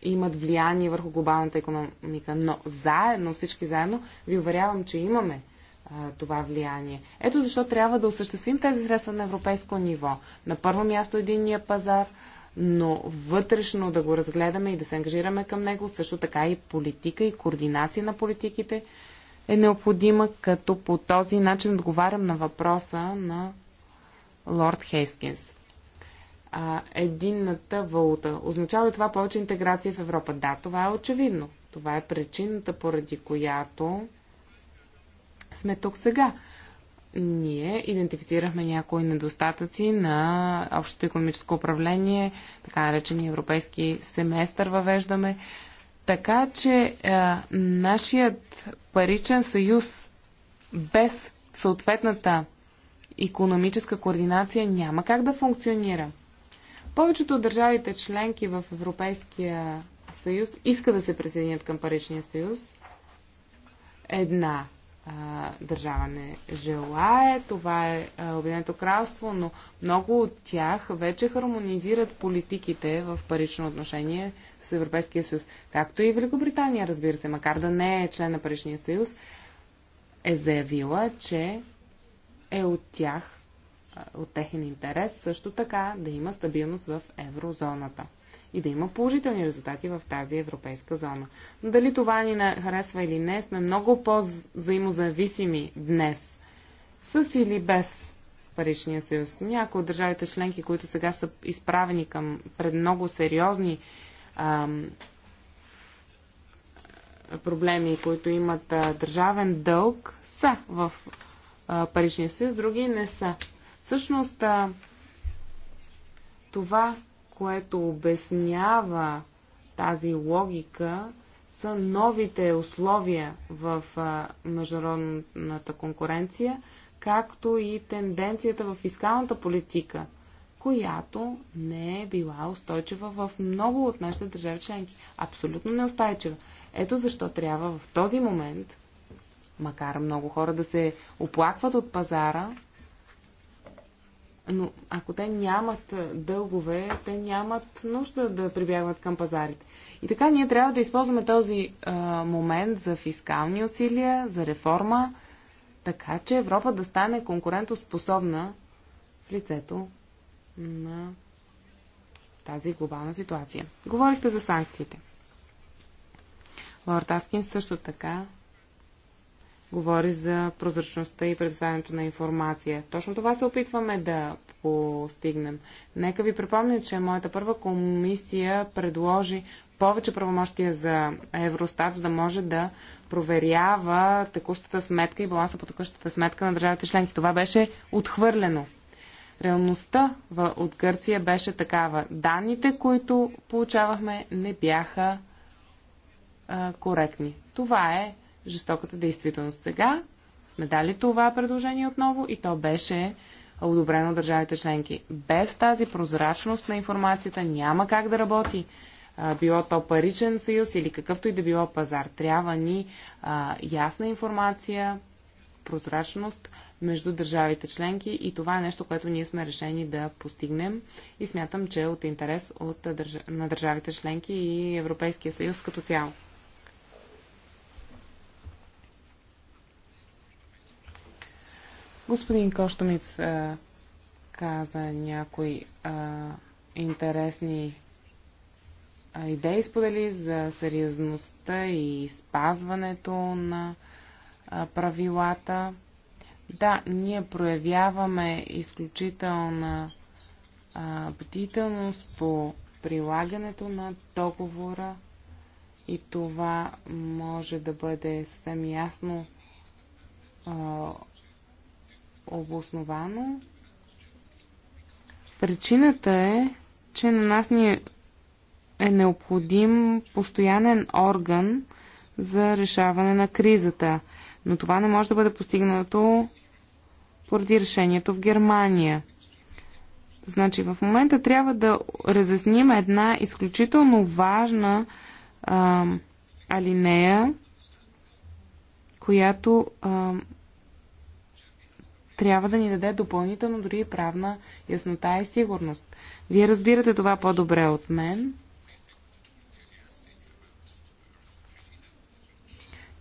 имат влияние върху глобалната економика. Но заедно, всички заедно, ви уверявам, че имаме а, това влияние. Ето защо трябва да осъществим тези средства на европейско ниво. На първо място единния пазар, но вътрешно да го разгледаме и да се ангажираме към него, също така и политика и координация на политиките, е необходима, като по този начин отговарям на въпроса на лорд Хейскинс. А, единната валута. Означава ли това повече интеграция в Европа? Да, това е очевидно. Това е причината, поради която сме тук сега. Ние идентифицирахме някои недостатъци на общото економическо управление, така наречения европейски семестър въвеждаме. Така че е, нашият паричен съюз без съответната економическа координация няма как да функционира. Повечето от държавите членки в Европейския съюз иска да се присъединят към паричния съюз. Една държава не желае. Това е Обединеното кралство, но много от тях вече хармонизират политиките в парично отношение с Европейския съюз. Както и Великобритания, разбира се, макар да не е член на Паричния съюз, е заявила, че е от тях, от техен интерес също така да има стабилност в еврозоната и да има положителни резултати в тази европейска зона. Но дали това ни харесва или не, сме много по-взаимозависими днес. С или без паричния съюз. Някои от държавите членки, които сега са изправени към пред много сериозни ам, проблеми, които имат а, държавен дълг, са в а, паричния съюз, други не са. Всъщност, а, това което обяснява тази логика, са новите условия в международната конкуренция, както и тенденцията в фискалната политика, която не е била устойчива в много от нашите държави членки. Абсолютно неустойчива. Ето защо трябва в този момент, макар много хора да се оплакват от пазара, но ако те нямат дългове, те нямат нужда да прибягват към пазарите. И така ние трябва да използваме този а, момент за фискални усилия, за реформа, така че Европа да стане конкурентоспособна в лицето на тази глобална ситуация. Говорихте за санкциите. Лорд Аскин също така говори за прозрачността и предоставянето на информация. Точно това се опитваме да постигнем. Нека ви припомня, че моята първа комисия предложи повече правомощия за Евростат, за да може да проверява текущата сметка и баланса по текущата сметка на държавите членки. Това беше отхвърлено. Реалността от Гърция беше такава. Данните, които получавахме, не бяха а, коректни. Това е жестоката действителност. Сега сме дали това предложение отново и то беше одобрено от държавите членки. Без тази прозрачност на информацията няма как да работи. Било то паричен съюз или какъвто и да било пазар. Трябва ни а, ясна информация, прозрачност между държавите членки и това е нещо, което ние сме решени да постигнем и смятам, че е от интерес от, на държавите членки и Европейския съюз като цяло. Господин Коштомиц а, каза някои а, интересни а, идеи, сподели за сериозността и спазването на а, правилата. Да, ние проявяваме изключителна а, бдителност по прилагането на договора и това може да бъде съвсем ясно а, обосновано. Причината е, че на нас ни е необходим постоянен орган за решаване на кризата. Но това не може да бъде постигнато поради решението в Германия. Значи в момента трябва да разясним една изключително важна а, алинея, която а, трябва да ни даде допълнително дори и правна яснота и сигурност. Вие разбирате това по-добре от мен.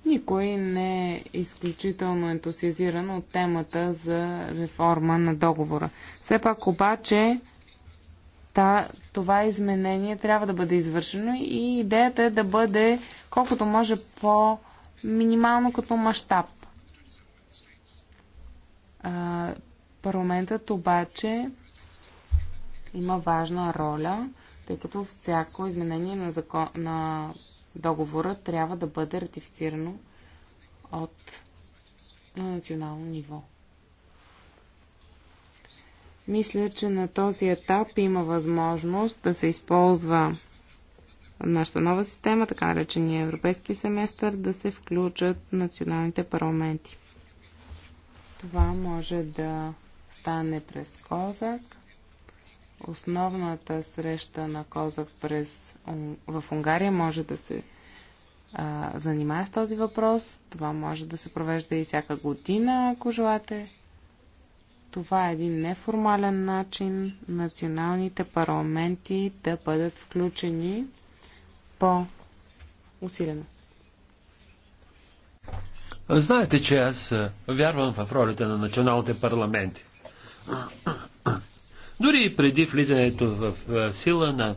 Никой не е изключително ентусиазиран от темата за реформа на договора. Все пак обаче та, това изменение трябва да бъде извършено и идеята е да бъде колкото може по-минимално като мащаб парламентът обаче има важна роля, тъй като всяко изменение на, закон, на договора трябва да бъде ратифицирано от на национално ниво. Мисля, че на този етап има възможност да се използва нашата нова система, така наречения европейски семестър, да се включат националните парламенти. Това може да стане през Козак. Основната среща на Козак през, в Унгария може да се а, занимава с този въпрос. Това може да се провежда и всяка година, ако желате. Това е един неформален начин националните парламенти да бъдат включени по-усилено. Знаете, че аз вярвам в ролята на националните парламенти. Дори и преди влизането в сила на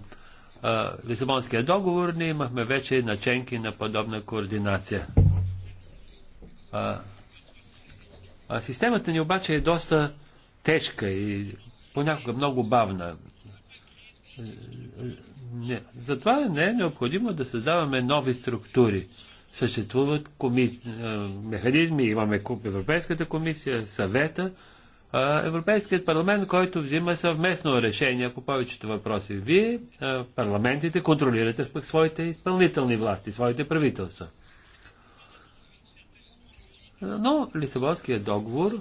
Лисабонския договор, ние имахме вече наченки на подобна координация. А, а системата ни обаче е доста тежка и понякога много бавна. Е, е, не. Затова не е необходимо да създаваме нови структури съществуват коми... механизми. Имаме Европейската комисия, съвета, Европейският парламент, който взима съвместно решение по повечето въпроси. Вие, парламентите, контролирате пък своите изпълнителни власти, своите правителства. Но Лисабонският договор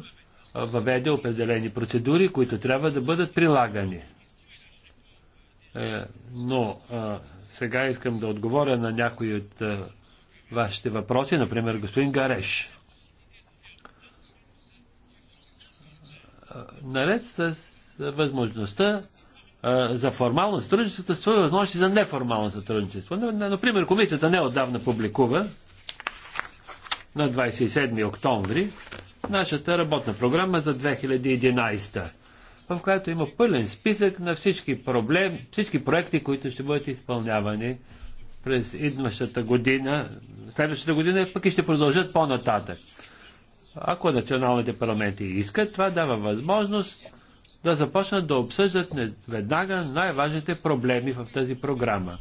въведе определени процедури, които трябва да бъдат прилагани. Е, но сега искам да отговоря на някои от вашите въпроси, например господин Гареш. Наред с възможността за формално сътрудничество, стои възможности за неформално сътрудничество. Например, комисията не отдавна публикува на 27 октомври нашата работна програма за 2011, в която има пълен списък на всички, проблем, всички проекти, които ще бъдат изпълнявани през идващата година, следващата година, пък и ще продължат по-нататък. Ако националните парламенти искат, това дава възможност да започнат да обсъждат веднага най-важните проблеми в тази програма.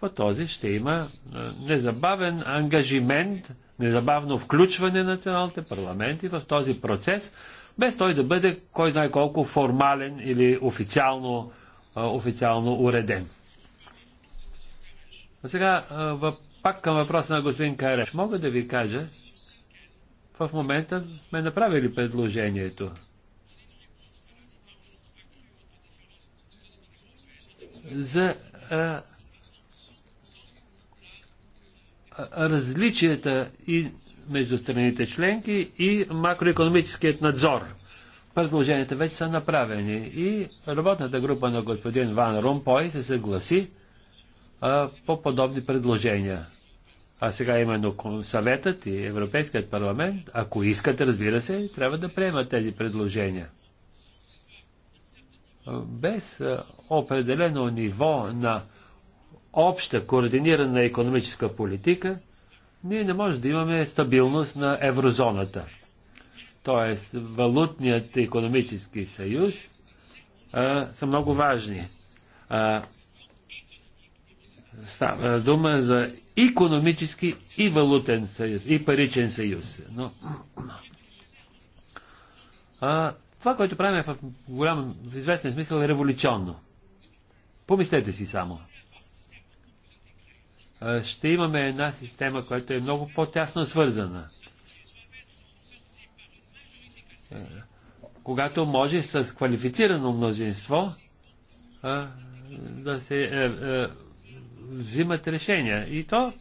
По този ще има е, незабавен ангажимент, незабавно включване на националните парламенти в този процес, без той да бъде кой знае колко формален или официално, е, официално уреден. Сега пак към въпроса на господин Кареш. Мога да ви кажа, в момента сме направили предложението. За а, различията и между страните членки и макроекономическият надзор. Предложенията вече са направени и работната група на господин Ван Румпой се съгласи, а, по подобни предложения. А сега именно съветът и Европейският парламент, ако искат, разбира се, трябва да приемат тези предложения. Без определено ниво на обща координирана економическа политика, ние не можем да имаме стабилност на еврозоната. Тоест, валутният економически съюз а, са много важни. А, става дума за економически и валутен съюз, и паричен съюз. Но, а, това, което правим е в голям, в известен смисъл е революционно. Помислете си само. А, ще имаме една система, която е много по-тясно свързана. А, когато може с квалифицирано мнозинство а, да се е, е, взимат решения. И то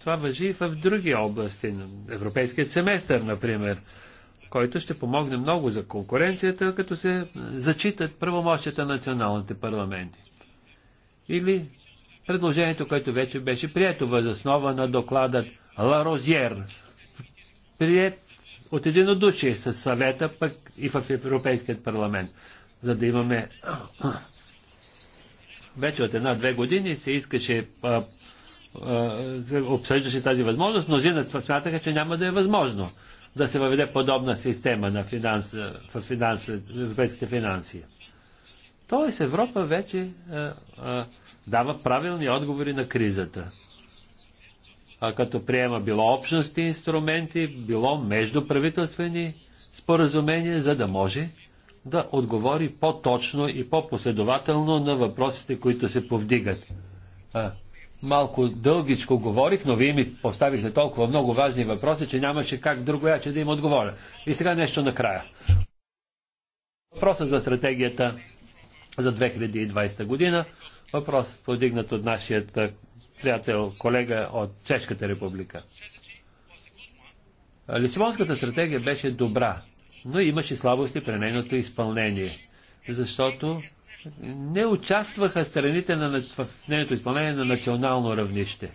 това въжи и в други области. Европейският семестър, например, който ще помогне много за конкуренцията, като се зачитат правомощията на националните парламенти. Или предложението, което вече беше прието възоснова на докладът Ла Розьер, прият от единодушие с съвета, пък и в Европейският парламент, за да имаме вече от една-две години се искаше, а, а, обсъждаше тази възможност, мнозина смятаха, че няма да е възможно да се въведе подобна система на финанс, в финанс, европейските финанси. Тоест Европа вече а, а, дава правилни отговори на кризата. А, като приема било общности инструменти, било междуправителствени споразумения, за да може да отговори по-точно и по-последователно на въпросите, които се повдигат. А, малко дългичко говорих, но вие ми поставихте толкова много важни въпроси, че нямаше как другояче да им отговоря. И сега нещо накрая. Въпросът за стратегията за 2020 година, въпрос подигнат от нашият приятел, колега от Чешката република. Лисибонската стратегия беше добра но имаше слабости при нейното изпълнение, защото не участваха страните на, в нейното изпълнение на национално равнище.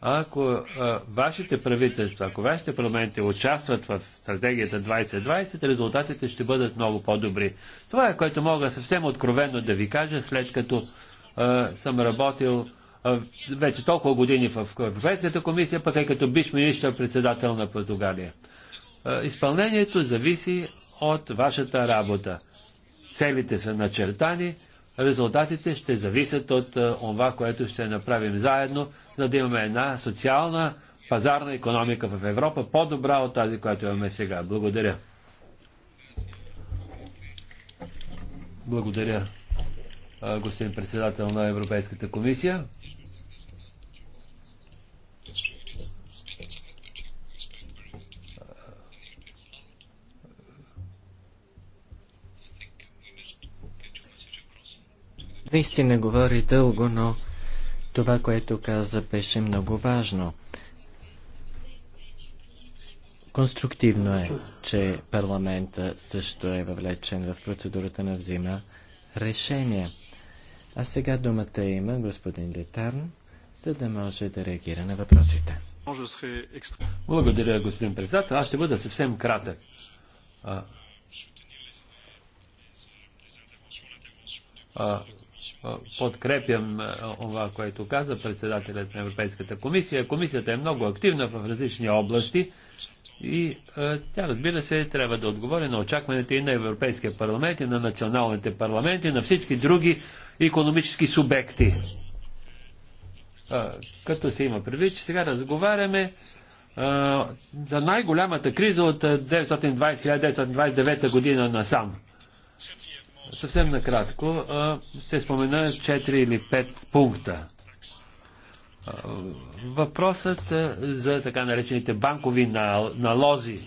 Ако а, вашите правителства, ако вашите парламенти участват в стратегията 2020, резултатите ще бъдат много по-добри. Това е което мога съвсем откровенно да ви кажа, след като а, съм работил а, вече толкова години в Европейската комисия, пък и като биш министър-председател на Португалия. Е, изпълнението зависи от вашата работа. Целите са начертани, резултатите ще зависят от това, е, което ще направим заедно, за да имаме една социална пазарна економика в Европа, по-добра от тази, която имаме сега. Благодаря. Благодаря, е, господин председател на Европейската комисия. Наистина говори дълго, но това, което каза, беше много важно. Конструктивно е, че парламента също е въвлечен в процедурата на взима решение. А сега думата има господин Летарн, за да може да реагира на въпросите. Благодаря, господин председател. Аз ще бъда съвсем кратък. А, а, подкрепям е, това, което каза председателят на Европейската комисия. Комисията е много активна в различни области и е, тя, разбира се, трябва да отговори на очакването и на Европейския парламент, и на националните парламенти, и на всички други економически субекти. Е, като се има предвид, че сега разговаряме за най-голямата криза от 1929 година насам. Съвсем накратко се спомена 4 или 5 пункта. Въпросът за така наречените банкови налози,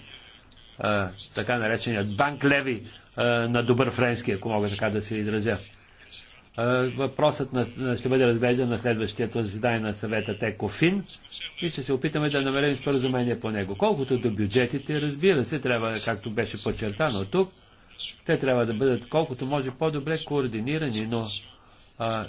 така нареченият банк леви на добър френски, ако мога така да се изразя. Въпросът ще бъде разглеждан на следващия заседание на съвета ТЕКОФИН и ще се опитаме да намерим споразумение по него. Колкото до бюджетите, разбира се, трябва, както беше подчертано тук, те трябва да бъдат колкото може по-добре координирани, но а,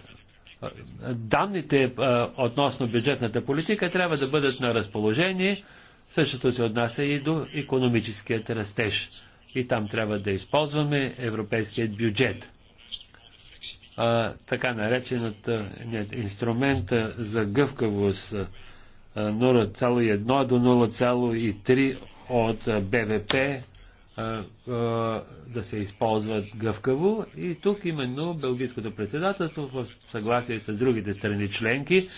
данните а, относно бюджетната политика трябва да бъдат на разположение. Същото се отнася и до економическият растеж. И там трябва да използваме европейският бюджет. А, така нареченият е, инструмент за гъвкавост 0,1 до 0,3 от БВП да се използват гъвкаво. И тук именно Белгийското председателство в съгласие с другите страни членки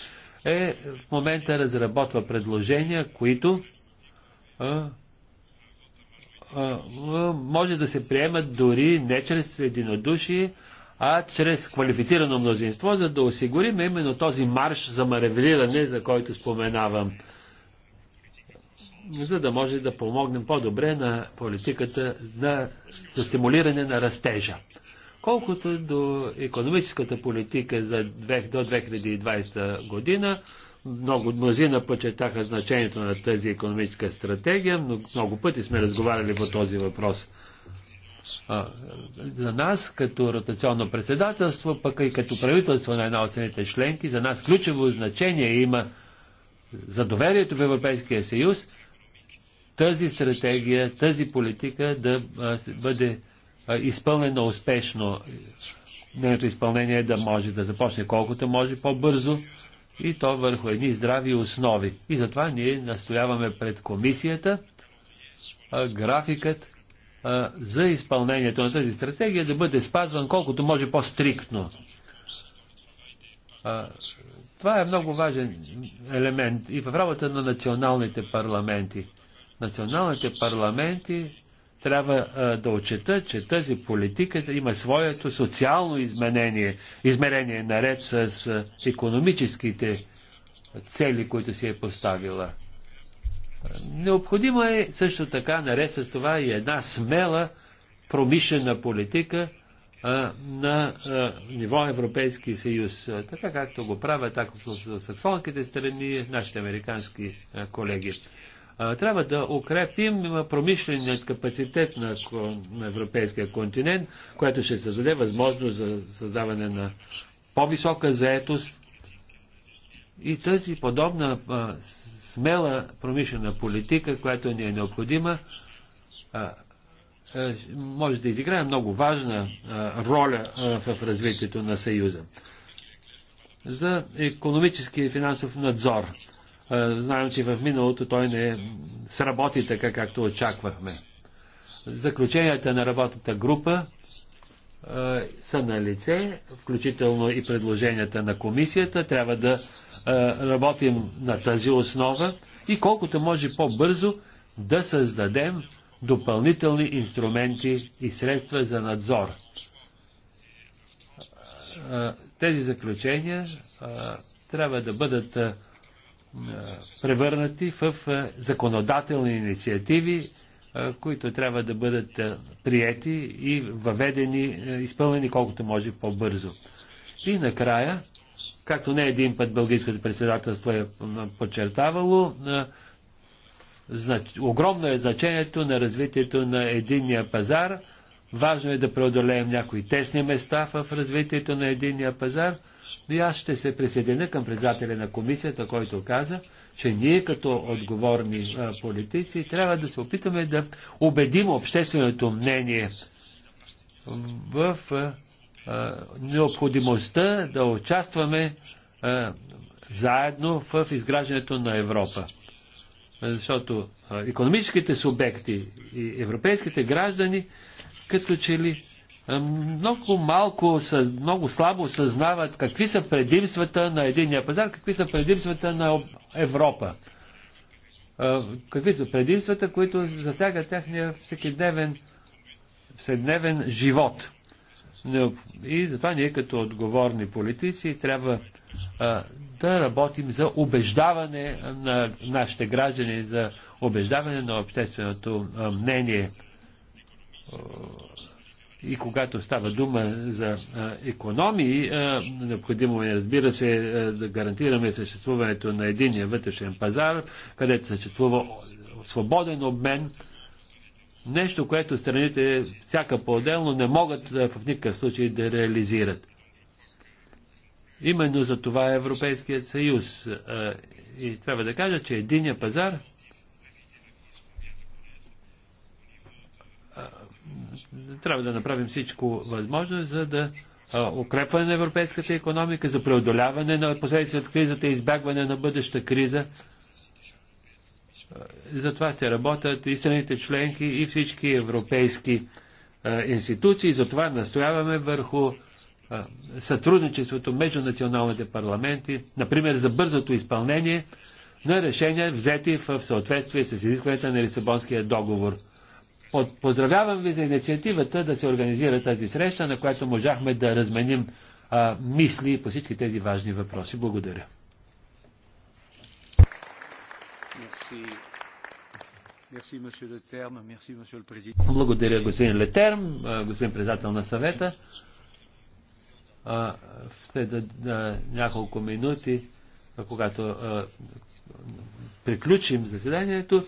е в момента разработва предложения, които може да се приемат дори не чрез единодушие, а чрез квалифицирано мнозинство, за да осигурим именно този марш за маневриране, за който споменавам за да може да помогнем по-добре на политиката на, за стимулиране на растежа. Колкото до економическата политика за 2, до 2020 година, много мнозина почетаха значението на тази економическа стратегия, но много пъти сме разговаряли по този въпрос. А, за нас, като ротационно председателство, пък и като правителство на една от членки, за нас ключово значение има за доверието в Европейския съюз тази стратегия, тази политика да бъде изпълнена успешно. Нейното изпълнение да може да започне колкото може по-бързо и то върху едни здрави основи. И затова ние настояваме пред комисията графикът за изпълнението на тази стратегия да бъде спазван колкото може по-стриктно. Това е много важен елемент и в работа на националните парламенти – националните парламенти трябва а, да отчетат, че тази политика има своето социално изменение, измерение наред с а, економическите цели, които си е поставила. Необходима е също така, наред с това, и една смела промишлена политика а, на а, ниво Европейски съюз, а, така както го правят с саксонските страни, нашите американски а, колеги. Трябва да укрепим промишленият капацитет на, на европейския континент, което ще създаде възможност за създаване на по-висока заетост и тази подобна а, смела промишлена политика, която ни е необходима, а, а, може да изиграе много важна а, роля а, в развитието на Съюза. За економически и финансов надзор. Е, знаем, че в миналото той не сработи така, както очаквахме. Заключенията на работната група е, са на лице, включително и предложенията на комисията. Трябва да е, работим на тази основа и колкото може по-бързо да създадем допълнителни инструменти и средства за надзор. Тези заключения трябва да бъдат е, превърнати в е, законодателни инициативи, е, които трябва да бъдат приети и въведени, изпълнени колкото може по-бързо. И накрая, както не един път Бългийското председателство е подчертавало, огромно е значението на развитието на единния пазар – Важно е да преодолеем някои тесни места в развитието на единния пазар, но и аз ще се присъединя към председателя на комисията, който каза, че ние като отговорни а, политици трябва да се опитаме да убедим общественото мнение в а, а, необходимостта да участваме заедно в изграждането на Европа. Защото економическите субекти и европейските граждани като че ли много малко, много слабо съзнават какви са предимствата на единия пазар, какви са предимствата на Европа. Какви са предимствата, които засягат тяхния всекидневен вседневен живот. И затова ние като отговорни политици трябва да работим за убеждаване на нашите граждани, за убеждаване на общественото мнение и когато става дума за економии, необходимо е, разбира се, да гарантираме съществуването на единия вътрешен пазар, където съществува свободен обмен, нещо, което страните всяка по-отделно не могат в никакъв случай да реализират. Именно за това е Европейският съюз. И трябва да кажа, че единия пазар трябва да направим всичко възможно, за да укрепване на европейската економика, за преодоляване на последствията от кризата и избягване на бъдеща криза. За това ще работят и страните членки и всички европейски институции. Затова настояваме върху сътрудничеството между националните парламенти, например за бързото изпълнение на решения, взети в съответствие с изискването на Лисабонския договор поздравявам ви за инициативата да се организира тази среща, на която можахме да разменим а, мисли по всички тези важни въпроси. Благодаря. Благодаря, господин Летерм, господин председател на съвета. да няколко минути, когато приключим заседанието,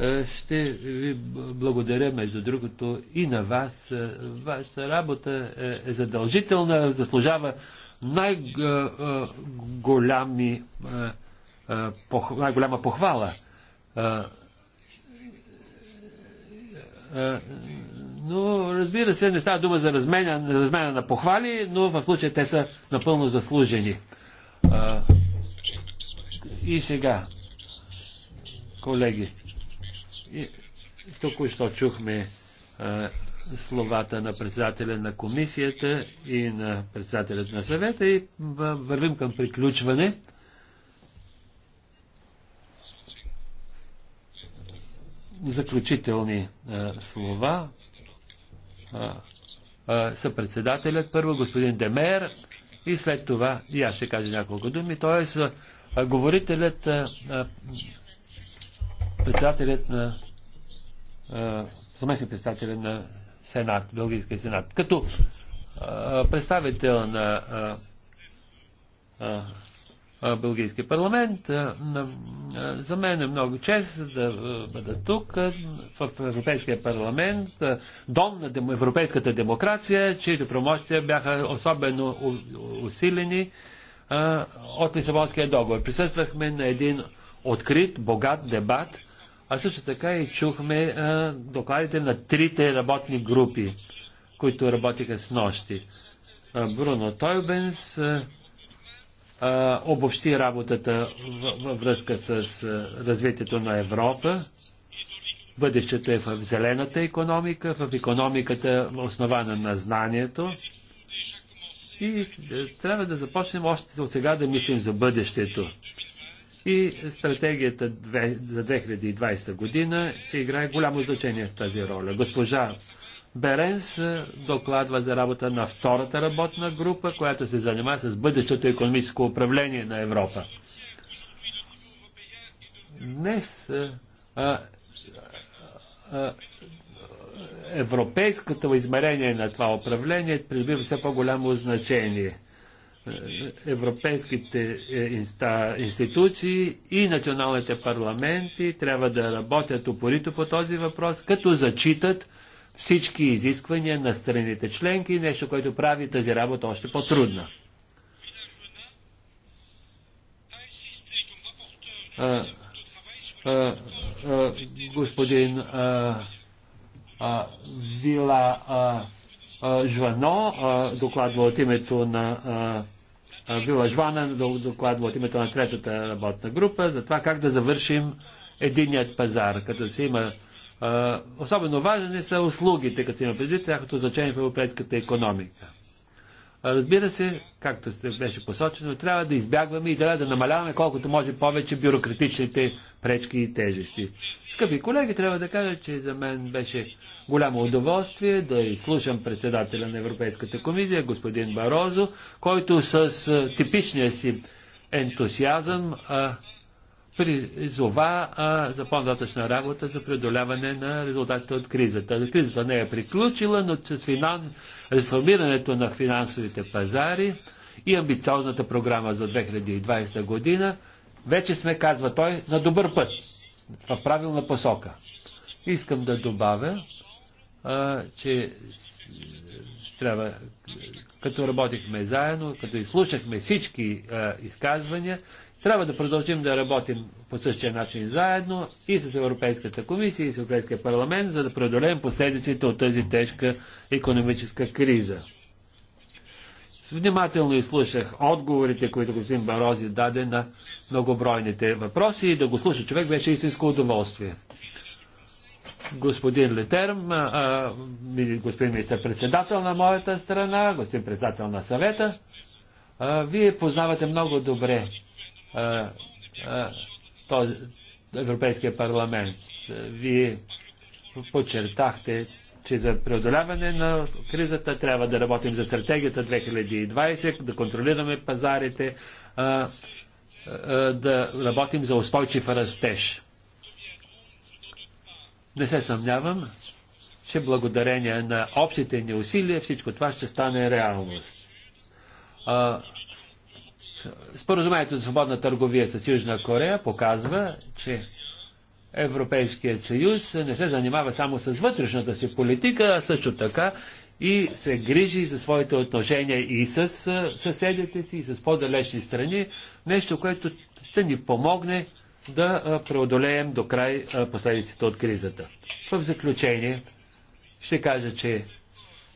е, ще ви благодаря, между другото, и на вас. Е, Вашата работа е, е задължителна, заслужава най-голями най-голяма похвала. Но, разбира се, не става дума за размена на похвали, но в случая те са напълно заслужени. И сега, колеги, Току-що чухме а, словата на председателя на комисията и на председателят на съвета и вървим към приключване. Заключителни а, слова са председателят, първо господин Демер и след това и аз ще кажа няколко думи. Тоест, говорителят председателят на заместник председателя на Сенат, Белгийския Сенат. Като а, представител на а, а, Белгийския парламент, а, а, за мен е много чест да бъда тук а, в Европейския парламент, а, дом на дем, европейската демокрация, чието промощия бяха особено у, усилени а, от Лисабонския договор. Присъствахме на един открит, богат дебат – а също така и чухме а, докладите на трите работни групи, които работиха с нощи. А, Бруно Тойбенс а, а, обобщи работата във връзка с а, развитието на Европа. Бъдещето е в зелената економика, в економиката основана на знанието. И е, трябва да започнем още от сега да мислим за бъдещето. И стратегията за 2020 година ще играе голямо значение в тази роля. Госпожа Беренс докладва за работа на втората работна група, която се занимава с бъдещото економическо управление на Европа. Днес а, а, европейското измерение на това управление придобива все по-голямо значение. Е, европейските е, институции и националните парламенти трябва да работят упорито по този въпрос, като зачитат всички изисквания на страните членки, нещо, което прави тази работа още по-трудна. господин а, а, Вила а, Жвано, докладва от името на Вила Жвана, докладва от името на третата работна група, за това как да завършим единият пазар, като се има особено важни са услугите, като има предвид тяхното значение в европейската економика. Разбира се, както беше посочено, трябва да избягваме и трябва да намаляваме колкото може повече бюрократичните пречки и тежести. Скъпи колеги, трябва да кажа, че за мен беше голямо удоволствие да изслушам председателя на Европейската комисия, господин Барозо, който с типичния си ентусиазъм призова а, за по-нататъчна работа за преодоляване на резултатите от кризата. Кризата не е приключила, но чрез финанс... реформирането на финансовите пазари и амбициозната програма за 2020 година, вече сме, казва той, на добър път, в правилна посока. Искам да добавя, а, че трябва, като работихме заедно, като изслушахме всички а, изказвания, трябва да продължим да работим по същия начин заедно и с Европейската комисия, и с Европейския парламент, за да преодолеем последиците от тази тежка економическа криза. Внимателно изслушах отговорите, които господин Барози даде на многобройните въпроси и да го слуша човек беше истинско удоволствие. Господин Летерм, господин министър-председател на моята страна, господин председател на съвета, а, вие познавате много добре този, Европейския парламент. Вие подчертахте, че за преодоляване на кризата трябва да работим за стратегията 2020, да контролираме пазарите, а, а, да работим за устойчив растеж. Не се съмнявам, че благодарение на общите ни усилия всичко това ще стане реалност. А, Споразумението за свободна търговия с Южна Корея показва, че Европейският съюз не се занимава само с вътрешната си политика, а също така и се грижи за своите отношения и с съседите си, и с по-далечни страни. Нещо, което ще ни помогне да преодолеем до край последиците от кризата. В заключение ще кажа, че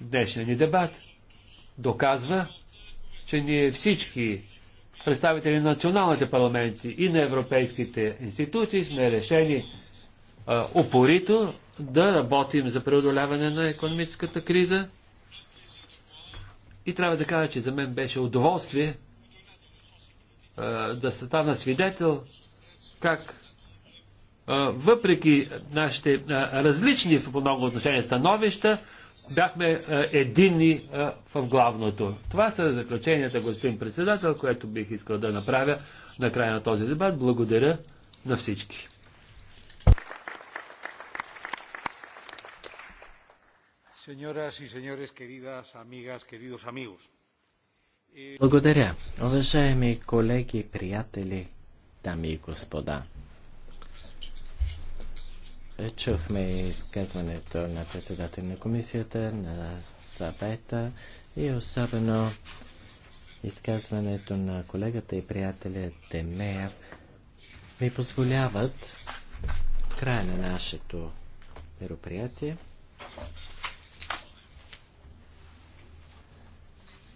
днешният ни дебат доказва, че ние всички представители на националните парламенти и на европейските институции сме решени а, упорито да работим за преодоляване на економическата криза. И трябва да кажа, че за мен беше удоволствие а, да стана свидетел как въпреки нашите различни в много отношения становища, бяхме единни в главното. Това са заключенията, господин председател, което бих искал да направя на края на този дебат. Благодаря на всички. Благодаря, уважаеми колеги, приятели, дами и господа. Е, чухме изказването на председател на комисията, на съвета и особено изказването на колегата и приятеля Демер ми позволяват края на нашето мероприятие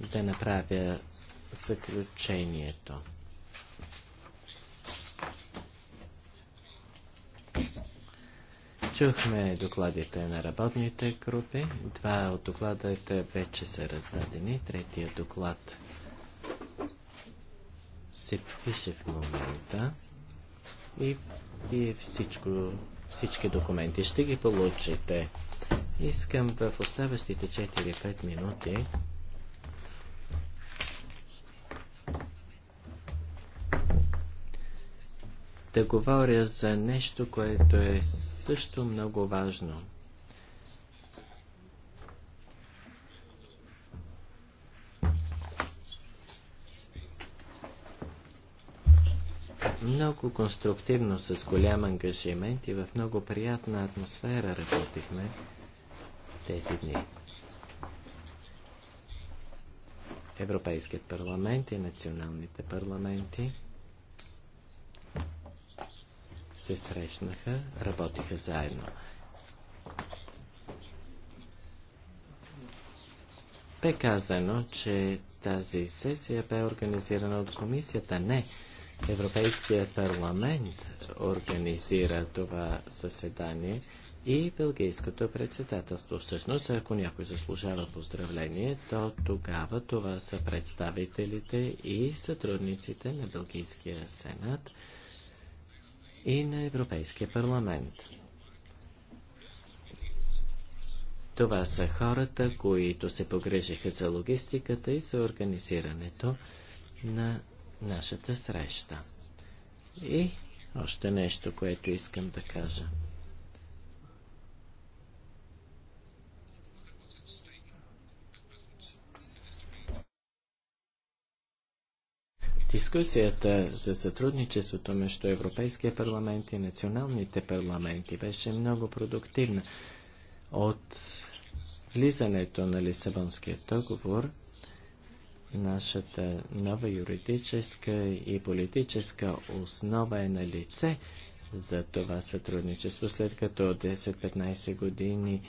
да направя заключението. Чухме докладите на работните групи. Два от докладите вече са раздадени. Третия доклад се пише в момента. И и всичко, всички документи ще ги получите. Искам в оставащите 4-5 минути да говоря за нещо, което е също много важно. Много конструктивно, с голям ангажимент и в много приятна атмосфера работихме тези дни. Европейският парламент и националните парламенти – се срещнаха, работиха заедно. Бе казано, че тази сесия бе организирана от комисията. Не. Европейският парламент организира това заседание и Белгийското председателство. Всъщност, ако някой заслужава поздравление, то тогава това са представителите и сътрудниците на Белгийския сенат и на Европейския парламент. Това са хората, които се погрежиха за логистиката и за организирането на нашата среща. И още нещо, което искам да кажа. Дискусията за сътрудничеството между Европейския парламент и националните парламенти беше много продуктивна. От влизането на Лисабонския договор, нашата нова юридическа и политическа основа е на лице за това сътрудничество, след като 10-15 години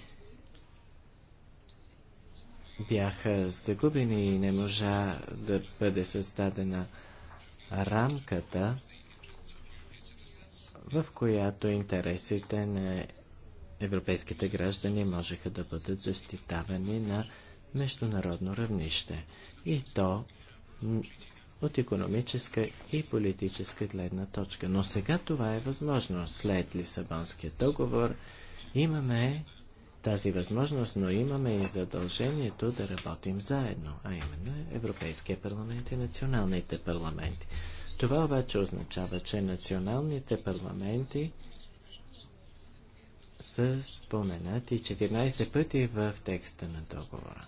бяха загубени и не можа да бъде създадена рамката, в която интересите на европейските граждани можеха да бъдат защитавани на международно равнище. И то от економическа и политическа гледна точка. Но сега това е възможно. След Лисабонския договор имаме тази възможност, но имаме и задължението да работим заедно, а именно Европейския парламент и националните парламенти. Това обаче означава, че националните парламенти са споменати 14 пъти в текста на договора.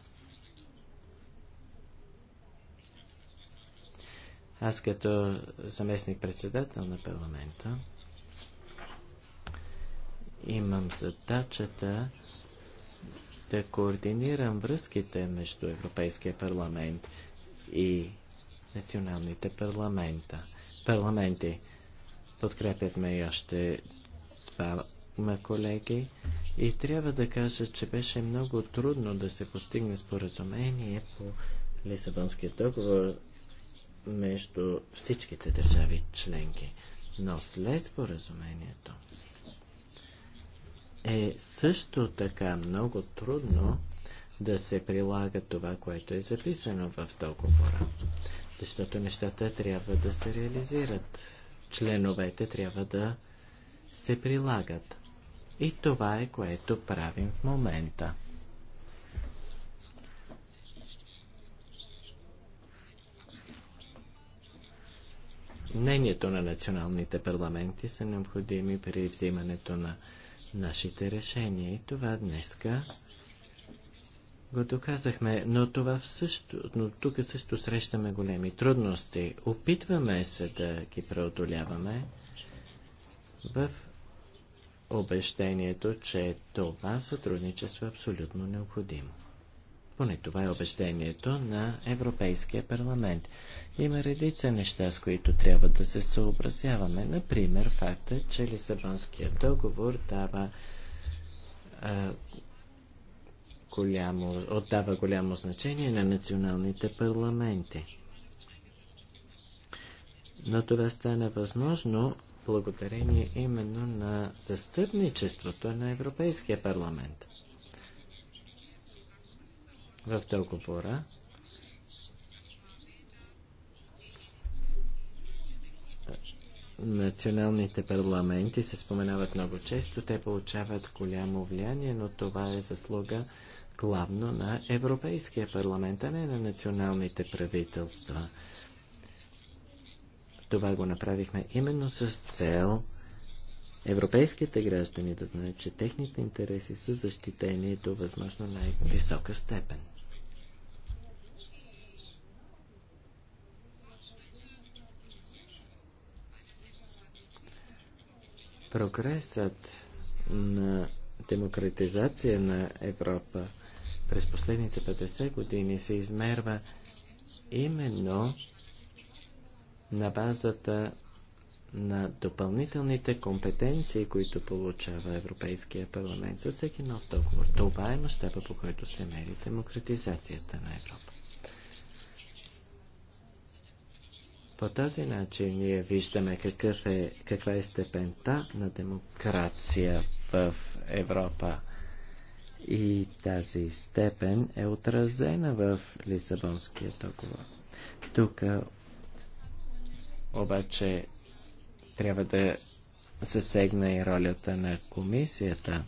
Аз като заместник-председател на парламента имам задачата да координирам връзките между Европейския парламент и националните парламента. парламенти. Подкрепят ме и още двама колеги и трябва да кажа, че беше много трудно да се постигне споразумение по Лисабонския договор между всичките държави членки. Но след споразумението е също така много трудно да се прилага това, което е записано в договора. Защото нещата трябва да се реализират. Членовете трябва да се прилагат. И това е което правим в момента. Мнението на националните парламенти са необходими при взимането на нашите решения. И това днеска го доказахме, но, това също, но тук също срещаме големи трудности. Опитваме се да ги преодоляваме в убеждението, че това сътрудничество е абсолютно необходимо. Поне това е обещението на Европейския парламент. Има редица неща, с които трябва да се съобразяваме. Например, факта, че Лисабонският договор дава а, голямо, отдава голямо значение на националните парламенти. Но това стана възможно благодарение именно на застъпничеството на Европейския парламент в договора. Националните парламенти се споменават много често, те получават голямо влияние, но това е заслуга главно на Европейския парламент, а не на националните правителства. Това го направихме именно с цел европейските граждани да знаят, че техните интереси са защитени до възможно най-висока степен. Прогресът на демократизация на Европа през последните 50 години се измерва именно на базата на допълнителните компетенции, които получава Европейския парламент за всеки нов договор. Това е мащаба, по който се мери демократизацията на Европа. По този начин ние виждаме какъв е, каква е степента на демокрация в Европа. И тази степен е отразена в Лисабонския договор. Тук обаче трябва да засегна и ролята на комисията.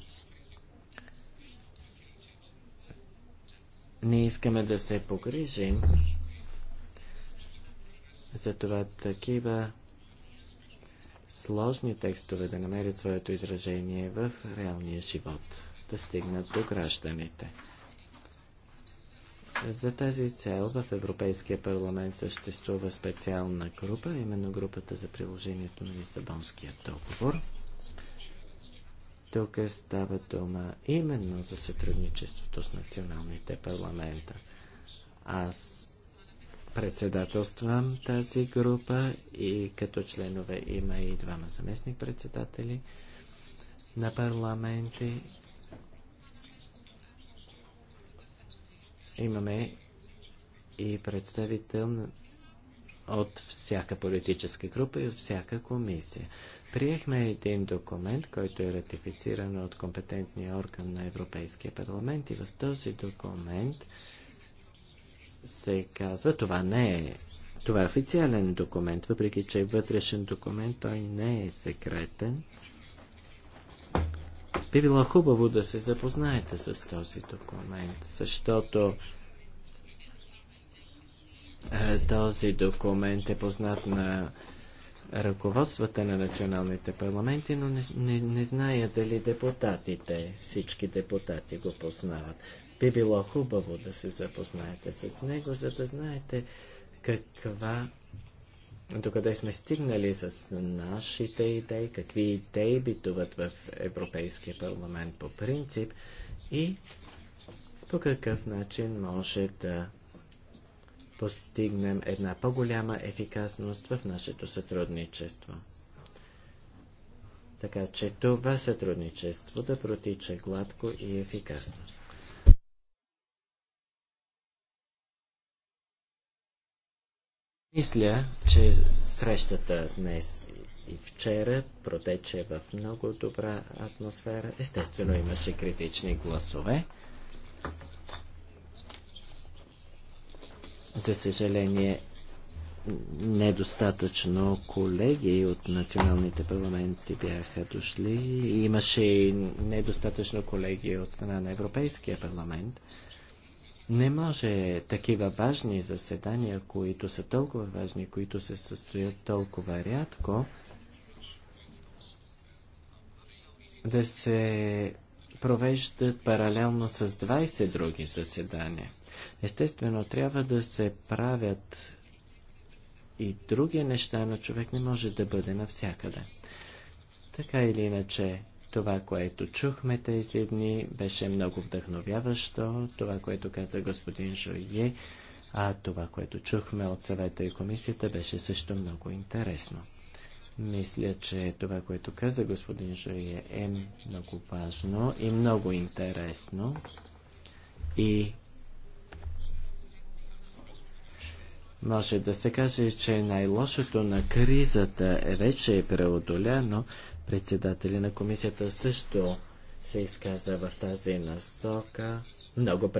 Ние искаме да се погрижим затова такива сложни текстове да намерят своето изражение в реалния живот, да стигнат до гражданите. За тази цел в Европейския парламент съществува специална група, именно групата за приложението на Лисабонския договор. Тук става дума именно за сътрудничеството с националните парламента. Аз председателствам тази група и като членове има и двама заместник-председатели на парламенти. Имаме и представител от всяка политическа група и от всяка комисия. Приехме един документ, който е ратифициран от компетентния орган на Европейския парламент и в този документ се казва, това не е това е официален документ, въпреки че е вътрешен документ, той не е секретен. Би било хубаво да се запознаете с този документ, защото е, този документ е познат на ръководствата на националните парламенти, но не, не, не зная дали депутатите, всички депутати го познават. Би било хубаво да се запознаете с него, за да знаете каква докъде сме стигнали с нашите идеи, какви идеи битуват в Европейския парламент по принцип и по какъв начин може да постигнем една по-голяма ефикасност в нашето сътрудничество. Така че това сътрудничество да протича гладко и ефикасно. Мисля, че срещата днес и вчера протече в много добра атмосфера. Естествено имаше критични гласове. За съжаление, недостатъчно колеги от националните парламенти бяха дошли. Имаше и недостатъчно колеги от страна на Европейския парламент. Не може такива важни заседания, които са толкова важни, които се състоят толкова рядко, да се провеждат паралелно с 20 други заседания. Естествено, трябва да се правят и други неща, но човек не може да бъде навсякъде. Така или иначе, това, което чухме тези дни, беше много вдъхновяващо. Това, което каза господин Жойе, а това, което чухме от съвета и комисията, беше също много интересно. Мисля, че това, което каза господин Жойе, е много важно и много интересно. И може да се каже, че най-лошото на кризата вече е преодоляно, Председателя на комисията също се изказа в тази насока. Много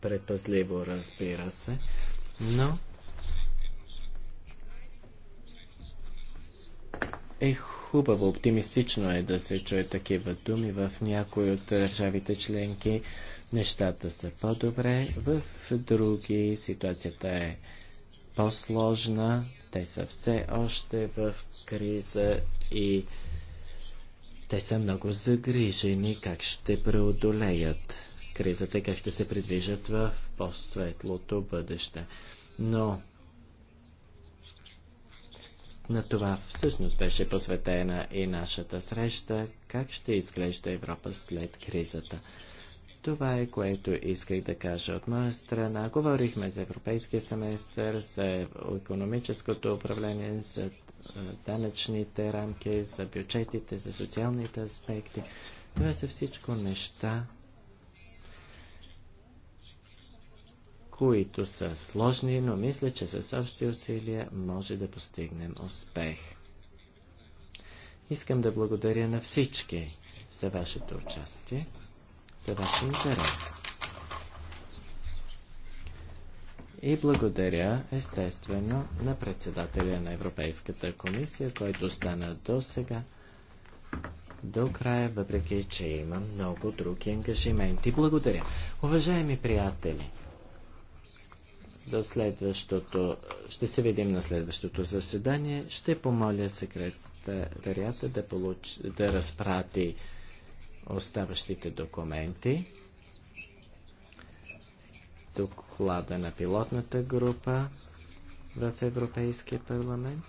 предпазливо, разбира се. Но е хубаво, оптимистично е да се чуе такива думи. В някои от държавите членки нещата са по-добре, в други ситуацията е по-сложна. Те са все още в криза и те са много загрижени как ще преодолеят кризата и как ще се придвижат в по-светлото бъдеще. Но на това всъщност беше посветена и нашата среща, как ще изглежда Европа след кризата. Това е което исках да кажа от моя страна. Говорихме за европейския семестър, за економическото управление, за данъчните рамки, за бюджетите, за социалните аспекти. Това са всичко неща, които са сложни, но мисля, че с общи усилия може да постигнем успех. Искам да благодаря на всички за вашето участие, за вашия интерес. И благодаря, естествено, на председателя на Европейската комисия, който стана до сега, до края, въпреки че има много други ангажименти. Благодаря. Уважаеми приятели, до следващото, ще се видим на следващото заседание. Ще помоля секретарията да, получ... да разпрати оставащите документи доклада на пилотната група в Европейския парламент.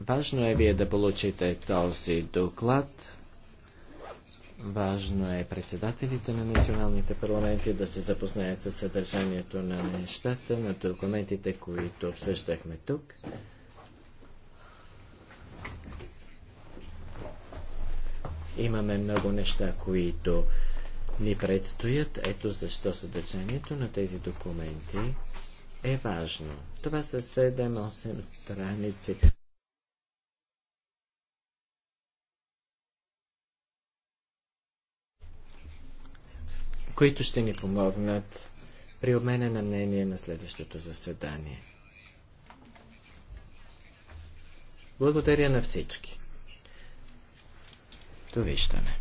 Важно е вие да получите този доклад. Важно е председателите на националните парламенти да се запознаят с съдържанието на нещата, на документите, които обсъждахме тук. Имаме много неща, които ни предстоят. Ето защо съдържанието на тези документи е важно. Това са 7-8 страници. които ще ни помогнат при обмена на мнение на следващото заседание. Благодаря на всички. Довиждане.